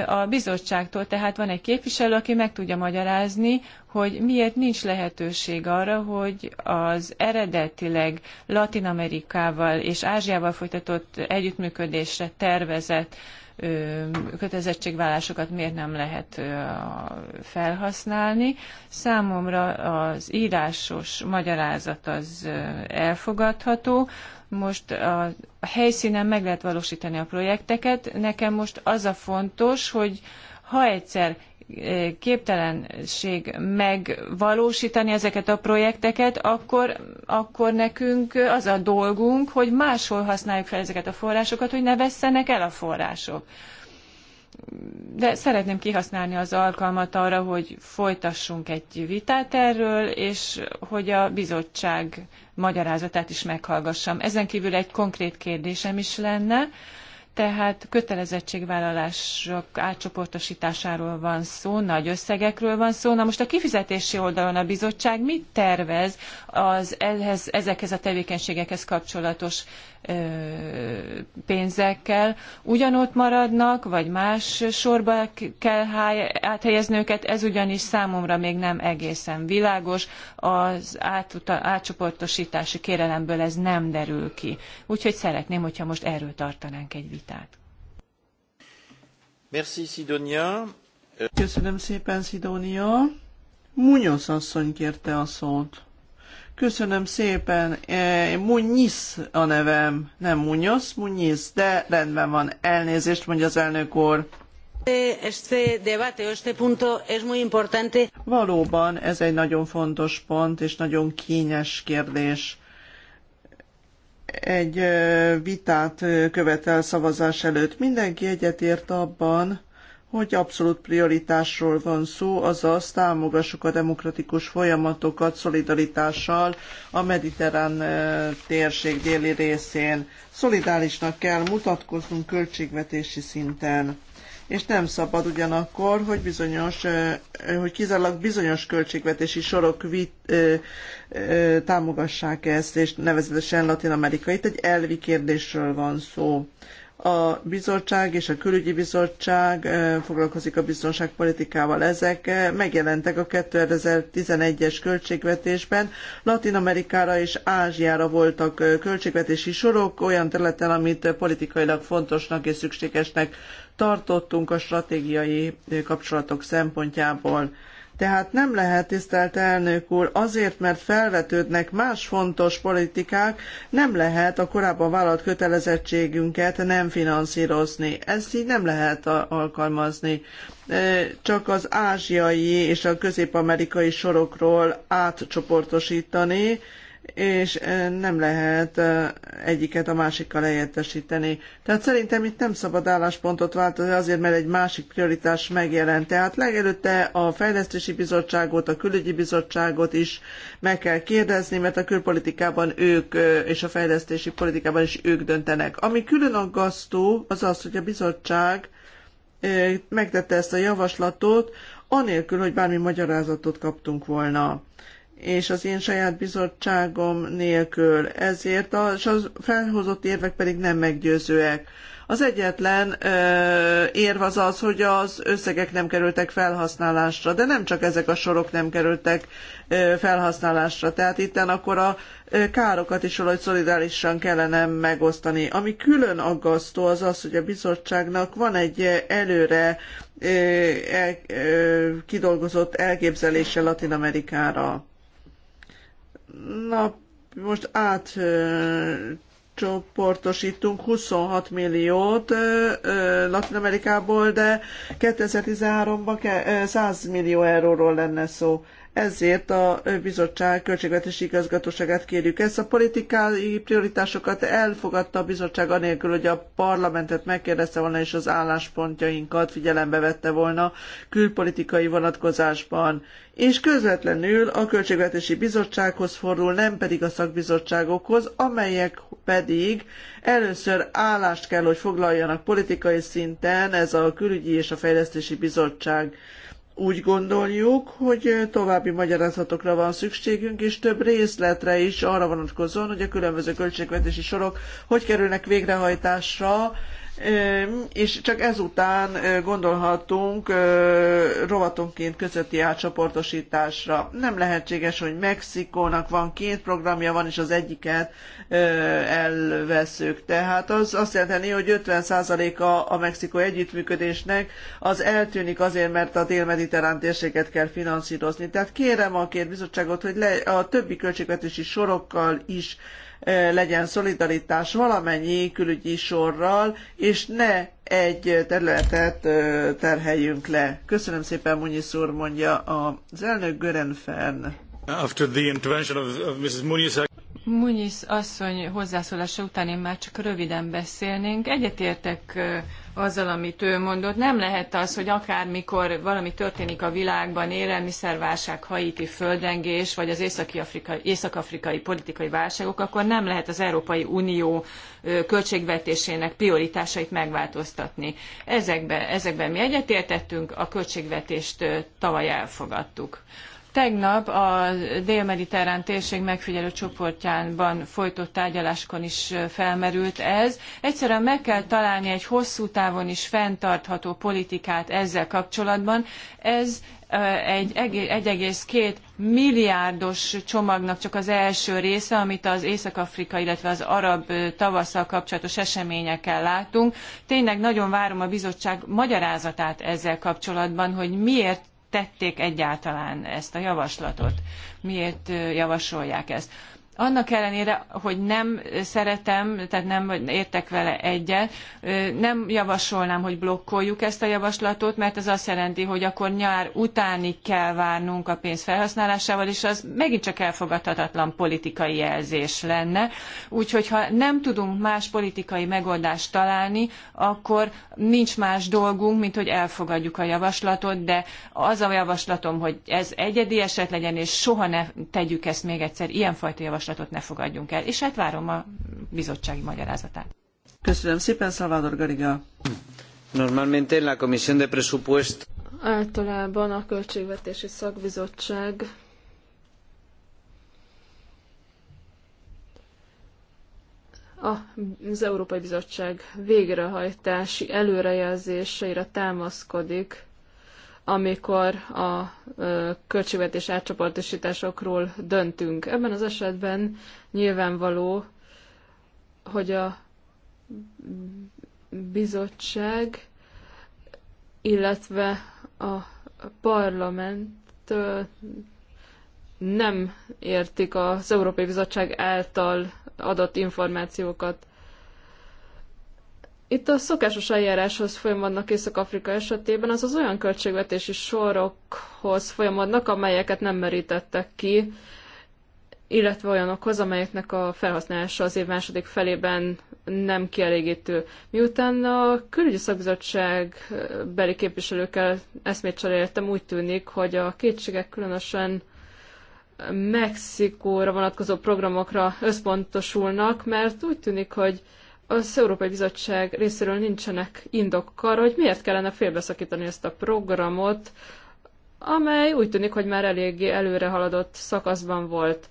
a bizottságtól, tehát van egy képviselő, aki meg tudja magyarázni, hogy miért nincs lehetőség arra, hogy az eredetileg Latin Amerikával és Ázsiával folytatott együttműködésre tervezett kötelezettségvállásokat miért nem lehet felhasználni. Számomra az írásos magyarázat az elfogadható. Most a helyszínen meg lehet valósítani a projekteket. Nekem most az a fontos, hogy ha egyszer képtelenség megvalósítani ezeket a projekteket, akkor, akkor nekünk az a dolgunk, hogy máshol használjuk fel ezeket a forrásokat, hogy ne vesszenek el a források. De szeretném kihasználni az alkalmat arra, hogy folytassunk egy vitát erről, és hogy a bizottság magyarázatát is meghallgassam. Ezen kívül egy konkrét kérdésem is lenne, tehát kötelezettségvállalások átcsoportosításáról van szó, nagy összegekről van szó. Na most a kifizetési oldalon a bizottság mit tervez az ehhez, ezekhez a tevékenységekhez kapcsolatos ö, pénzekkel? Ugyanott maradnak, vagy más sorba kell áthelyezni őket? Ez ugyanis számomra még nem egészen világos. Az átuta, átcsoportosítási kérelemből ez nem derül ki. Úgyhogy szeretném, hogyha most erről tartanánk egy vitát vitát. Merci, Sidonia. Köszönöm szépen, Sidonia. Munoz asszony kérte a szót. Köszönöm szépen. E, Munyisz a nevem. Nem Munyosz, Munyisz, de rendben van. Elnézést mondja az elnök úr. Este debate, este punto es muy importante. Valóban ez egy nagyon fontos pont és nagyon kényes kérdés egy vitát követel szavazás előtt. Mindenki egyetért abban, hogy abszolút prioritásról van szó, azaz támogassuk a demokratikus folyamatokat szolidaritással a mediterrán térség déli részén. Szolidárisnak kell mutatkoznunk költségvetési szinten és nem szabad ugyanakkor, hogy bizonyos, hogy kizárólag bizonyos költségvetési sorok vit, ö, ö, támogassák ezt, és nevezetesen Latin Amerika. Itt egy elvi kérdésről van szó. A bizottság és a külügyi bizottság foglalkozik a biztonságpolitikával. Ezek megjelentek a 2011-es költségvetésben. Latin Amerikára és Ázsiára voltak költségvetési sorok olyan területen, amit politikailag fontosnak és szükségesnek tartottunk a stratégiai kapcsolatok szempontjából. Tehát nem lehet, tisztelt elnök úr, azért, mert felvetődnek más fontos politikák, nem lehet a korábban vállalt kötelezettségünket nem finanszírozni. Ezt így nem lehet alkalmazni. Csak az ázsiai és a közép-amerikai sorokról átcsoportosítani, és nem lehet egyiket a másikkal helyettesíteni. Tehát szerintem itt nem szabad álláspontot változni azért, mert egy másik prioritás megjelent. Tehát legelőtte a Fejlesztési Bizottságot, a Külügyi Bizottságot is meg kell kérdezni, mert a külpolitikában ők és a fejlesztési politikában is ők döntenek. Ami külön aggasztó, az az, hogy a bizottság megtette ezt a javaslatot, anélkül, hogy bármi magyarázatot kaptunk volna és az én saját bizottságom nélkül. Ezért a, és a felhozott érvek pedig nem meggyőzőek. Az egyetlen ö, érv az az, hogy az összegek nem kerültek felhasználásra, de nem csak ezek a sorok nem kerültek ö, felhasználásra. Tehát itten akkor a ö, károkat is valahogy szolidárisan kellene megosztani. Ami külön aggasztó az az, hogy a bizottságnak van egy előre ö, ö, kidolgozott elképzelése Latin Amerikára nap most át csoportosítunk 26 milliót Latin Amerikából, de 2013-ban 100 millió euróról lenne szó. Ezért a bizottság költségvetési igazgatóságát kérjük. Ezt a politikai prioritásokat elfogadta a bizottság anélkül, hogy a parlamentet megkérdezte volna és az álláspontjainkat figyelembe vette volna külpolitikai vonatkozásban. És közvetlenül a költségvetési bizottsághoz fordul, nem pedig a szakbizottságokhoz, amelyek pedig először állást kell, hogy foglaljanak politikai szinten, ez a külügyi és a fejlesztési bizottság úgy gondoljuk, hogy további magyarázatokra van szükségünk, és több részletre is arra vonatkozóan, hogy a különböző költségvetési sorok hogy kerülnek végrehajtásra, és csak ezután gondolhatunk rovatonként közötti átcsoportosításra. Nem lehetséges, hogy Mexikónak van két programja, van és az egyiket elveszük. Tehát az azt jelenti, hogy 50%-a a Mexikó együttműködésnek az eltűnik azért, mert a dél-mediterrán térséget kell finanszírozni. Tehát kérem a két bizottságot, hogy le, a többi költségvetési sorokkal is legyen szolidaritás valamennyi külügyi sorral, és ne egy területet terheljünk le. Köszönöm szépen, Munyis úr, mondja az elnök Görenfern. After the intervention of, of Mrs. Muniz, I... Muniz asszony hozzászólása után én már csak röviden beszélnénk. Egyetértek azzal, amit ő mondott. Nem lehet az, hogy akármikor valami történik a világban, élelmiszerválság, haiti földrengés, vagy az észak-afrikai, politikai válságok, akkor nem lehet az Európai Unió költségvetésének prioritásait megváltoztatni. Ezekben, ezekben mi egyetértettünk, a költségvetést tavaly elfogadtuk. Tegnap a dél-mediterrán térség megfigyelő csoportjában folytott tárgyaláskon is felmerült ez. Egyszerűen meg kell találni egy hosszú távon is fenntartható politikát ezzel kapcsolatban. Ez egy 1,2 milliárdos csomagnak csak az első része, amit az Észak-Afrika, illetve az arab tavasszal kapcsolatos eseményekkel látunk. Tényleg nagyon várom a bizottság magyarázatát ezzel kapcsolatban, hogy miért tették egyáltalán ezt a javaslatot? Miért javasolják ezt? annak ellenére, hogy nem szeretem, tehát nem értek vele egyet, nem javasolnám, hogy blokkoljuk ezt a javaslatot, mert ez azt jelenti, hogy akkor nyár utánig kell várnunk a pénz felhasználásával, és az megint csak elfogadhatatlan politikai jelzés lenne. Úgyhogy ha nem tudunk más politikai megoldást találni, akkor nincs más dolgunk, mint hogy elfogadjuk a javaslatot, de az a javaslatom, hogy ez egyedi eset legyen, és soha ne tegyük ezt még egyszer ilyenfajta javaslatot javaslatot ne fogadjunk el. És hát várom a bizottsági magyarázatát. Köszönöm szépen, Salvador Gariga. Normalmente la Comisión de Presupuesto. Általában a Költségvetési Szakbizottság az Európai Bizottság végrehajtási előrejelzéseire támaszkodik amikor a költségvetés átcsoportosításokról döntünk. Ebben az esetben nyilvánvaló, hogy a bizottság, illetve a parlament nem értik az Európai Bizottság által adott információkat. Itt a szokásos eljáráshoz folyamodnak Észak-Afrika esetében, azaz olyan költségvetési sorokhoz folyamodnak, amelyeket nem merítettek ki, illetve olyanokhoz, amelyeknek a felhasználása az év második felében nem kielégítő. Miután a külügyi szakbizottság eh, beli képviselőkkel eszmét cseréltem, úgy tűnik, hogy a kétségek különösen Mexikóra vonatkozó programokra összpontosulnak, mert úgy tűnik, hogy az Európai Bizottság részéről nincsenek indokkal, hogy miért kellene félbeszakítani ezt a programot, amely úgy tűnik, hogy már eléggé előre haladott szakaszban volt.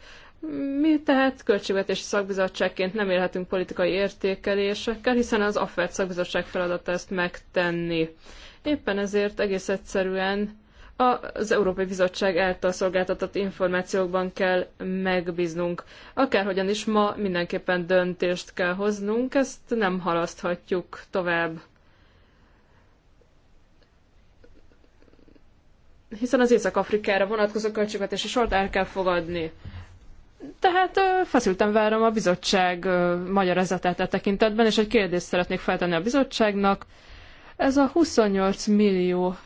Mi tehát költségvetési szakbizottságként nem élhetünk politikai értékelésekkel, hiszen az AFET szakbizottság feladata ezt megtenni. Éppen ezért egész egyszerűen az Európai Bizottság által szolgáltatott információkban kell megbíznunk. Akárhogyan is ma mindenképpen döntést kell hoznunk, ezt nem halaszthatjuk tovább. Hiszen az Észak-Afrikára vonatkozó költségvetési sort el kell fogadni. Tehát feszültem várom a bizottság magyarázatát a e tekintetben, és egy kérdést szeretnék feltenni a bizottságnak ez a 28 millió,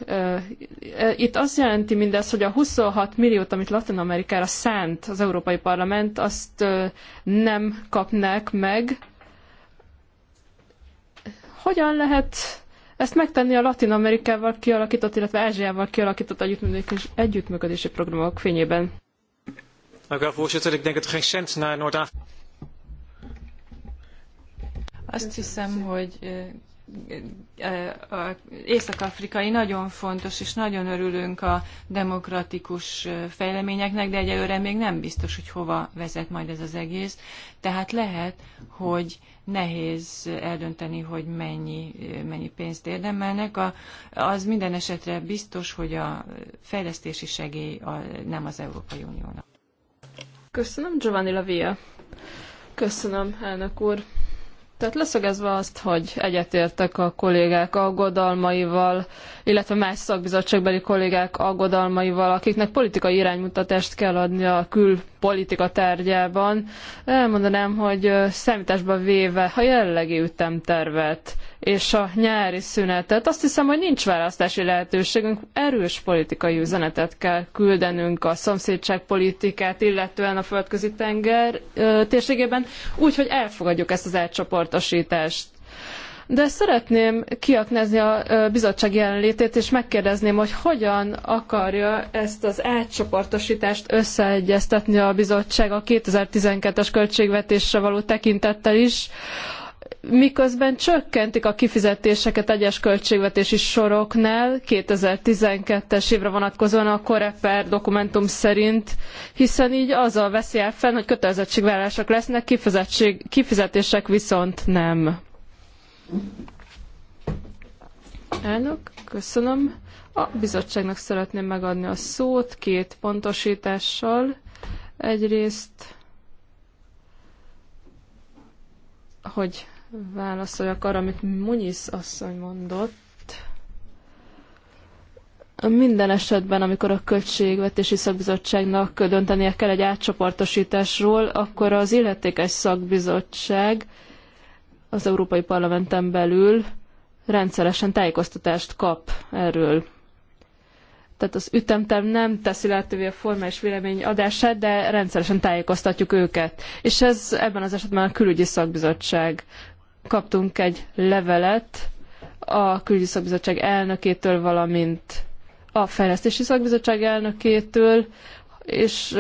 itt azt jelenti mindez, hogy a 26 milliót, amit Latin Amerikára szánt az Európai Parlament, azt nem kapnák meg. Hogyan lehet ezt megtenni a Latin Amerikával kialakított, illetve Ázsiával kialakított együttműködési programok fényében? Er azt hiszem, hogy észak-afrikai nagyon fontos, és nagyon örülünk a demokratikus fejleményeknek, de egyelőre még nem biztos, hogy hova vezet majd ez az egész. Tehát lehet, hogy nehéz eldönteni, hogy mennyi, mennyi pénzt érdemelnek. A, az minden esetre biztos, hogy a fejlesztési segély a, nem az Európai Uniónak. Köszönöm, Giovanni Lavia. Köszönöm, elnök úr. Tehát leszögezve azt, hogy egyetértek a kollégák aggodalmaival, illetve más szakbizottságbeli kollégák aggodalmaival, akiknek politikai iránymutatást kell adni a külpolitika tárgyában, elmondanám, hogy számításba véve a jelenlegi ütemtervet és a nyári szünetet. Azt hiszem, hogy nincs választási lehetőségünk. Erős politikai üzenetet kell küldenünk a szomszédságpolitikát, illetően a földközi tenger térségében, úgyhogy elfogadjuk ezt az átcsoportosítást. De szeretném kiaknázni a bizottság jelenlétét, és megkérdezném, hogy hogyan akarja ezt az átcsoportosítást összeegyeztetni a bizottság a 2012-es költségvetésre való tekintettel is, miközben csökkentik a kifizetéseket egyes költségvetési soroknál 2012-es évre vonatkozóan a Koreper dokumentum szerint, hiszen így az a veszély fenn, hogy kötelezettségvállalások lesznek, kifizetések viszont nem. Elnök, köszönöm. A bizottságnak szeretném megadni a szót két pontosítással. Egyrészt hogy válaszoljak arra, amit Munyisz asszony mondott. Minden esetben, amikor a Költségvetési Szakbizottságnak döntenie kell egy átcsoportosításról, akkor az illetékes szakbizottság az Európai Parlamenten belül rendszeresen tájékoztatást kap erről. Tehát az ütemterv nem teszi lehetővé a formális vélemény adását, de rendszeresen tájékoztatjuk őket. És ez ebben az esetben a külügyi szakbizottság kaptunk egy levelet a külügyi szakbizottság elnökétől, valamint a fejlesztési szakbizottság elnökétől, és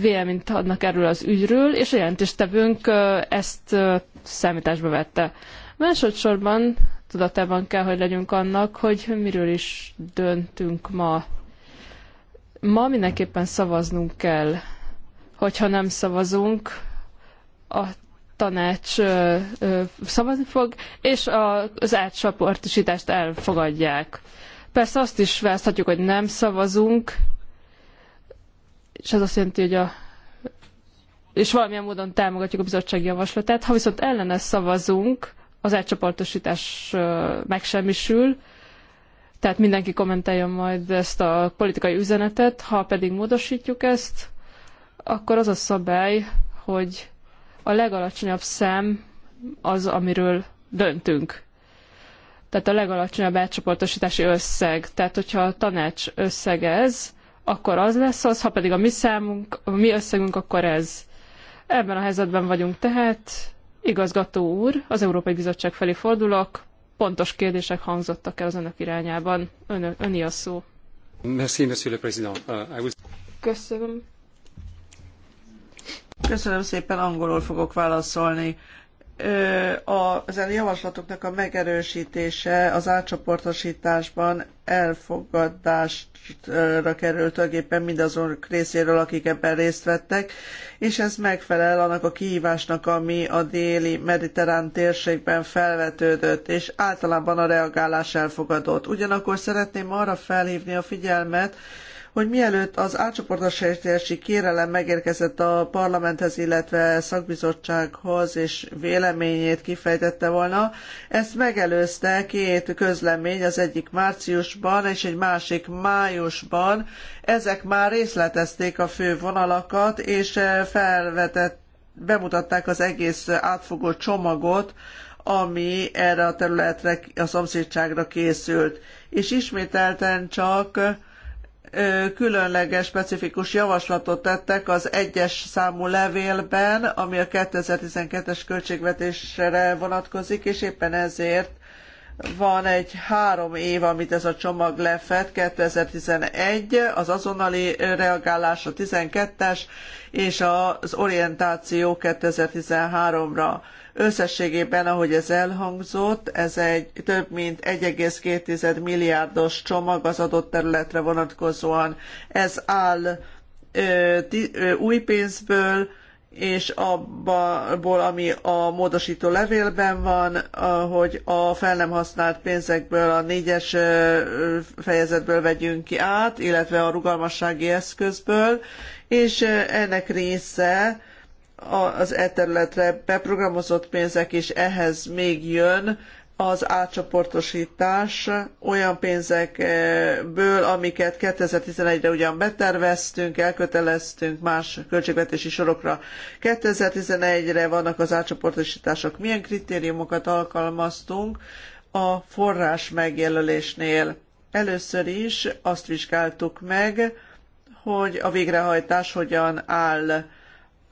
véleményt adnak erről az ügyről, és a jelentéstevőnk ezt számításba vette. Másodszorban tudatában kell, hogy legyünk annak, hogy miről is döntünk ma. Ma mindenképpen szavaznunk kell. Hogyha nem szavazunk, a tanács szavazni fog, és az átcsoportosítást elfogadják. Persze azt is választhatjuk, hogy nem szavazunk, és ez azt jelenti, hogy a és valamilyen módon támogatjuk a bizottság javaslatát. Ha viszont ellene szavazunk, az átcsoportosítás megsemmisül, tehát mindenki kommentálja majd ezt a politikai üzenetet, ha pedig módosítjuk ezt, akkor az a szabály, hogy a legalacsonyabb szem az, amiről döntünk. Tehát a legalacsonyabb átcsoportosítási összeg. Tehát, hogyha a tanács összegez, akkor az lesz az, ha pedig a mi számunk, a mi összegünk, akkor ez. Ebben a helyzetben vagyunk tehát. Igazgató úr, az Európai Bizottság felé fordulok. Pontos kérdések hangzottak el az önök irányában. Ön, öni a szó. Merci, monsieur le président. Uh, Köszönöm, Köszönöm szépen, angolul fogok válaszolni. A, ezen javaslatoknak a megerősítése az átcsoportosításban elfogadásra került tulajdonképpen mindazok részéről, akik ebben részt vettek, és ez megfelel annak a kihívásnak, ami a déli mediterrán térségben felvetődött, és általában a reagálás elfogadott. Ugyanakkor szeretném arra felhívni a figyelmet, hogy mielőtt az átcsoportosítási kérelem megérkezett a parlamenthez, illetve szakbizottsághoz, és véleményét kifejtette volna, ezt megelőzte két közlemény, az egyik márciusban és egy másik májusban. Ezek már részletezték a fő vonalakat, és eh, felvetett bemutatták az egész átfogó csomagot, ami erre a területre, a szomszédságra készült. És ismételten csak különleges, specifikus javaslatot tettek az egyes számú levélben, ami a 2012-es költségvetésre vonatkozik, és éppen ezért van egy három év, amit ez a csomag lefed, 2011, az azonnali reagálás a 12-es, és az orientáció 2013-ra. Összességében, ahogy ez elhangzott, ez egy több mint 1,2 milliárdos csomag az adott területre vonatkozóan. Ez áll ö, ti, ö, új pénzből, és abból, ami a módosító levélben van, hogy a fel nem használt pénzekből a négyes fejezetből vegyünk ki át, illetve a rugalmassági eszközből, és ennek része az e területre beprogramozott pénzek, és ehhez még jön az átcsoportosítás olyan pénzekből, amiket 2011-re ugyan beterveztünk, elköteleztünk más költségvetési sorokra. 2011-re vannak az átcsoportosítások. Milyen kritériumokat alkalmaztunk a forrás megjelölésnél? Először is azt vizsgáltuk meg, hogy a végrehajtás hogyan áll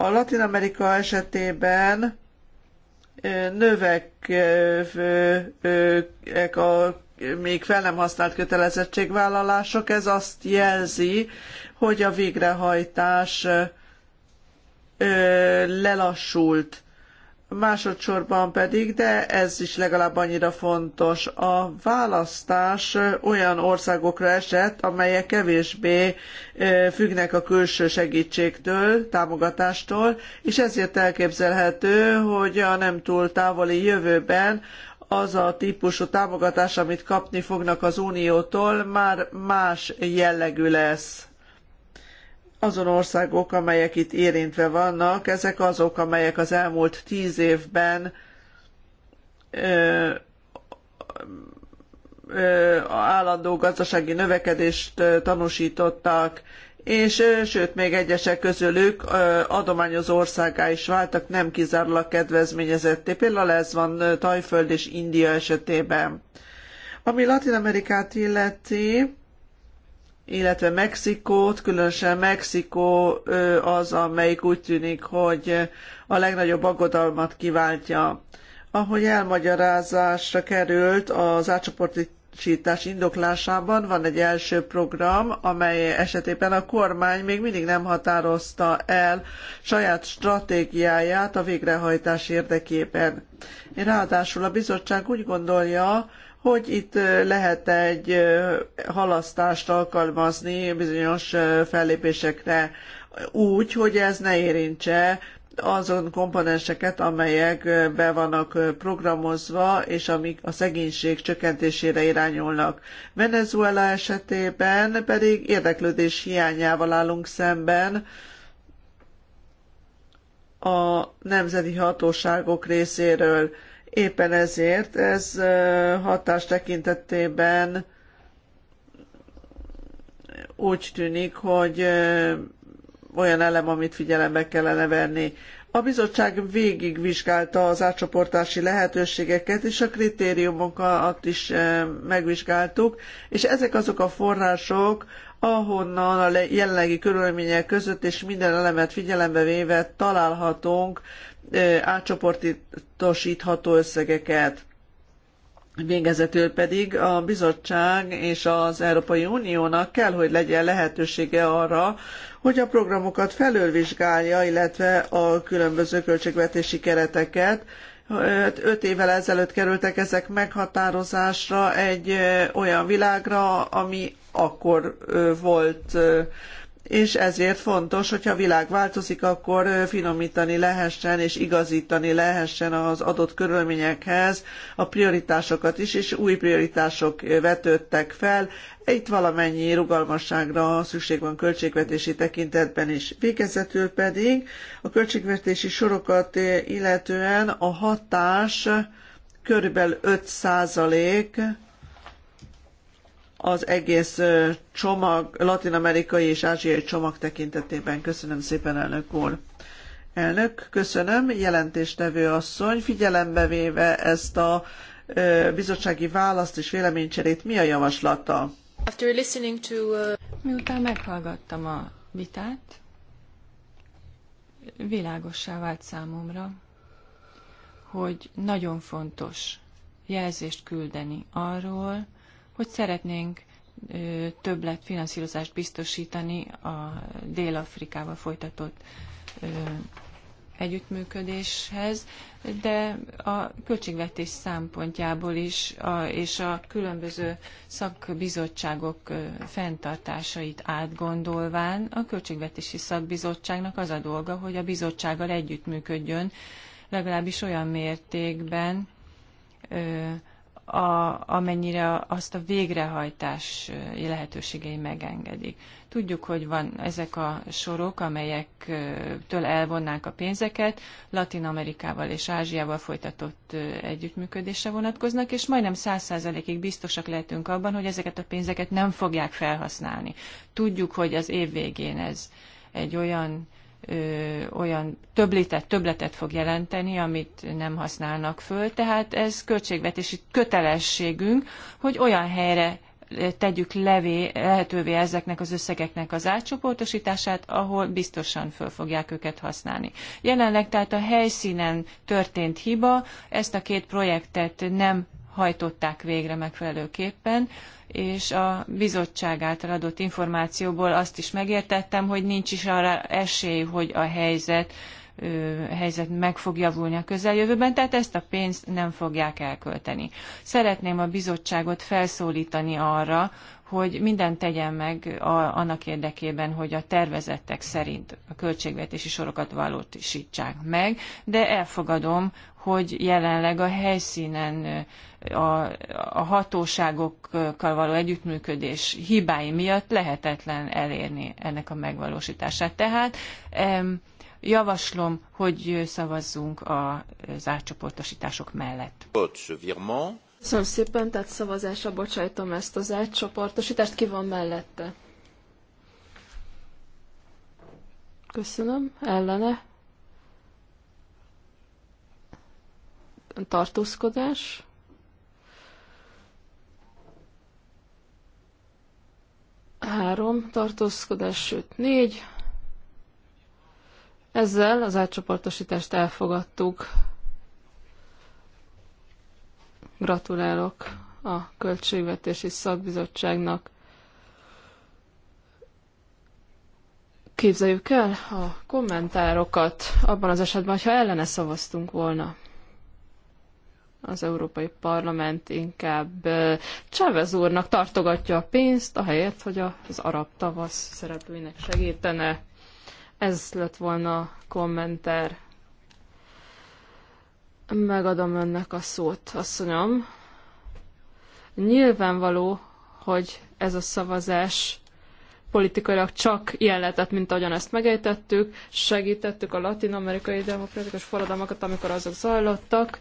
a Latin Amerika esetében növekvőek a még fel nem használt kötelezettségvállalások, ez azt jelzi, hogy a végrehajtás lelassult. Másodszorban pedig, de ez is legalább annyira fontos, a választás olyan országokra esett, amelyek kevésbé függnek a külső segítségtől, támogatástól, és ezért elképzelhető, hogy a nem túl távoli jövőben az a típusú támogatás, amit kapni fognak az Uniótól, már más jellegű lesz azon országok, amelyek itt érintve vannak, ezek azok, amelyek az elmúlt tíz évben ö, ö, állandó gazdasági növekedést tanúsítottak, és sőt, még egyesek közülük adományozó országá is váltak, nem kizárólag kedvezményezetté. Például ez van Tajföld és India esetében. Ami Latin Amerikát illeti, illetve Mexikót, különösen Mexikó az, amelyik úgy tűnik, hogy a legnagyobb aggodalmat kiváltja. Ahogy elmagyarázásra került az átcsoportosítás indoklásában, van egy első program, amely esetében a kormány még mindig nem határozta el saját stratégiáját a végrehajtás érdekében. Ráadásul a bizottság úgy gondolja, hogy itt lehet egy halasztást alkalmazni bizonyos fellépésekre úgy, hogy ez ne érintse azon komponenseket, amelyek be vannak programozva, és amik a szegénység csökkentésére irányulnak. Venezuela esetében pedig érdeklődés hiányával állunk szemben a nemzeti hatóságok részéről Éppen ezért ez hatás tekintetében úgy tűnik, hogy olyan elem, amit figyelembe kellene venni. A bizottság végigvizsgálta az átcsoportási lehetőségeket, és a kritériumokat is megvizsgáltuk, és ezek azok a források, ahonnan a jelenlegi körülmények között és minden elemet figyelembe véve találhatunk átcsoportosítható összegeket. Végezetül pedig a bizottság és az Európai Uniónak kell, hogy legyen lehetősége arra, hogy a programokat felülvizsgálja, illetve a különböző költségvetési kereteket. Hát öt évvel ezelőtt kerültek ezek meghatározásra egy olyan világra, ami akkor volt és ezért fontos, hogyha a világ változik, akkor finomítani lehessen és igazítani lehessen az adott körülményekhez a prioritásokat is, és új prioritások vetődtek fel. Itt valamennyi rugalmasságra szükség van költségvetési tekintetben is. Végezetül pedig a költségvetési sorokat illetően a hatás körülbelül 5 százalék az egész csomag, latin-amerikai és ázsiai csomag tekintetében. Köszönöm szépen, elnök úr! Elnök, köszönöm, jelentéstevő asszony, figyelembe véve ezt a bizottsági választ és véleménycserét, mi a javaslata? After listening to, uh... Miután meghallgattam a vitát, világossá vált számomra, hogy nagyon fontos jelzést küldeni arról, hogy szeretnénk többlet finanszírozást biztosítani a Dél-Afrikával folytatott együttműködéshez, de a költségvetés szempontjából is a, és a különböző szakbizottságok fenntartásait átgondolván a költségvetési szakbizottságnak az a dolga, hogy a bizottsággal együttműködjön, legalábbis olyan mértékben, a, amennyire azt a végrehajtás lehetőségei megengedik. Tudjuk, hogy van ezek a sorok, amelyektől elvonnák a pénzeket, Latin Amerikával és Ázsiával folytatott együttműködésre vonatkoznak, és majdnem száz százalékig biztosak lehetünk abban, hogy ezeket a pénzeket nem fogják felhasználni. Tudjuk, hogy az év végén ez egy olyan olyan többletet, többletet fog jelenteni, amit nem használnak föl. Tehát ez költségvetési kötelességünk, hogy olyan helyre tegyük levé, lehetővé ezeknek az összegeknek az átcsoportosítását, ahol biztosan föl fogják őket használni. Jelenleg tehát a helyszínen történt hiba, ezt a két projektet nem hajtották végre megfelelőképpen, és a bizottság által adott információból azt is megértettem, hogy nincs is arra esély, hogy a helyzet, helyzet meg fog javulni a közeljövőben, tehát ezt a pénzt nem fogják elkölteni. Szeretném a bizottságot felszólítani arra, hogy mindent tegyen meg a, annak érdekében, hogy a tervezettek szerint a költségvetési sorokat valósítsák meg, de elfogadom, hogy jelenleg a helyszínen a, a hatóságokkal való együttműködés hibái miatt lehetetlen elérni ennek a megvalósítását. Tehát javaslom, hogy szavazzunk az átcsoportosítások mellett. Ott, Köszönöm szépen, tehát szavazásra bocsájtom ezt az átcsoportosítást. Ki van mellette? Köszönöm. Ellene? Tartózkodás? Három tartózkodás, sőt négy. Ezzel az átcsoportosítást elfogadtuk. Gratulálok a Költségvetési Szakbizottságnak. Képzeljük el a kommentárokat abban az esetben, ha ellene szavaztunk volna. Az Európai Parlament inkább Chávez úrnak tartogatja a pénzt, ahelyett, hogy az arab tavasz szereplőinek segítene. Ez lett volna a kommentár. Megadom önnek a szót, asszonyom. Nyilvánvaló, hogy ez a szavazás politikailag csak ilyen lehetett, mint ahogyan ezt megejtettük, segítettük a latin-amerikai demokratikus forradalmakat, amikor azok zajlottak,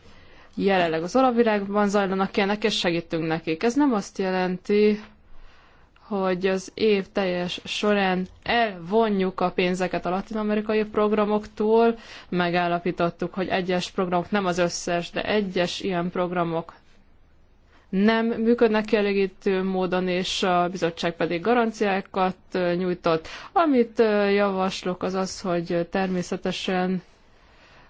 jelenleg az alapvilágban zajlanak ilyenek, és segítünk nekik. Ez nem azt jelenti, hogy az év teljes során elvonjuk a pénzeket a latin-amerikai programoktól. Megállapítottuk, hogy egyes programok, nem az összes, de egyes ilyen programok nem működnek kielégítő módon, és a bizottság pedig garanciákat nyújtott. Amit javaslok az az, hogy természetesen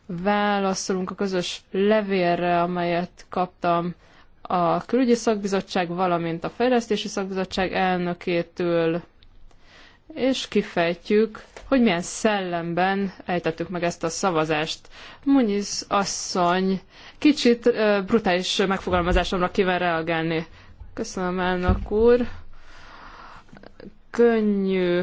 válaszolunk a közös levélre, amelyet kaptam a külügyi szakbizottság, valamint a fejlesztési szakbizottság elnökétől, és kifejtjük, hogy milyen szellemben ejtettük meg ezt a szavazást. Muniz asszony kicsit brutális megfogalmazásomra kíván reagálni. Köszönöm, elnök úr. Könnyű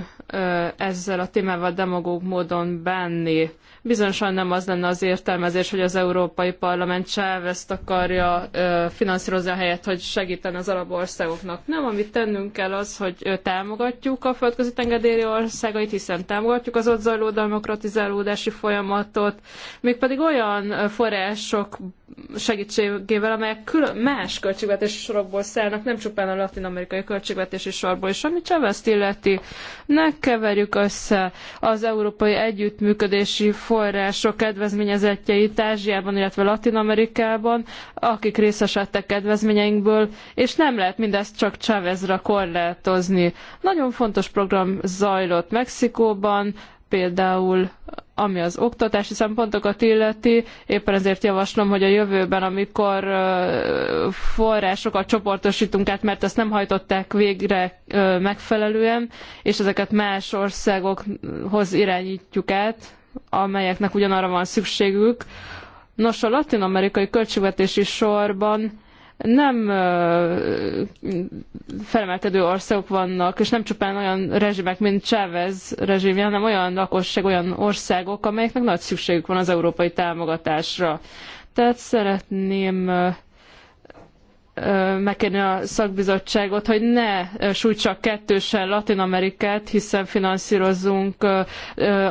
ezzel a témával demagóg módon bánni. Bizonyosan nem az lenne az értelmezés, hogy az Európai Parlament Chávezt akarja finanszírozni a helyet, hogy segíten az arab országoknak. Nem, amit tennünk kell az, hogy támogatjuk a földközi tengeri országait, hiszen támogatjuk az ott zajló demokratizálódási folyamatot, mégpedig olyan források segítségével, amelyek külön, más költségvetési sorokból szállnak, nem csupán a latin-amerikai költségvetési sorból, és ami Csávezt illeti, ne keverjük össze az európai együttműködési folyamatot, források kedvezményezettjeit Ázsiában, illetve Latin Amerikában, akik részesedtek kedvezményeinkből, és nem lehet mindezt csak Chávezra korlátozni. Nagyon fontos program zajlott Mexikóban, például ami az oktatási szempontokat illeti, éppen ezért javaslom, hogy a jövőben, amikor forrásokat csoportosítunk át, mert ezt nem hajtották végre megfelelően, és ezeket más országokhoz irányítjuk át, amelyeknek ugyanarra van szükségük. Nos, a latin-amerikai költségvetési sorban nem felemelkedő országok vannak, és nem csupán olyan rezsimek, mint Chávez rezsimje, hanem olyan lakosság, olyan országok, amelyeknek nagy szükségük van az európai támogatásra. Tehát szeretném megkérni a szakbizottságot, hogy ne sújtsak kettősen Latin Amerikát, hiszen finanszírozunk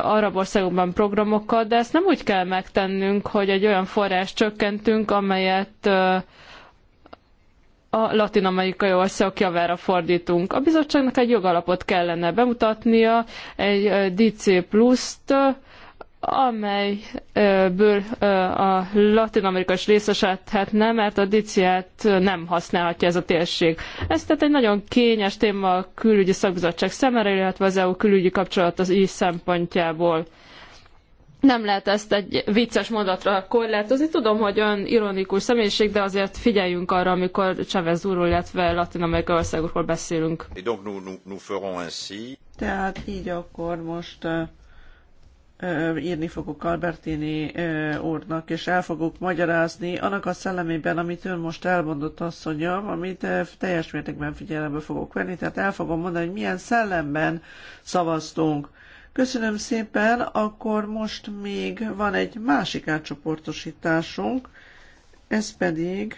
arab országokban programokat, de ezt nem úgy kell megtennünk, hogy egy olyan forrás csökkentünk, amelyet a latin-amerikai országok javára fordítunk. A bizottságnak egy jogalapot kellene bemutatnia, egy DC pluszt, amelyből a latin-amerikai részesedhetne, mert a diciát nem használhatja ez a térség. Ez tehát egy nagyon kényes téma a külügyi szakbizottság szemére, illetve az EU külügyi kapcsolat az így szempontjából. Nem lehet ezt egy vicces mondatra korlátozni. Tudom, hogy ön ironikus személyiség, de azért figyeljünk arra, amikor Chavez úrról, illetve latin-amerikai országokról beszélünk. Tehát így akkor most írni fogok Albertini úrnak, és el fogok magyarázni annak a szellemében, amit ön most elmondott asszonyom, amit teljes mértékben figyelembe fogok venni, tehát el fogom mondani, hogy milyen szellemben szavaztunk. Köszönöm szépen, akkor most még van egy másik átcsoportosításunk, ez pedig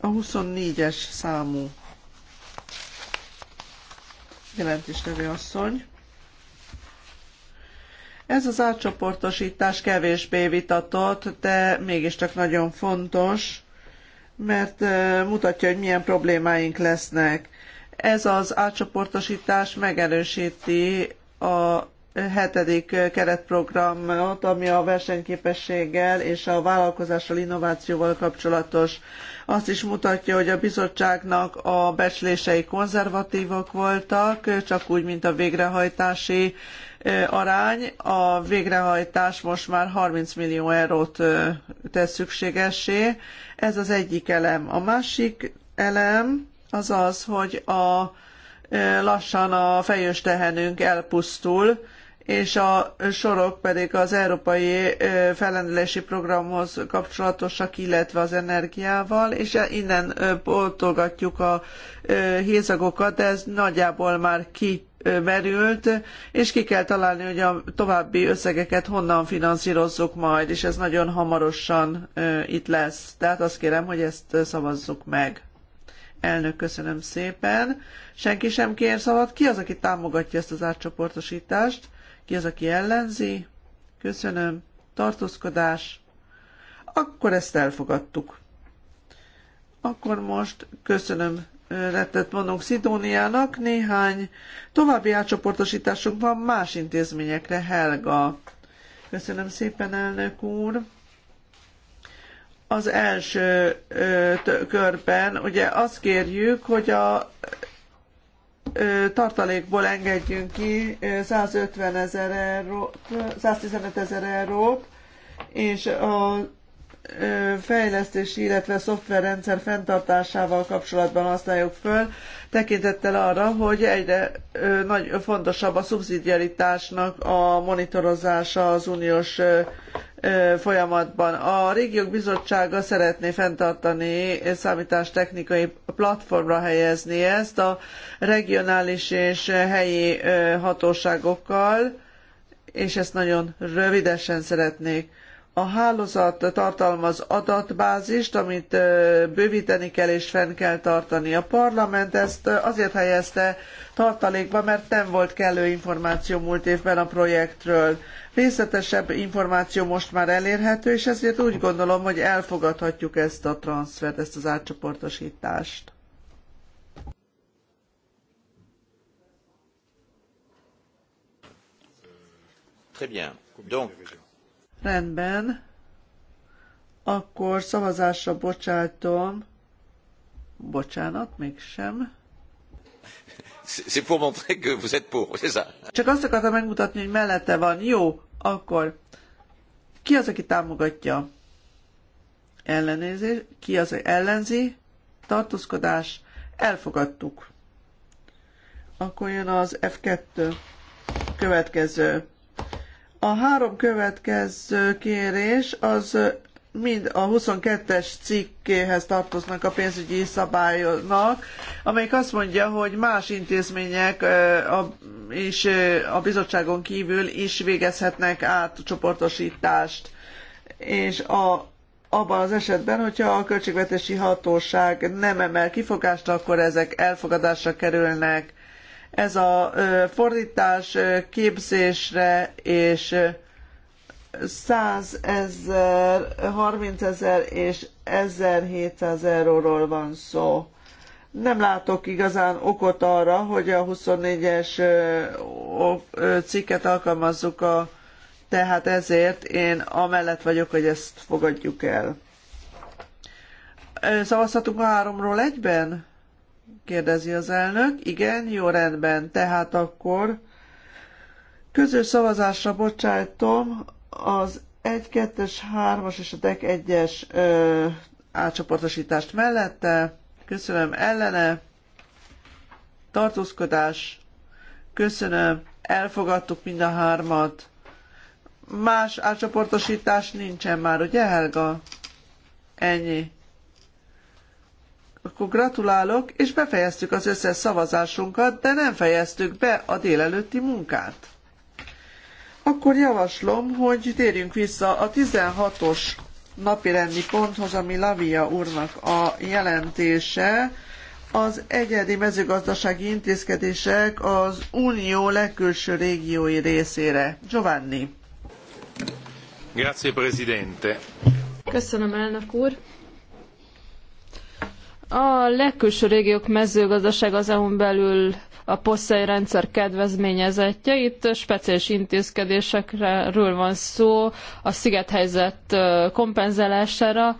a 24-es számú jelentéstevő asszony. Ez az átcsoportosítás kevésbé vitatott, de mégiscsak nagyon fontos, mert mutatja, hogy milyen problémáink lesznek. Ez az átcsoportosítás megerősíti a hetedik keretprogramot, ami a versenyképességgel és a vállalkozással, innovációval kapcsolatos. Azt is mutatja, hogy a bizottságnak a becslései konzervatívak voltak, csak úgy, mint a végrehajtási arány, a végrehajtás most már 30 millió eurót tesz szükségessé. Ez az egyik elem. A másik elem az az, hogy a, lassan a fejős tehenünk elpusztul, és a sorok pedig az Európai fellendülési Programhoz kapcsolatosak, illetve az energiával, és innen boltogatjuk a hézagokat, de ez nagyjából már ki merült, és ki kell találni, hogy a további összegeket honnan finanszírozzuk majd, és ez nagyon hamarosan itt lesz. Tehát azt kérem, hogy ezt szavazzuk meg. Elnök, köszönöm szépen. Senki sem kér szavat. Ki az, aki támogatja ezt az átcsoportosítást? Ki az, aki ellenzi? Köszönöm. Tartózkodás. Akkor ezt elfogadtuk. Akkor most köszönöm rettet mondunk Szidóniának, néhány további átcsoportosításunk van más intézményekre, Helga. Köszönöm szépen, elnök úr! Az első ö, körben ugye azt kérjük, hogy a ö, tartalékból engedjünk ki 150 ezer eurót, 115 ezer eurót, és a fejlesztési, illetve szoftverrendszer fenntartásával kapcsolatban használjuk föl, tekintettel arra, hogy egyre nagy, fontosabb a szubszidiaritásnak a monitorozása az uniós folyamatban. A régiók bizottsága szeretné fenntartani számítástechnikai platformra helyezni ezt a regionális és helyi hatóságokkal, és ezt nagyon rövidesen szeretnék a hálózat tartalmaz adatbázist, amit bővíteni kell és fenn kell tartani. A parlament ezt azért helyezte tartalékba, mert nem volt kellő információ múlt évben a projektről. Részletesebb információ most már elérhető, és ezért úgy gondolom, hogy elfogadhatjuk ezt a transfert, ezt az átcsoportosítást. Très bien. Donc, Rendben. Akkor szavazásra bocsátom. Bocsánat, mégsem. C'est pour montrer que vous êtes pour, c'est ça. Csak azt akartam megmutatni, hogy mellette van. Jó, akkor ki az, aki támogatja? Ellenézés. Ki az, aki ellenzi? Tartózkodás. Elfogadtuk. Akkor jön az F2 következő a három következő kérés az mind a 22-es cikkéhez tartoznak a pénzügyi szabályoknak, amelyik azt mondja, hogy más intézmények és a bizottságon kívül is végezhetnek átcsoportosítást. És a, abban az esetben, hogyha a költségvetési hatóság nem emel kifogást, akkor ezek elfogadásra kerülnek ez a fordítás képzésre és 100 ezer, 30 ezer és 1700 euróról van szó. Nem látok igazán okot arra, hogy a 24-es cikket alkalmazzuk a tehát ezért én amellett vagyok, hogy ezt fogadjuk el. Szavazhatunk a háromról egyben? kérdezi az elnök. Igen, jó rendben. Tehát akkor közös szavazásra bocsájtom az 1, 2 3-as és a DEC 1-es átcsoportosítást mellette. Köszönöm ellene. Tartózkodás. Köszönöm. Elfogadtuk mind a hármat. Más átcsoportosítás nincsen már, ugye Helga? Ennyi. Akkor gratulálok, és befejeztük az összes szavazásunkat, de nem fejeztük be a délelőtti munkát. Akkor javaslom, hogy térjünk vissza a 16-os napirendi ponthoz, ami Lavia úrnak a jelentése, az egyedi mezőgazdasági intézkedések az Unió legkülső régiói részére. Giovanni. Grazie, Presidente. Köszönöm, elnök úr. A legkülső régiók mezőgazdaság az EU-n belül a poszai rendszer kedvezményezettje. Itt speciális intézkedésekről van szó, a szigethelyzet kompenzálására,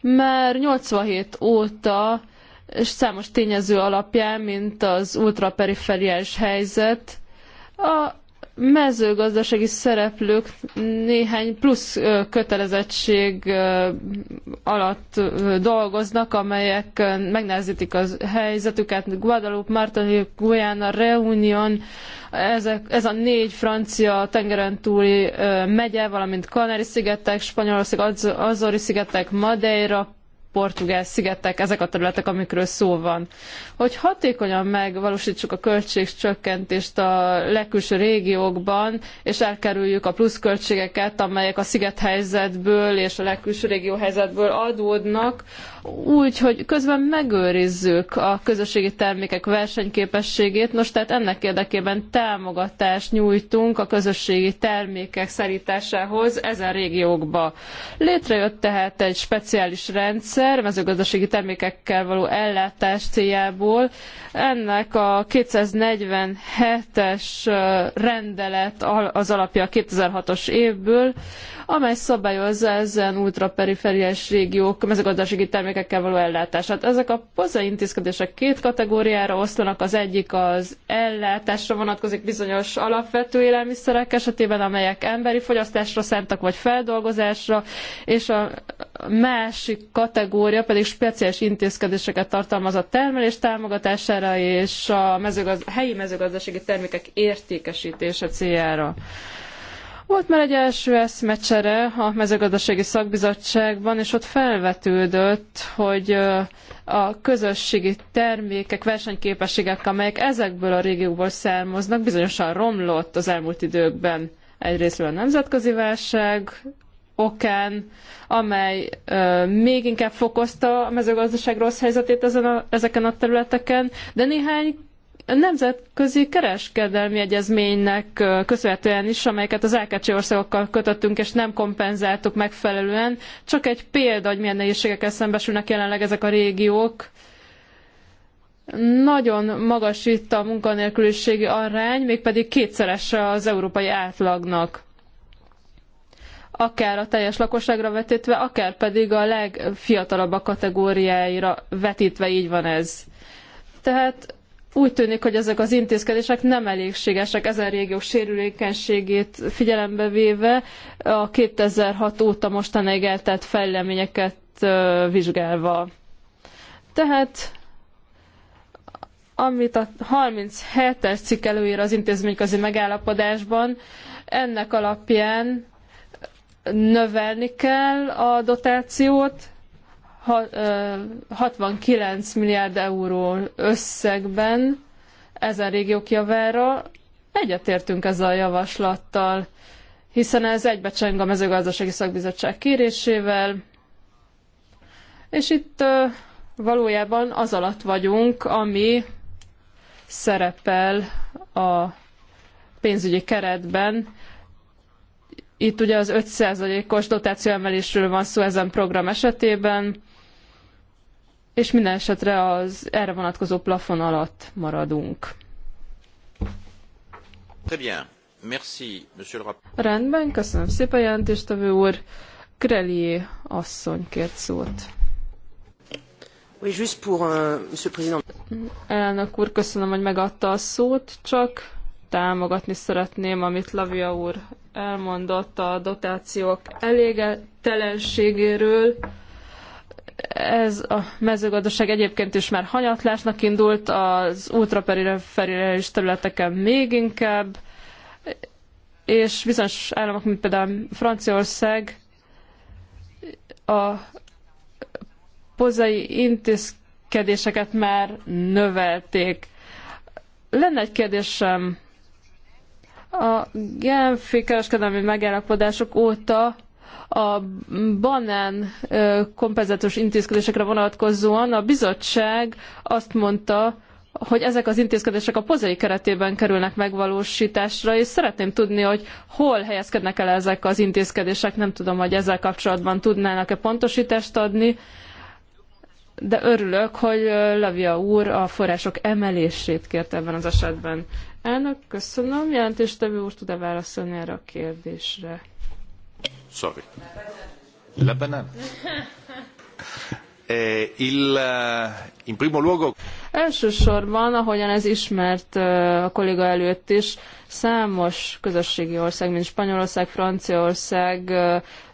mert 87 óta és számos tényező alapján, mint az ultraperiferiás helyzet, a mezőgazdasági szereplők néhány plusz kötelezettség alatt dolgoznak, amelyek megnehezítik az helyzetüket. Guadeloupe, Martinique, Guyana, Reunion, ezek, ez a négy francia tengeren túli megye, valamint Kanári-szigetek, Spanyolország, Azori-szigetek, Madeira, portugál szigetek, ezek a területek, amikről szó van. Hogy hatékonyan megvalósítsuk a költségcsökkentést a legkülső régiókban, és elkerüljük a pluszköltségeket, amelyek a szigethelyzetből és a legkülső régió helyzetből adódnak, úgy, hogy közben megőrizzük a közösségi termékek versenyképességét. Nos, tehát ennek érdekében támogatást nyújtunk a közösségi termékek szállításához ezen régiókba. Létrejött tehát egy speciális rendszer mezőgazdasági termékekkel való ellátás céljából. Ennek a 247-es rendelet az alapja a 2006-os évből, amely szabályozza ezen ultraperiferiás régiók mezőgazdasági termékek termékekkel való ellátását. Ezek a pozai intézkedések két kategóriára osztanak: az egyik az ellátásra vonatkozik bizonyos alapvető élelmiszerek esetében, amelyek emberi fogyasztásra szántak vagy feldolgozásra, és a másik kategória pedig speciális intézkedéseket tartalmaz a termelés támogatására és a mezőgaz helyi mezőgazdasági termékek értékesítése céljára. Volt már egy első eszmecsere a mezőgazdasági szakbizottságban, és ott felvetődött, hogy a közösségi termékek, versenyképességek, amelyek ezekből a régiókból származnak, bizonyosan romlott az elmúlt időkben egyrésztről a nemzetközi válság okán, amely ö, még inkább fokozta a mezőgazdaság rossz helyzetét ezen a, ezeken a területeken, de néhány nemzetközi kereskedelmi egyezménynek köszönhetően is, amelyeket az AKC országokkal kötöttünk, és nem kompenzáltuk megfelelően. Csak egy példa, hogy milyen nehézségekkel szembesülnek jelenleg ezek a régiók. Nagyon magas itt a munkanélküliségi arány, mégpedig kétszerese az európai átlagnak akár a teljes lakosságra vetítve, akár pedig a legfiatalabb a kategóriáira vetítve így van ez. Tehát úgy tűnik, hogy ezek az intézkedések nem elégségesek ezen régiók sérülékenységét figyelembe véve a 2006 óta mostanáig eltelt fejleményeket vizsgálva. Tehát amit a 37-es cikk előír az intézményközi megállapodásban, ennek alapján növelni kell a dotációt, 69 milliárd euró összegben ezen régiók javára. Egyetértünk ezzel a javaslattal, hiszen ez egybecseng a mezőgazdasági szakbizottság kérésével, és itt valójában az alatt vagyunk, ami szerepel a pénzügyi keretben. Itt ugye az 5%-os emelésről van szó ezen program esetében, és minden esetre az erre vonatkozó plafon alatt maradunk. Très bien. Merci, monsieur le Rendben, köszönöm szépen, jelentéstevő úr. Grelier asszony kért szót. Oui, juste pour, uh, monsieur président. Elnök úr, köszönöm, hogy megadta a szót, csak támogatni szeretném, amit Lavia úr elmondott a dotációk elégetelenségéről ez a mezőgazdaság egyébként is már hanyatlásnak indult, az ultraperiferális területeken még inkább, és bizonyos államok, mint például Franciaország, a pozai intézkedéseket már növelték. Lenne egy kérdésem. A Genfi kereskedelmi megállapodások óta a banán kompenzációs intézkedésekre vonatkozóan a bizottság azt mondta, hogy ezek az intézkedések a pozai keretében kerülnek megvalósításra, és szeretném tudni, hogy hol helyezkednek el ezek az intézkedések. Nem tudom, hogy ezzel kapcsolatban tudnának-e pontosítást adni, de örülök, hogy Lavia úr a források emelését kérte ebben az esetben. Elnök, köszönöm. Jelentéstevő úr tud-e válaszolni erre a kérdésre? sorry. Eh, eh, Elsősorban, ahogyan ez ismert eh, a kolléga előtt is, számos közösségi ország, mint Spanyolország, Franciaország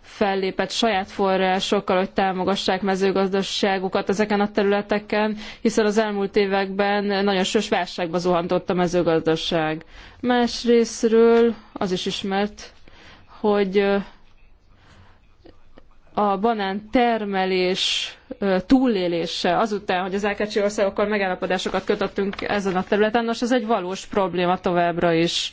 fellépett saját forrásokkal, hogy támogassák mezőgazdaságukat ezeken a területeken, hiszen az elmúlt években nagyon sős válságba zuhantott a mezőgazdaság. Másrésztről az is ismert, hogy a banán termelés túlélése azután, hogy az LKC országokkal megállapodásokat kötöttünk ezen a területen, nos ez egy valós probléma továbbra is.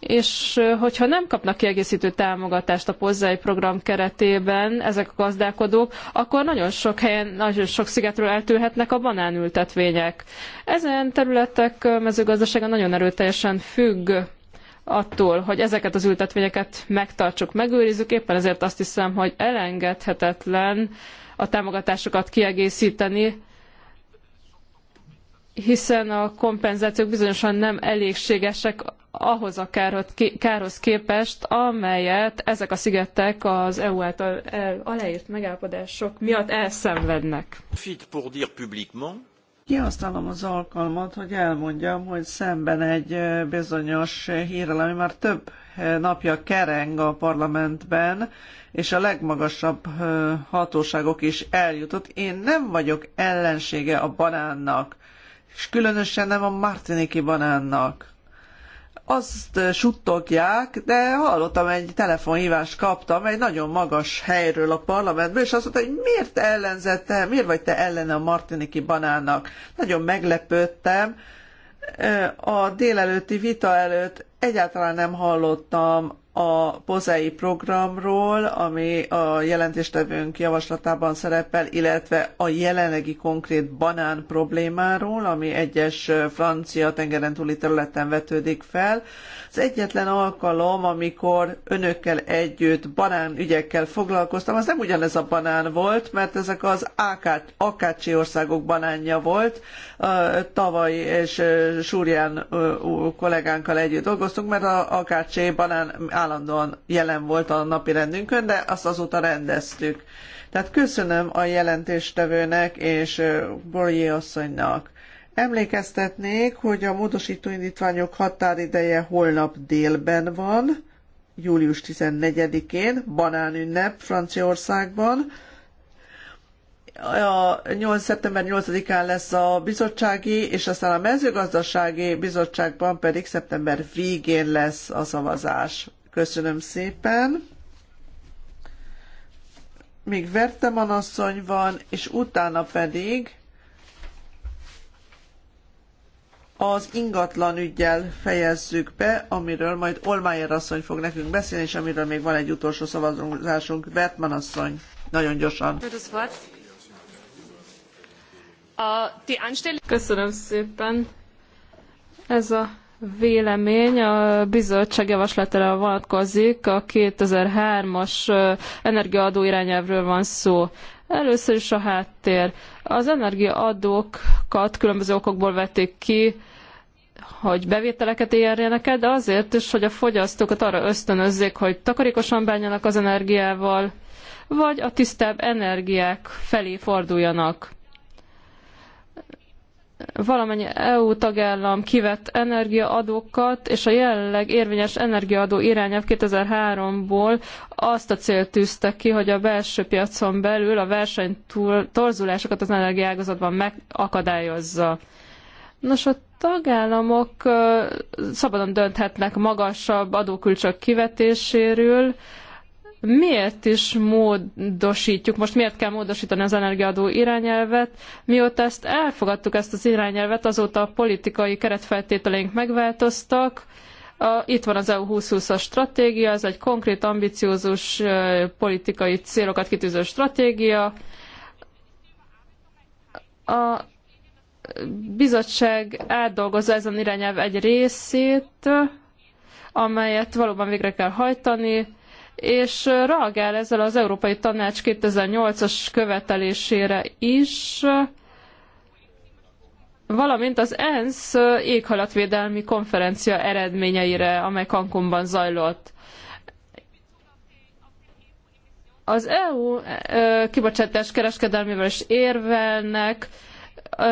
És hogyha nem kapnak kiegészítő támogatást a Pozzai program keretében ezek a gazdálkodók, akkor nagyon sok helyen, nagyon sok szigetről eltűnhetnek a banánültetvények. Ezen területek mezőgazdasága nagyon erőteljesen függ attól, hogy ezeket az ültetvényeket megtartsuk, megőrizzük. Éppen ezért azt hiszem, hogy elengedhetetlen a támogatásokat kiegészíteni, hiszen a kompenzációk bizonyosan nem elégségesek ahhoz a kárhoz képest, amelyet ezek a szigetek az EU által aláírt megállapodások miatt elszenvednek. Fit pour dire publiquement Kihasználom az alkalmat, hogy elmondjam, hogy szemben egy bizonyos hírrel, ami már több napja kereng a parlamentben, és a legmagasabb hatóságok is eljutott. Én nem vagyok ellensége a banánnak, és különösen nem a martiniki banánnak azt eh, suttogják, de hallottam egy telefonhívást kaptam egy nagyon magas helyről a parlamentből, és azt mondta, hogy miért ellenzette, miért vagy te ellene a martiniki banánnak? Nagyon meglepődtem. Eh, a délelőtti vita előtt egyáltalán nem hallottam a pozei programról, ami a jelentéstevőnk javaslatában szerepel, illetve a jelenlegi konkrét banán problémáról, ami egyes francia tengeren túli területen vetődik fel. Az egyetlen alkalom, amikor önökkel együtt banán ügyekkel foglalkoztam, az nem ugyanez a banán volt, mert ezek az Akácsi országok banánja volt. Tavaly és Súrján kollégánkkal együtt dolgoztunk, mert a Akácsi banán állandóan jelen volt a napi rendünkön, de azt azóta rendeztük. Tehát köszönöm a jelentéstevőnek és Borjé asszonynak. Emlékeztetnék, hogy a módosító indítványok határideje holnap délben van, július 14-én, banánünnep Franciaországban. A 8. szeptember 8-án lesz a bizottsági, és aztán a mezőgazdasági bizottságban pedig szeptember végén lesz a szavazás. Köszönöm szépen. Még Verteman asszony van, és utána pedig az ingatlan ügyel fejezzük be, amiről majd Olmájer asszony fog nekünk beszélni, és amiről még van egy utolsó szavazásunk. Vertman asszony, nagyon gyorsan. Äh, Köszönöm szépen. Ez a vélemény a bizottság javaslatára vonatkozik, a 2003-as energiaadó irányelvről van szó. Először is a háttér. Az energiaadókat különböző okokból vették ki, hogy bevételeket érjenek el, de azért is, hogy a fogyasztókat arra ösztönözzék, hogy takarékosan bánjanak az energiával, vagy a tisztább energiák felé forduljanak valamennyi EU tagállam kivett energiaadókat, és a jelenleg érvényes energiaadó irányelv 2003-ból azt a célt tűzte ki, hogy a belső piacon belül a verseny torzulásokat az energiaágazatban megakadályozza. Nos, a tagállamok szabadon dönthetnek magasabb adókulcsok kivetéséről, miért is módosítjuk, most miért kell módosítani az energiaadó irányelvet, mióta ezt elfogadtuk, ezt az irányelvet, azóta a politikai keretfeltételeink megváltoztak, a, itt van az EU 2020-as stratégia, ez egy konkrét, ambiciózus politikai célokat kitűző stratégia. A bizottság átdolgozza ezen irányelv egy részét, amelyet valóban végre kell hajtani, és reagál ezzel az Európai Tanács 2008-as követelésére is, valamint az ENSZ éghalatvédelmi konferencia eredményeire, amely Cancunban zajlott. Az EU kibocsátás kereskedelmével is érvelnek,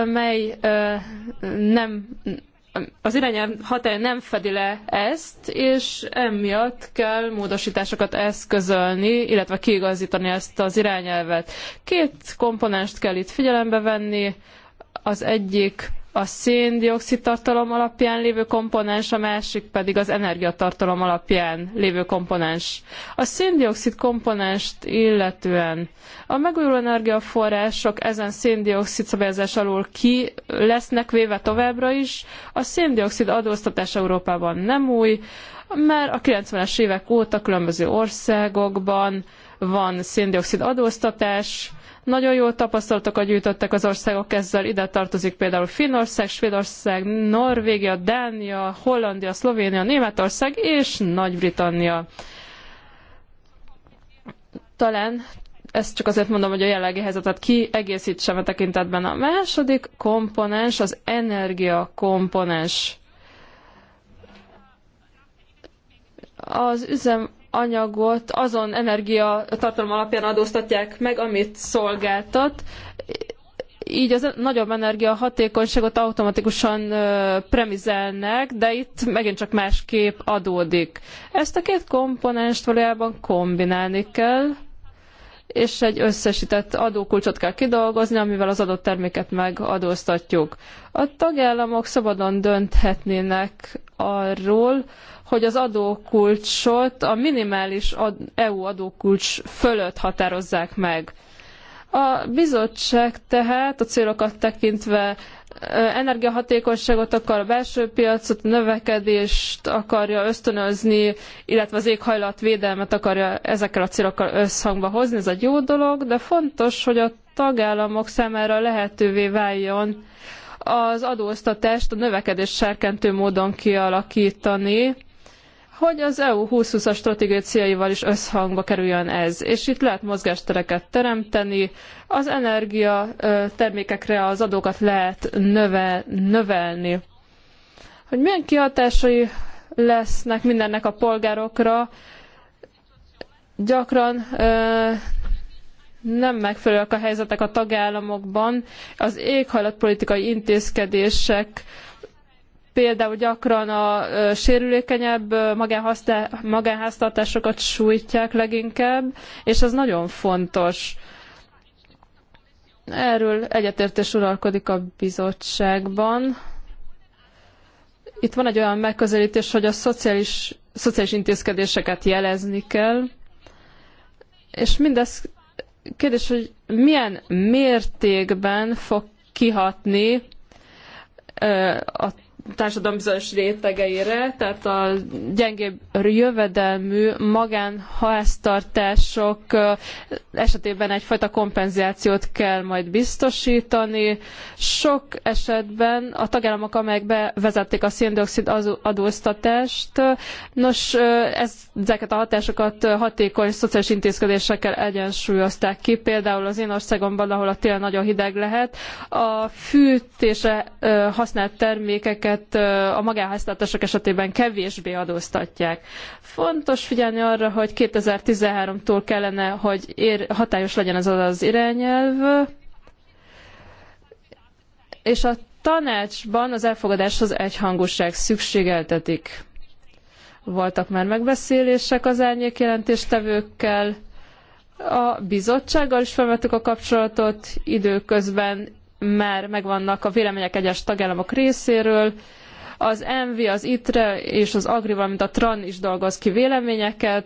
mely nem az irányelv hatája nem fedi le ezt, és emiatt kell módosításokat eszközölni, illetve kiigazítani ezt az irányelvet. Két komponenst kell itt figyelembe venni. Az egyik a szén-dioxid tartalom alapján lévő komponens, a másik pedig az energiatartalom alapján lévő komponens. A szén-dioxid komponenst illetően a megújuló energiaforrások ezen szén-dioxid szabályozás alól ki lesznek véve továbbra is. A szén-dioxid adóztatás Európában nem új, mert a 90-es évek óta különböző országokban van szén-dioxid adóztatás, nagyon jó tapasztalatokat gyűjtöttek az országok ezzel, ide tartozik például Finnország, Svédország, Norvégia, Dánia, Hollandia, Szlovénia, Németország és Nagy-Britannia. Talán ezt csak azért mondom, hogy a jelenlegi helyzetet kiegészítsem a tekintetben. A második komponens az energia komponens. Az üzem anyagot azon energiatartalom alapján adóztatják meg, amit szolgáltat. Így az nagyobb energiahatékonyságot automatikusan premizelnek, de itt megint csak más kép adódik. Ezt a két komponenst valójában kombinálni kell, és egy összesített adókulcsot kell kidolgozni, amivel az adott terméket megadóztatjuk. A tagállamok szabadon dönthetnének arról, hogy az adókulcsot a minimális EU adókulcs fölött határozzák meg. A bizottság tehát a célokat tekintve energiahatékonyságot akar, a belső piacot, a növekedést akarja ösztönözni, illetve az éghajlatvédelmet akarja ezekkel a célokkal összhangba hozni, ez egy jó dolog, de fontos, hogy a tagállamok számára lehetővé váljon az adóztatást a növekedés serkentő módon kialakítani, hogy az EU 2020-as stratégiai céljaival is összhangba kerüljön ez. És itt lehet mozgástereket teremteni, az energia termékekre az adókat lehet növel növelni. Hogy milyen kihatásai lesznek mindennek a polgárokra, gyakran ö, nem megfelelőek a helyzetek a tagállamokban. Az éghajlatpolitikai intézkedések például gyakran a sérülékenyebb magánháztartásokat sújtják leginkább, és ez nagyon fontos. Erről egyetértés uralkodik a bizottságban. Itt van egy olyan megközelítés, hogy a szociális, szociális intézkedéseket jelezni kell, és mindez kérdés, hogy milyen mértékben fog kihatni a társadalom bizonyos rétegeire, tehát a gyengébb jövedelmű magánháztartások esetében egyfajta kompenzációt kell majd biztosítani. Sok esetben a tagállamok, amelyek bevezették a széndiokszid adóztatást, nos, ezeket a hatásokat hatékony szociális intézkedésekkel egyensúlyozták ki. Például az én országomban, ahol a tél nagyon hideg lehet, a fűtésre használt termékeket amelyeket a magánháztartások esetében kevésbé adóztatják. Fontos figyelni arra, hogy 2013-tól kellene, hogy ér, hatályos legyen ez az irányelv, és a tanácsban az elfogadáshoz egyhangúság szükségeltetik. Voltak már megbeszélések az árnyékjelentéstevőkkel, a bizottsággal is felvettük a kapcsolatot időközben, már megvannak a vélemények egyes tagállamok részéről, az ENVI, az ITRE és az AGRI, valamint a TRAN is dolgoz ki véleményeket.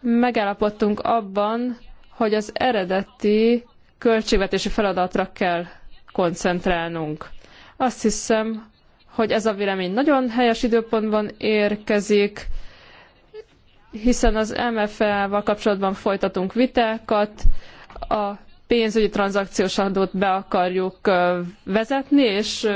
Megállapodtunk abban, hogy az eredeti költségvetési feladatra kell koncentrálnunk. Azt hiszem, hogy ez a vélemény nagyon helyes időpontban érkezik, hiszen az MFE-val kapcsolatban folytatunk vitákat, a pénzügyi tranzakciós adót be akarjuk vezetni, és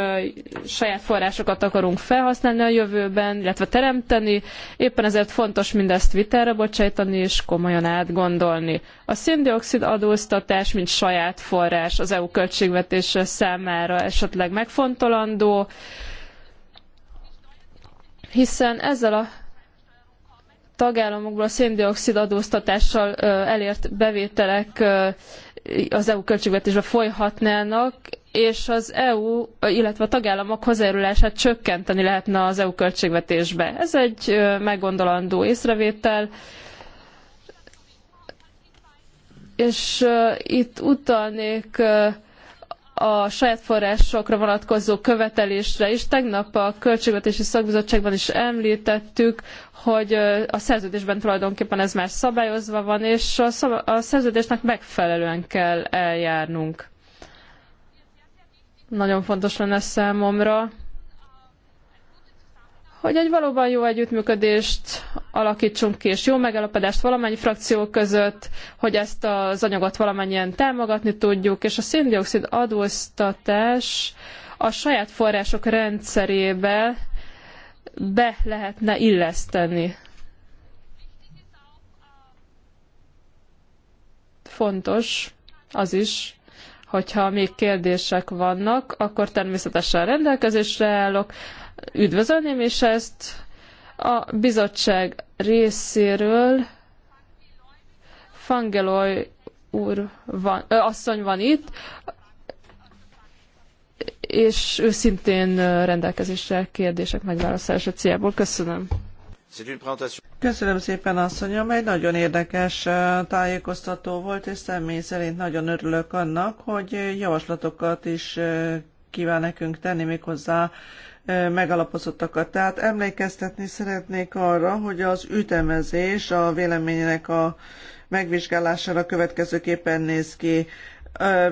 saját forrásokat akarunk felhasználni a jövőben, illetve teremteni. Éppen ezért fontos mindezt vitára bocsájtani és komolyan átgondolni. A széndiokszid adóztatás, mint saját forrás az EU költségvetése számára esetleg megfontolandó, hiszen ezzel a tagállamokból a széndiokszid adóztatással elért bevételek az EU költségvetésbe folyhatnának, és az EU, illetve a tagállamok hozzájárulását csökkenteni lehetne az EU költségvetésbe. Ez egy meggondolandó észrevétel. És itt utalnék a saját forrásokra vonatkozó követelésre is. Tegnap a Költségvetési Szakbizottságban is említettük, hogy a szerződésben tulajdonképpen ez már szabályozva van, és a, szab- a szerződésnek megfelelően kell eljárnunk. Nagyon fontos lenne számomra, hogy egy valóban jó együttműködést alakítsunk ki, és jó megállapodást valamennyi frakció között, hogy ezt az anyagot valamennyien támogatni tudjuk, és a széndiokszid adóztatás a saját források rendszerébe be lehetne illeszteni. Fontos az is, hogyha még kérdések vannak, akkor természetesen rendelkezésre állok üdvözölném, és ezt a bizottság részéről Fangeloy úr van, ö, asszony van itt, és ő szintén rendelkezésre kérdések megválaszolása céljából. Köszönöm. Köszönöm szépen, asszonyom, egy nagyon érdekes tájékoztató volt, és személy szerint nagyon örülök annak, hogy javaslatokat is kíván nekünk tenni méghozzá megalapozottakat. Tehát emlékeztetni szeretnék arra, hogy az ütemezés a véleménynek a megvizsgálására következőképpen néz ki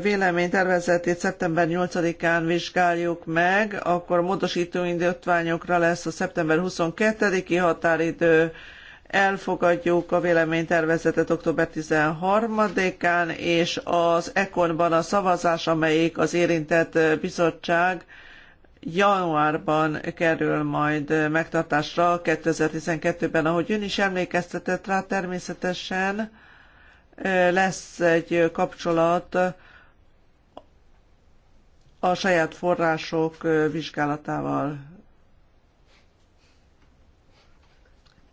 véleménytervezetét szeptember 8-án vizsgáljuk meg, akkor módosító indítványokra lesz a szeptember 22-i határidő, elfogadjuk a véleménytervezetet október 13-án, és az Ekonban a szavazás, amelyik az érintett bizottság januárban kerül majd megtartásra 2012-ben, ahogy ön is emlékeztetett rá, természetesen lesz egy kapcsolat a saját források vizsgálatával.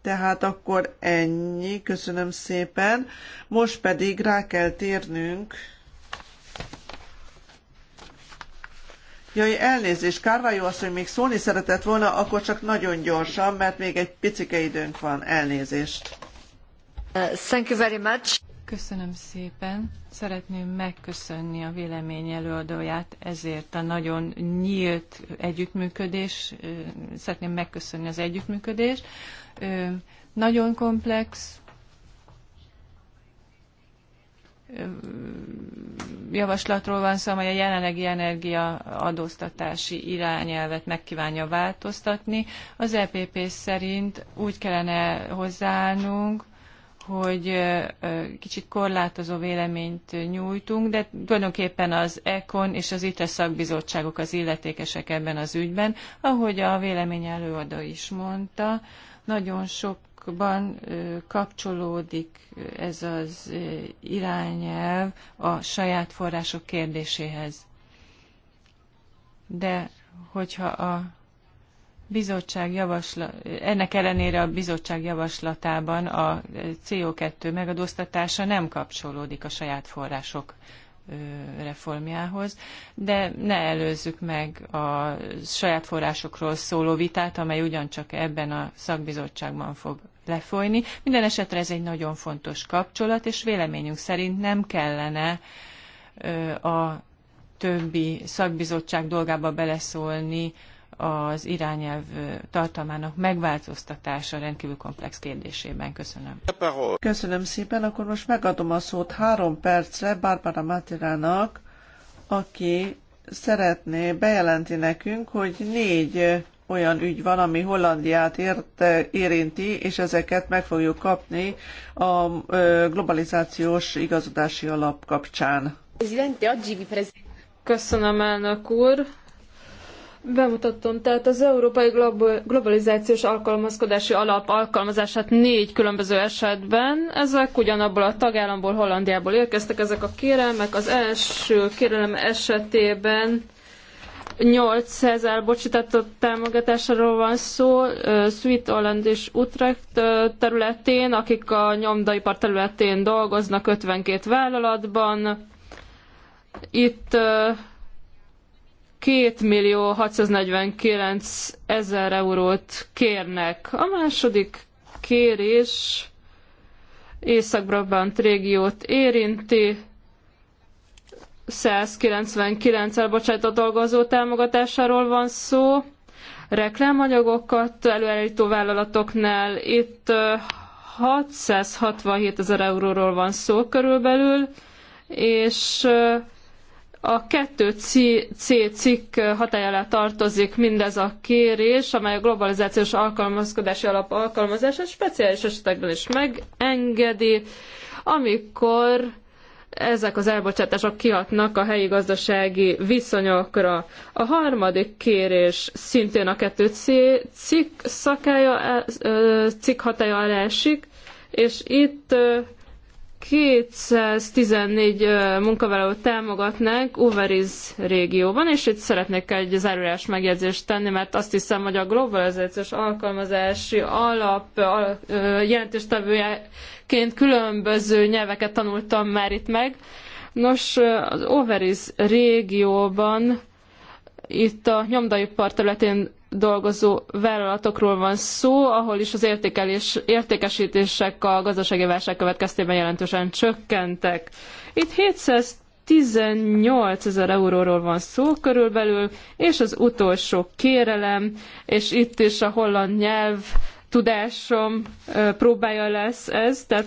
Tehát akkor ennyi, köszönöm szépen. Most pedig rá kell térnünk Jaj, elnézést, Kárvályó asszony még szólni szeretett volna, akkor csak nagyon gyorsan, mert még egy picike időnk van. Elnézést. Uh, thank you very much. Köszönöm szépen. Szeretném megköszönni a vélemény előadóját ezért a nagyon nyílt együttműködés. Uh, szeretném megköszönni az együttműködést. Uh, nagyon komplex javaslatról van szó, amely a jelenlegi energiaadóztatási irányelvet megkívánja változtatni. Az EPP szerint úgy kellene hozzáállnunk, hogy kicsit korlátozó véleményt nyújtunk, de tulajdonképpen az ECON és az ITRE szakbizottságok az illetékesek ebben az ügyben. Ahogy a vélemény előadó is mondta, nagyon sok pontokban kapcsolódik ez az irányelv a saját források kérdéséhez. De hogyha a bizottság javaslat, ennek ellenére a bizottság javaslatában a CO2 megadóztatása nem kapcsolódik a saját források reformjához, de ne előzzük meg a saját forrásokról szóló vitát, amely ugyancsak ebben a szakbizottságban fog lefolyni. Minden esetre ez egy nagyon fontos kapcsolat, és véleményünk szerint nem kellene a többi szakbizottság dolgába beleszólni az irányelv tartalmának megváltoztatása rendkívül komplex kérdésében. Köszönöm. Köszönöm szépen, akkor most megadom a szót három percre Barbara Matirának, aki szeretné bejelenti nekünk, hogy négy olyan ügy van, ami Hollandiát érte, érinti, és ezeket meg fogjuk kapni a globalizációs igazodási alap kapcsán. Köszönöm, elnök úr! Bemutattam, tehát az Európai Globalizációs Alkalmazkodási Alap alkalmazását négy különböző esetben. Ezek ugyanabból a tagállamból, Hollandiából érkeztek ezek a kérelmek. Az első kérelem esetében 800 elbocsítatott támogatásról van szó, Sweet Holland és Utrecht területén, akik a nyomdaipar területén dolgoznak 52 vállalatban. Itt 2 millió 649 ezer eurót kérnek. A második kérés Észak-Brabant régiót érinti, 199 elbocsátott dolgozó támogatásáról van szó, reklámanyagokat előállító vállalatoknál. Itt 667 ezer euróról van szó körülbelül, és a 2 C cikk hatály alá tartozik mindez a kérés, amely a globalizációs alkalmazkodási alap alkalmazását speciális esetekben is megengedi, amikor ezek az elbocsátások kihatnak a helyi gazdasági viszonyokra. A harmadik kérés szintén a 2C cikk szakája, e, cikk hatája alá esik, és itt 214 munkavállalót támogatnánk Uveriz régióban, és itt szeretnék egy zárulás megjegyzést tenni, mert azt hiszem, hogy a globalizációs alkalmazási alap, alap jelentéstevője ként különböző nyelveket tanultam már itt meg. Nos, az Overis régióban itt a nyomdaipar területén dolgozó vállalatokról van szó, ahol is az értékelés, értékesítések a gazdasági válság következtében jelentősen csökkentek. Itt 718 ezer euróról van szó körülbelül, és az utolsó kérelem, és itt is a holland nyelv tudásom próbája lesz ez, tehát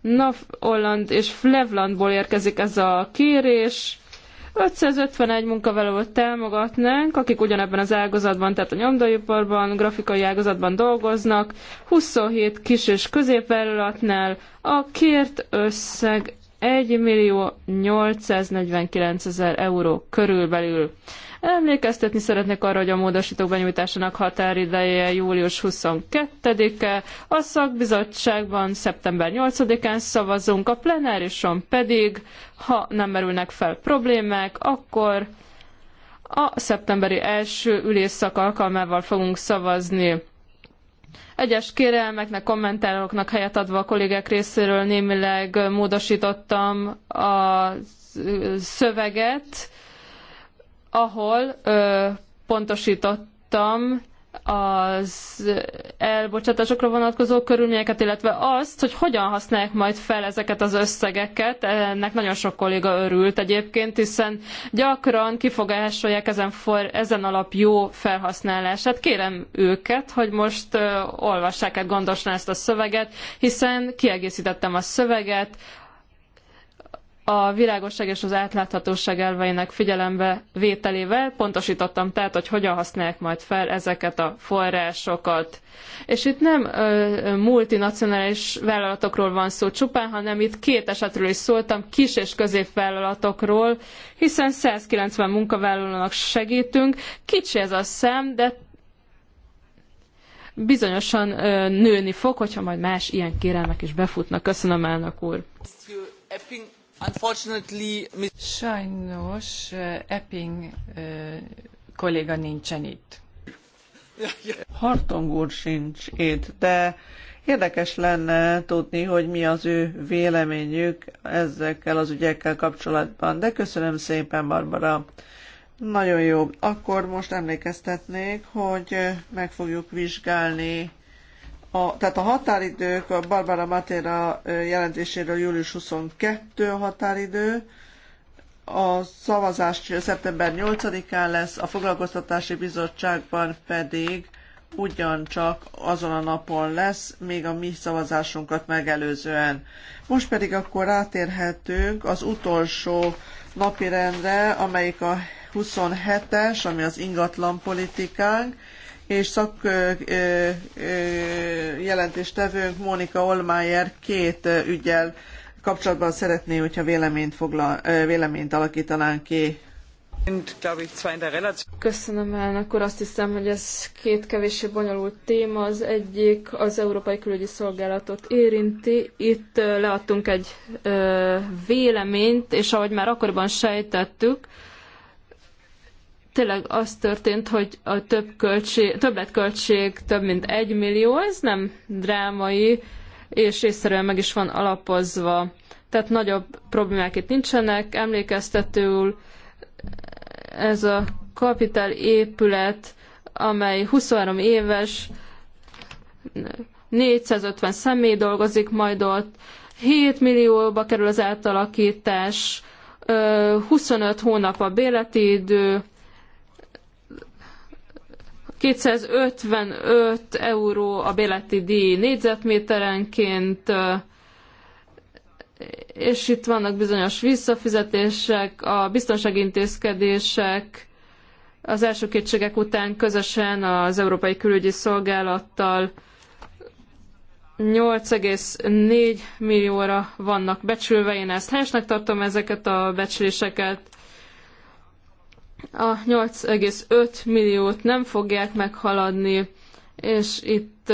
Naf-Holland és Flevlandból érkezik ez a kérés. 551 munkavállalót támogatnánk, akik ugyanebben az ágazatban, tehát a nyomdaiparban, grafikai ágazatban dolgoznak, 27 kis és középvállalatnál a kért összeg 1 millió 849 ezer euró körülbelül. Emlékeztetni szeretnék arra, hogy a módosítók benyújtásának határideje július 22-e, a szakbizottságban szeptember 8-án szavazunk, a plenárison pedig, ha nem merülnek fel problémák, akkor a szeptemberi első ülésszak alkalmával fogunk szavazni. Egyes kérelmeknek, kommentároknak helyet adva a kollégák részéről némileg módosítottam a szöveget, ahol ö, pontosítottam az elbocsátásokra vonatkozó körülményeket, illetve azt, hogy hogyan használják majd fel ezeket az összegeket. Ennek nagyon sok kolléga örült egyébként, hiszen gyakran kifogásolják ezen, for, ezen alap jó felhasználását. Kérem őket, hogy most uh, olvassák el gondosan ezt a szöveget, hiszen kiegészítettem a szöveget a világosság és az átláthatóság elveinek figyelembe vételével pontosítottam tehát, hogy hogyan használják majd fel ezeket a forrásokat. És itt nem ö, multinacionális vállalatokról van szó csupán, hanem itt két esetről is szóltam, kis és középvállalatokról, hiszen 190 munkavállalónak segítünk. Kicsi ez a szám, de bizonyosan ö, nőni fog, hogyha majd más ilyen kérelmek is befutnak. Köszönöm, elnök úr. Sajnos eh, Epping eh, kolléga nincsen itt. Hartong úr sincs itt, de érdekes lenne tudni, hogy mi az ő véleményük ezekkel az ügyekkel kapcsolatban. De köszönöm szépen, Barbara. Nagyon jó. Akkor most emlékeztetnék, hogy meg fogjuk vizsgálni a, tehát a határidők, a Barbara Matera jelentéséről július 22 a határidő, a szavazás szeptember 8-án lesz, a foglalkoztatási bizottságban pedig ugyancsak azon a napon lesz, még a mi szavazásunkat megelőzően. Most pedig akkor átérhetünk az utolsó napirendre, amelyik a 27-es, ami az ingatlan politikánk, és szakjelentéstevőnk Mónika Olmájer két ügyel kapcsolatban szeretné, hogyha véleményt, foglal, véleményt alakítanánk ki. Köszönöm elnök úr, azt hiszem, hogy ez két kevésbé bonyolult téma. Az egyik az Európai Külügyi Szolgálatot érinti. Itt leadtunk egy véleményt, és ahogy már akkoriban sejtettük, tényleg az történt, hogy a több költség, többletköltség több mint egy millió, ez nem drámai, és észszerűen meg is van alapozva. Tehát nagyobb problémák itt nincsenek. Emlékeztetőül ez a kapitál épület, amely 23 éves, 450 személy dolgozik majd ott, 7 millióba kerül az átalakítás, 25 hónap a béleti idő, 255 euró a béleti díj négyzetméterenként, és itt vannak bizonyos visszafizetések, a biztonsági intézkedések, az első kétségek után közösen az Európai Külügyi Szolgálattal 8,4 millióra vannak becsülve. Én ezt helyesnek tartom ezeket a becsléseket a 8,5 milliót nem fogják meghaladni, és itt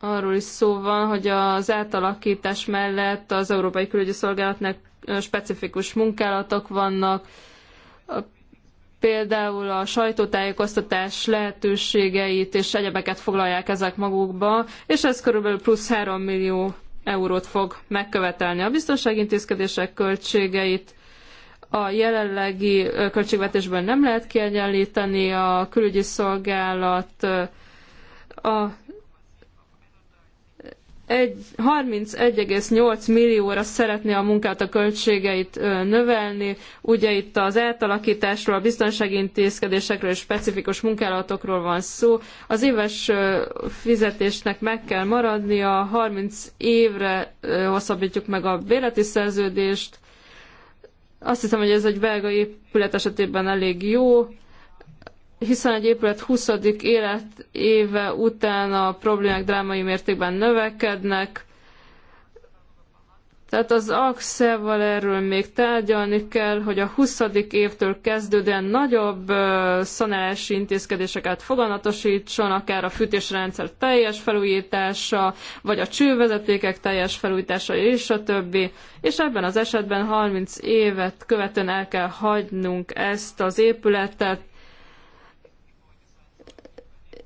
arról is szó van, hogy az átalakítás mellett az Európai Külügyi Szolgálatnak specifikus munkálatok vannak, például a sajtótájékoztatás lehetőségeit és egyebeket foglalják ezek magukba, és ez körülbelül plusz 3 millió eurót fog megkövetelni a biztonságintézkedések költségeit, a jelenlegi költségvetésből nem lehet kiegyenlíteni, a külügyi szolgálat a egy, 31,8 millióra szeretné a munkát a költségeit növelni. Ugye itt az átalakításról, a biztonsági intézkedésekről és specifikus munkálatokról van szó. Az éves fizetésnek meg kell maradnia, 30 évre hosszabbítjuk meg a bérleti szerződést, azt hiszem, hogy ez egy belga épület esetében elég jó, hiszen egy épület 20. éve után a problémák drámai mértékben növekednek, tehát az AXE-val erről még tárgyalni kell, hogy a 20. évtől kezdődően nagyobb szanálási intézkedéseket foganatosítson, akár a fűtésrendszer teljes felújítása, vagy a csővezetékek teljes felújítása, és a többi. És ebben az esetben 30 évet követően el kell hagynunk ezt az épületet,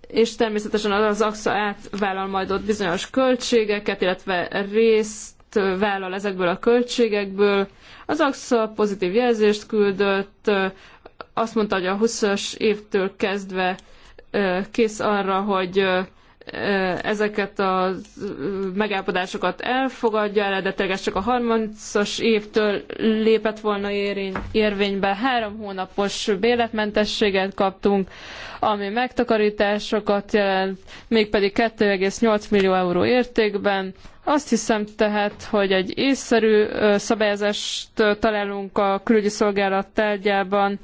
és természetesen az AXA átvállal majd ott bizonyos költségeket, illetve részt vállal ezekből a költségekből. Az AXA pozitív jelzést küldött, azt mondta, hogy a 20-as évtől kezdve kész arra, hogy ezeket a megállapodásokat elfogadja, eredetileg ez csak a 30-as évtől lépett volna érvénybe. Három hónapos béletmentességet kaptunk, ami megtakarításokat jelent, mégpedig 2,8 millió euró értékben. Azt hiszem tehát, hogy egy észszerű szabályozást találunk a külügyi szolgálat tárgyában,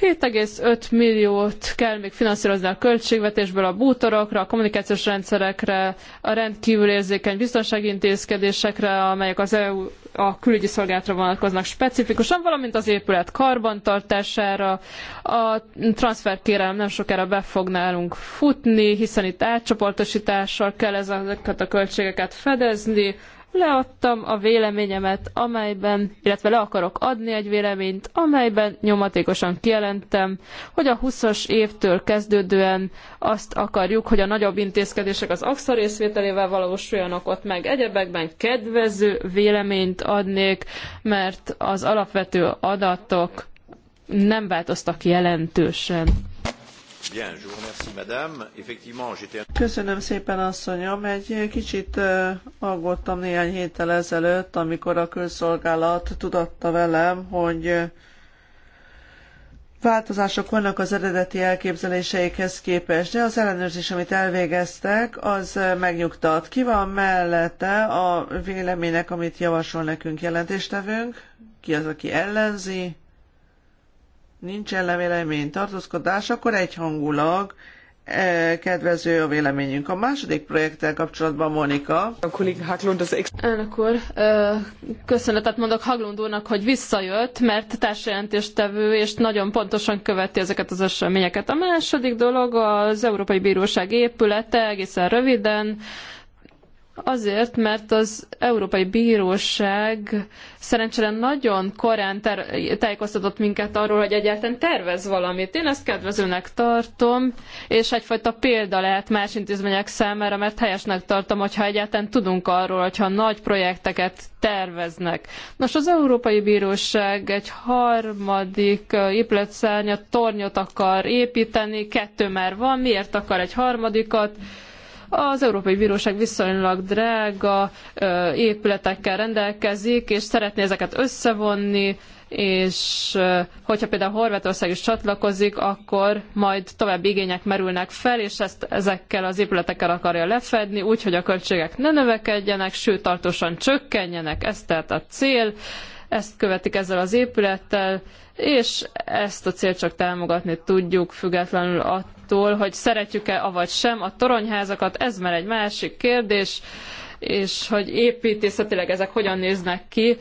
7,5 milliót kell még finanszírozni a költségvetésből a bútorokra, a kommunikációs rendszerekre, a rendkívül érzékeny biztonsági intézkedésekre, amelyek az EU a külügyi szolgálatra vonatkoznak specifikusan, valamint az épület karbantartására. A transferkérelem nem sokára be fog nálunk futni, hiszen itt átcsoportosítással kell ezeket a költségeket fedezni, leadtam a véleményemet, amelyben, illetve le akarok adni egy véleményt, amelyben nyomatékosan kijelentem, hogy a 20-as évtől kezdődően azt akarjuk, hogy a nagyobb intézkedések az AXA részvételével valósuljanak ott meg. Egyebekben kedvező véleményt adnék, mert az alapvető adatok nem változtak jelentősen. Köszönöm szépen, asszonyom. Egy kicsit aggódtam néhány héttel ezelőtt, amikor a közszolgálat tudatta velem, hogy változások vannak az eredeti elképzeléseikhez képest, de az ellenőrzés, amit elvégeztek, az megnyugtat. Ki van mellette a véleménynek, amit javasol nekünk jelentéstevőnk? Ki az, aki ellenzi? nincs levélemény tartózkodás, akkor egyhangulag eh, kedvező a véleményünk. A második projekttel kapcsolatban Monika. A kollég Haglund az ex... Elnök úr, köszönetet mondok Haglund úrnak, hogy visszajött, mert társjelentéstevő és nagyon pontosan követi ezeket az eseményeket. A második dolog az Európai Bíróság épülete, egészen röviden. Azért, mert az Európai Bíróság szerencsére nagyon korán ter- tájékoztatott minket arról, hogy egyáltalán tervez valamit. Én ezt kedvezőnek tartom, és egyfajta példa lehet más intézmények számára, mert helyesnek tartom, hogyha egyáltalán tudunk arról, hogyha nagy projekteket terveznek. Nos, az Európai Bíróság egy harmadik épületszárnyat, tornyot akar építeni, kettő már van, miért akar egy harmadikat? Az Európai Bíróság viszonylag drága épületekkel rendelkezik, és szeretné ezeket összevonni, és hogyha például Horvátország is csatlakozik, akkor majd további igények merülnek fel, és ezt ezekkel az épületekkel akarja lefedni, úgy, hogy a költségek ne növekedjenek, sőt tartósan csökkenjenek, ez tehát a cél ezt követik ezzel az épülettel, és ezt a célt csak támogatni tudjuk, függetlenül attól, hogy szeretjük-e, avagy sem a toronyházakat, ez már egy másik kérdés, és hogy építészetileg ezek hogyan néznek ki.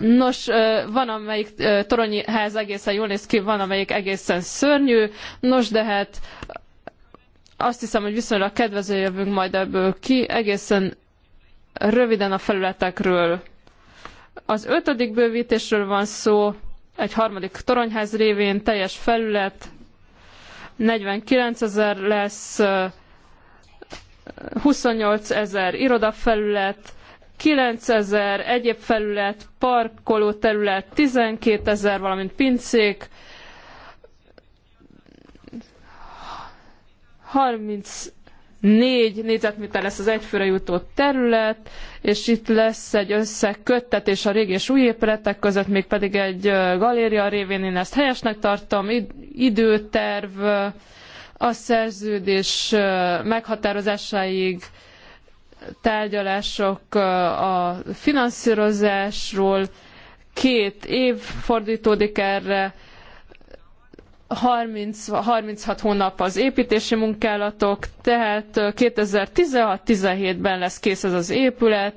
Nos, van amelyik toronyház egészen jól néz ki, van amelyik egészen szörnyű, nos, de hát azt hiszem, hogy viszonylag kedvező jövünk majd ebből ki, egészen röviden a felületekről az ötödik bővítésről van szó, egy harmadik toronyház révén teljes felület, 49 ezer lesz, 28 ezer irodafelület, 9 ezer egyéb felület, parkoló terület, 12 ezer, valamint pincék, 30 négy négyzetméter lesz az egyfőre jutó terület, és itt lesz egy összeköttetés a régi és új épületek között, még pedig egy galéria révén én ezt helyesnek tartom, időterv, a szerződés meghatározásáig tárgyalások a finanszírozásról, két év fordítódik erre, 30, 36 hónap az építési munkálatok, tehát 2016-17-ben lesz kész ez az épület,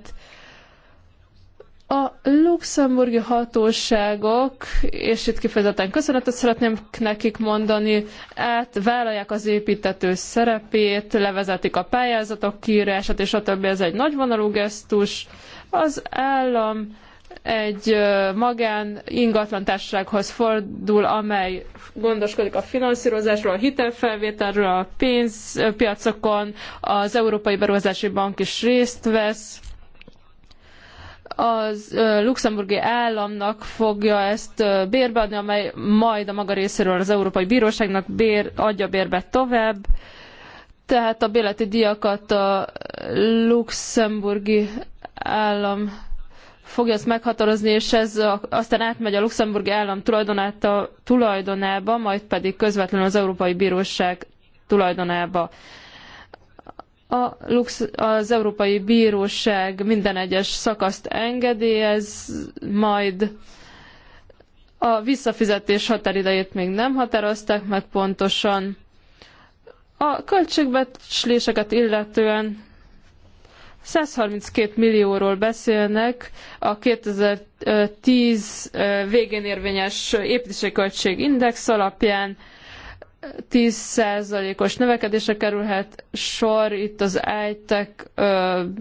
a luxemburgi hatóságok, és itt kifejezetten köszönetet szeretném nekik mondani, átvállalják az építető szerepét, levezetik a pályázatok kiírását, és a többi, ez egy nagyvonalú gesztus. Az állam egy magán ingatlantársasághoz fordul, amely gondoskodik a finanszírozásról, a hitelfelvételről, a pénzpiacokon, az Európai Beruházási Bank is részt vesz. Az luxemburgi államnak fogja ezt bérbe adni, amely majd a maga részéről az Európai Bíróságnak bér, adja bérbe tovább. Tehát a béleti díjakat a luxemburgi állam fogja ezt meghatározni, és ez aztán átmegy a luxemburgi állam tulajdonába, majd pedig közvetlenül az Európai Bíróság tulajdonába. A Lux, az Európai Bíróság minden egyes szakaszt engedélyez, majd a visszafizetés határidejét még nem határozták meg pontosan. A költségbecsléseket illetően 132 millióról beszélnek a 2010 végén érvényes építési költségindex alapján, 10%-os növekedésre kerülhet sor, itt az ájtek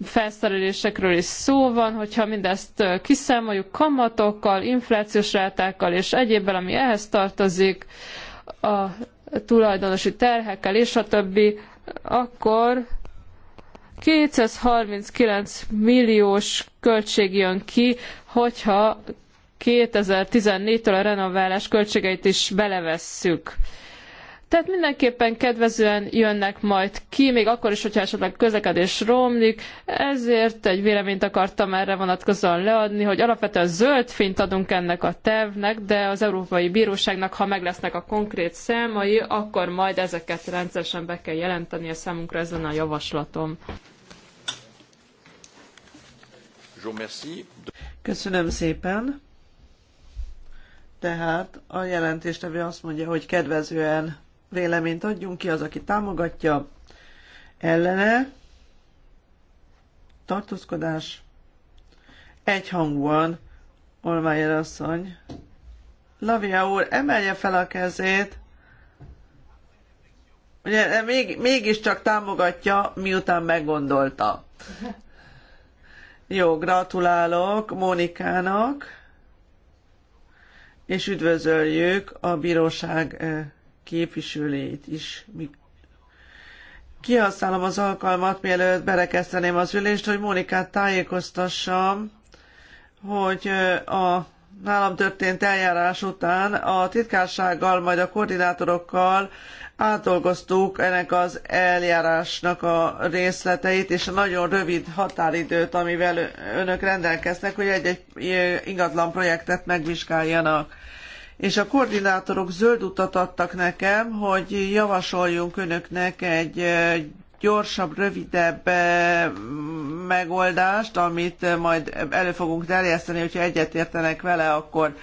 felszerelésekről is szó van, hogyha mindezt kiszámoljuk kamatokkal, inflációs rátákkal és egyébbel, ami ehhez tartozik, a tulajdonosi terhekkel és a többi, akkor 239 milliós költség jön ki, hogyha 2014-től a renoválás költségeit is belevesszük. Tehát mindenképpen kedvezően jönnek majd ki, még akkor is, hogyha esetleg közlekedés romlik, ezért egy véleményt akartam erre vonatkozóan leadni, hogy alapvetően zöld fényt adunk ennek a tervnek, de az Európai Bíróságnak, ha meglesznek a konkrét számai, akkor majd ezeket rendszeresen be kell jelenteni a számunkra ezen a javaslatom. Köszönöm szépen. Tehát a jelentéstevő azt mondja, hogy kedvezően véleményt adjunk ki, az, aki támogatja, ellene, tartózkodás, egyhangúan, Olmájer asszony, Lavia úr, emelje fel a kezét, ugye még, mégiscsak támogatja, miután meggondolta. Jó, gratulálok Mónikának, és üdvözöljük a bíróság eh, képviselőjét is kihasználom az alkalmat, mielőtt berekezteném az ülést, hogy Mónikát tájékoztassam, hogy a nálam történt eljárás után a titkársággal, majd a koordinátorokkal átdolgoztuk ennek az eljárásnak a részleteit, és a nagyon rövid határidőt, amivel önök rendelkeznek, hogy egy-egy ingatlan projektet megvizsgáljanak és a koordinátorok zöld utat adtak nekem, hogy javasoljunk önöknek egy gyorsabb, rövidebb megoldást, amit majd elő fogunk terjeszteni, hogyha egyetértenek vele, akkor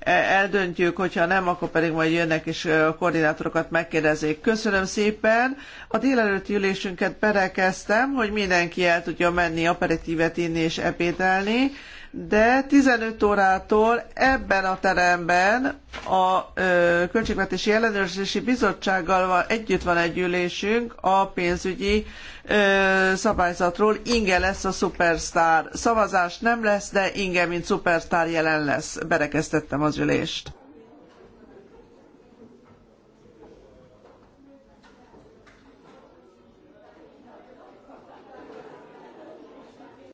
e, eldöntjük, hogyha nem, akkor pedig majd jönnek és a koordinátorokat megkérdezik. Köszönöm szépen. A délelőtti ülésünket berekeztem, hogy mindenki el tudja menni aperitívet inni és ebédelni de 15 órától ebben a teremben a Költségvetési Ellenőrzési Bizottsággal együtt van egy ülésünk a pénzügyi szabályzatról. Inge lesz a szupersztár. Szavazás nem lesz, de Inge, mint szupersztár jelen lesz. Berekeztettem az ülést.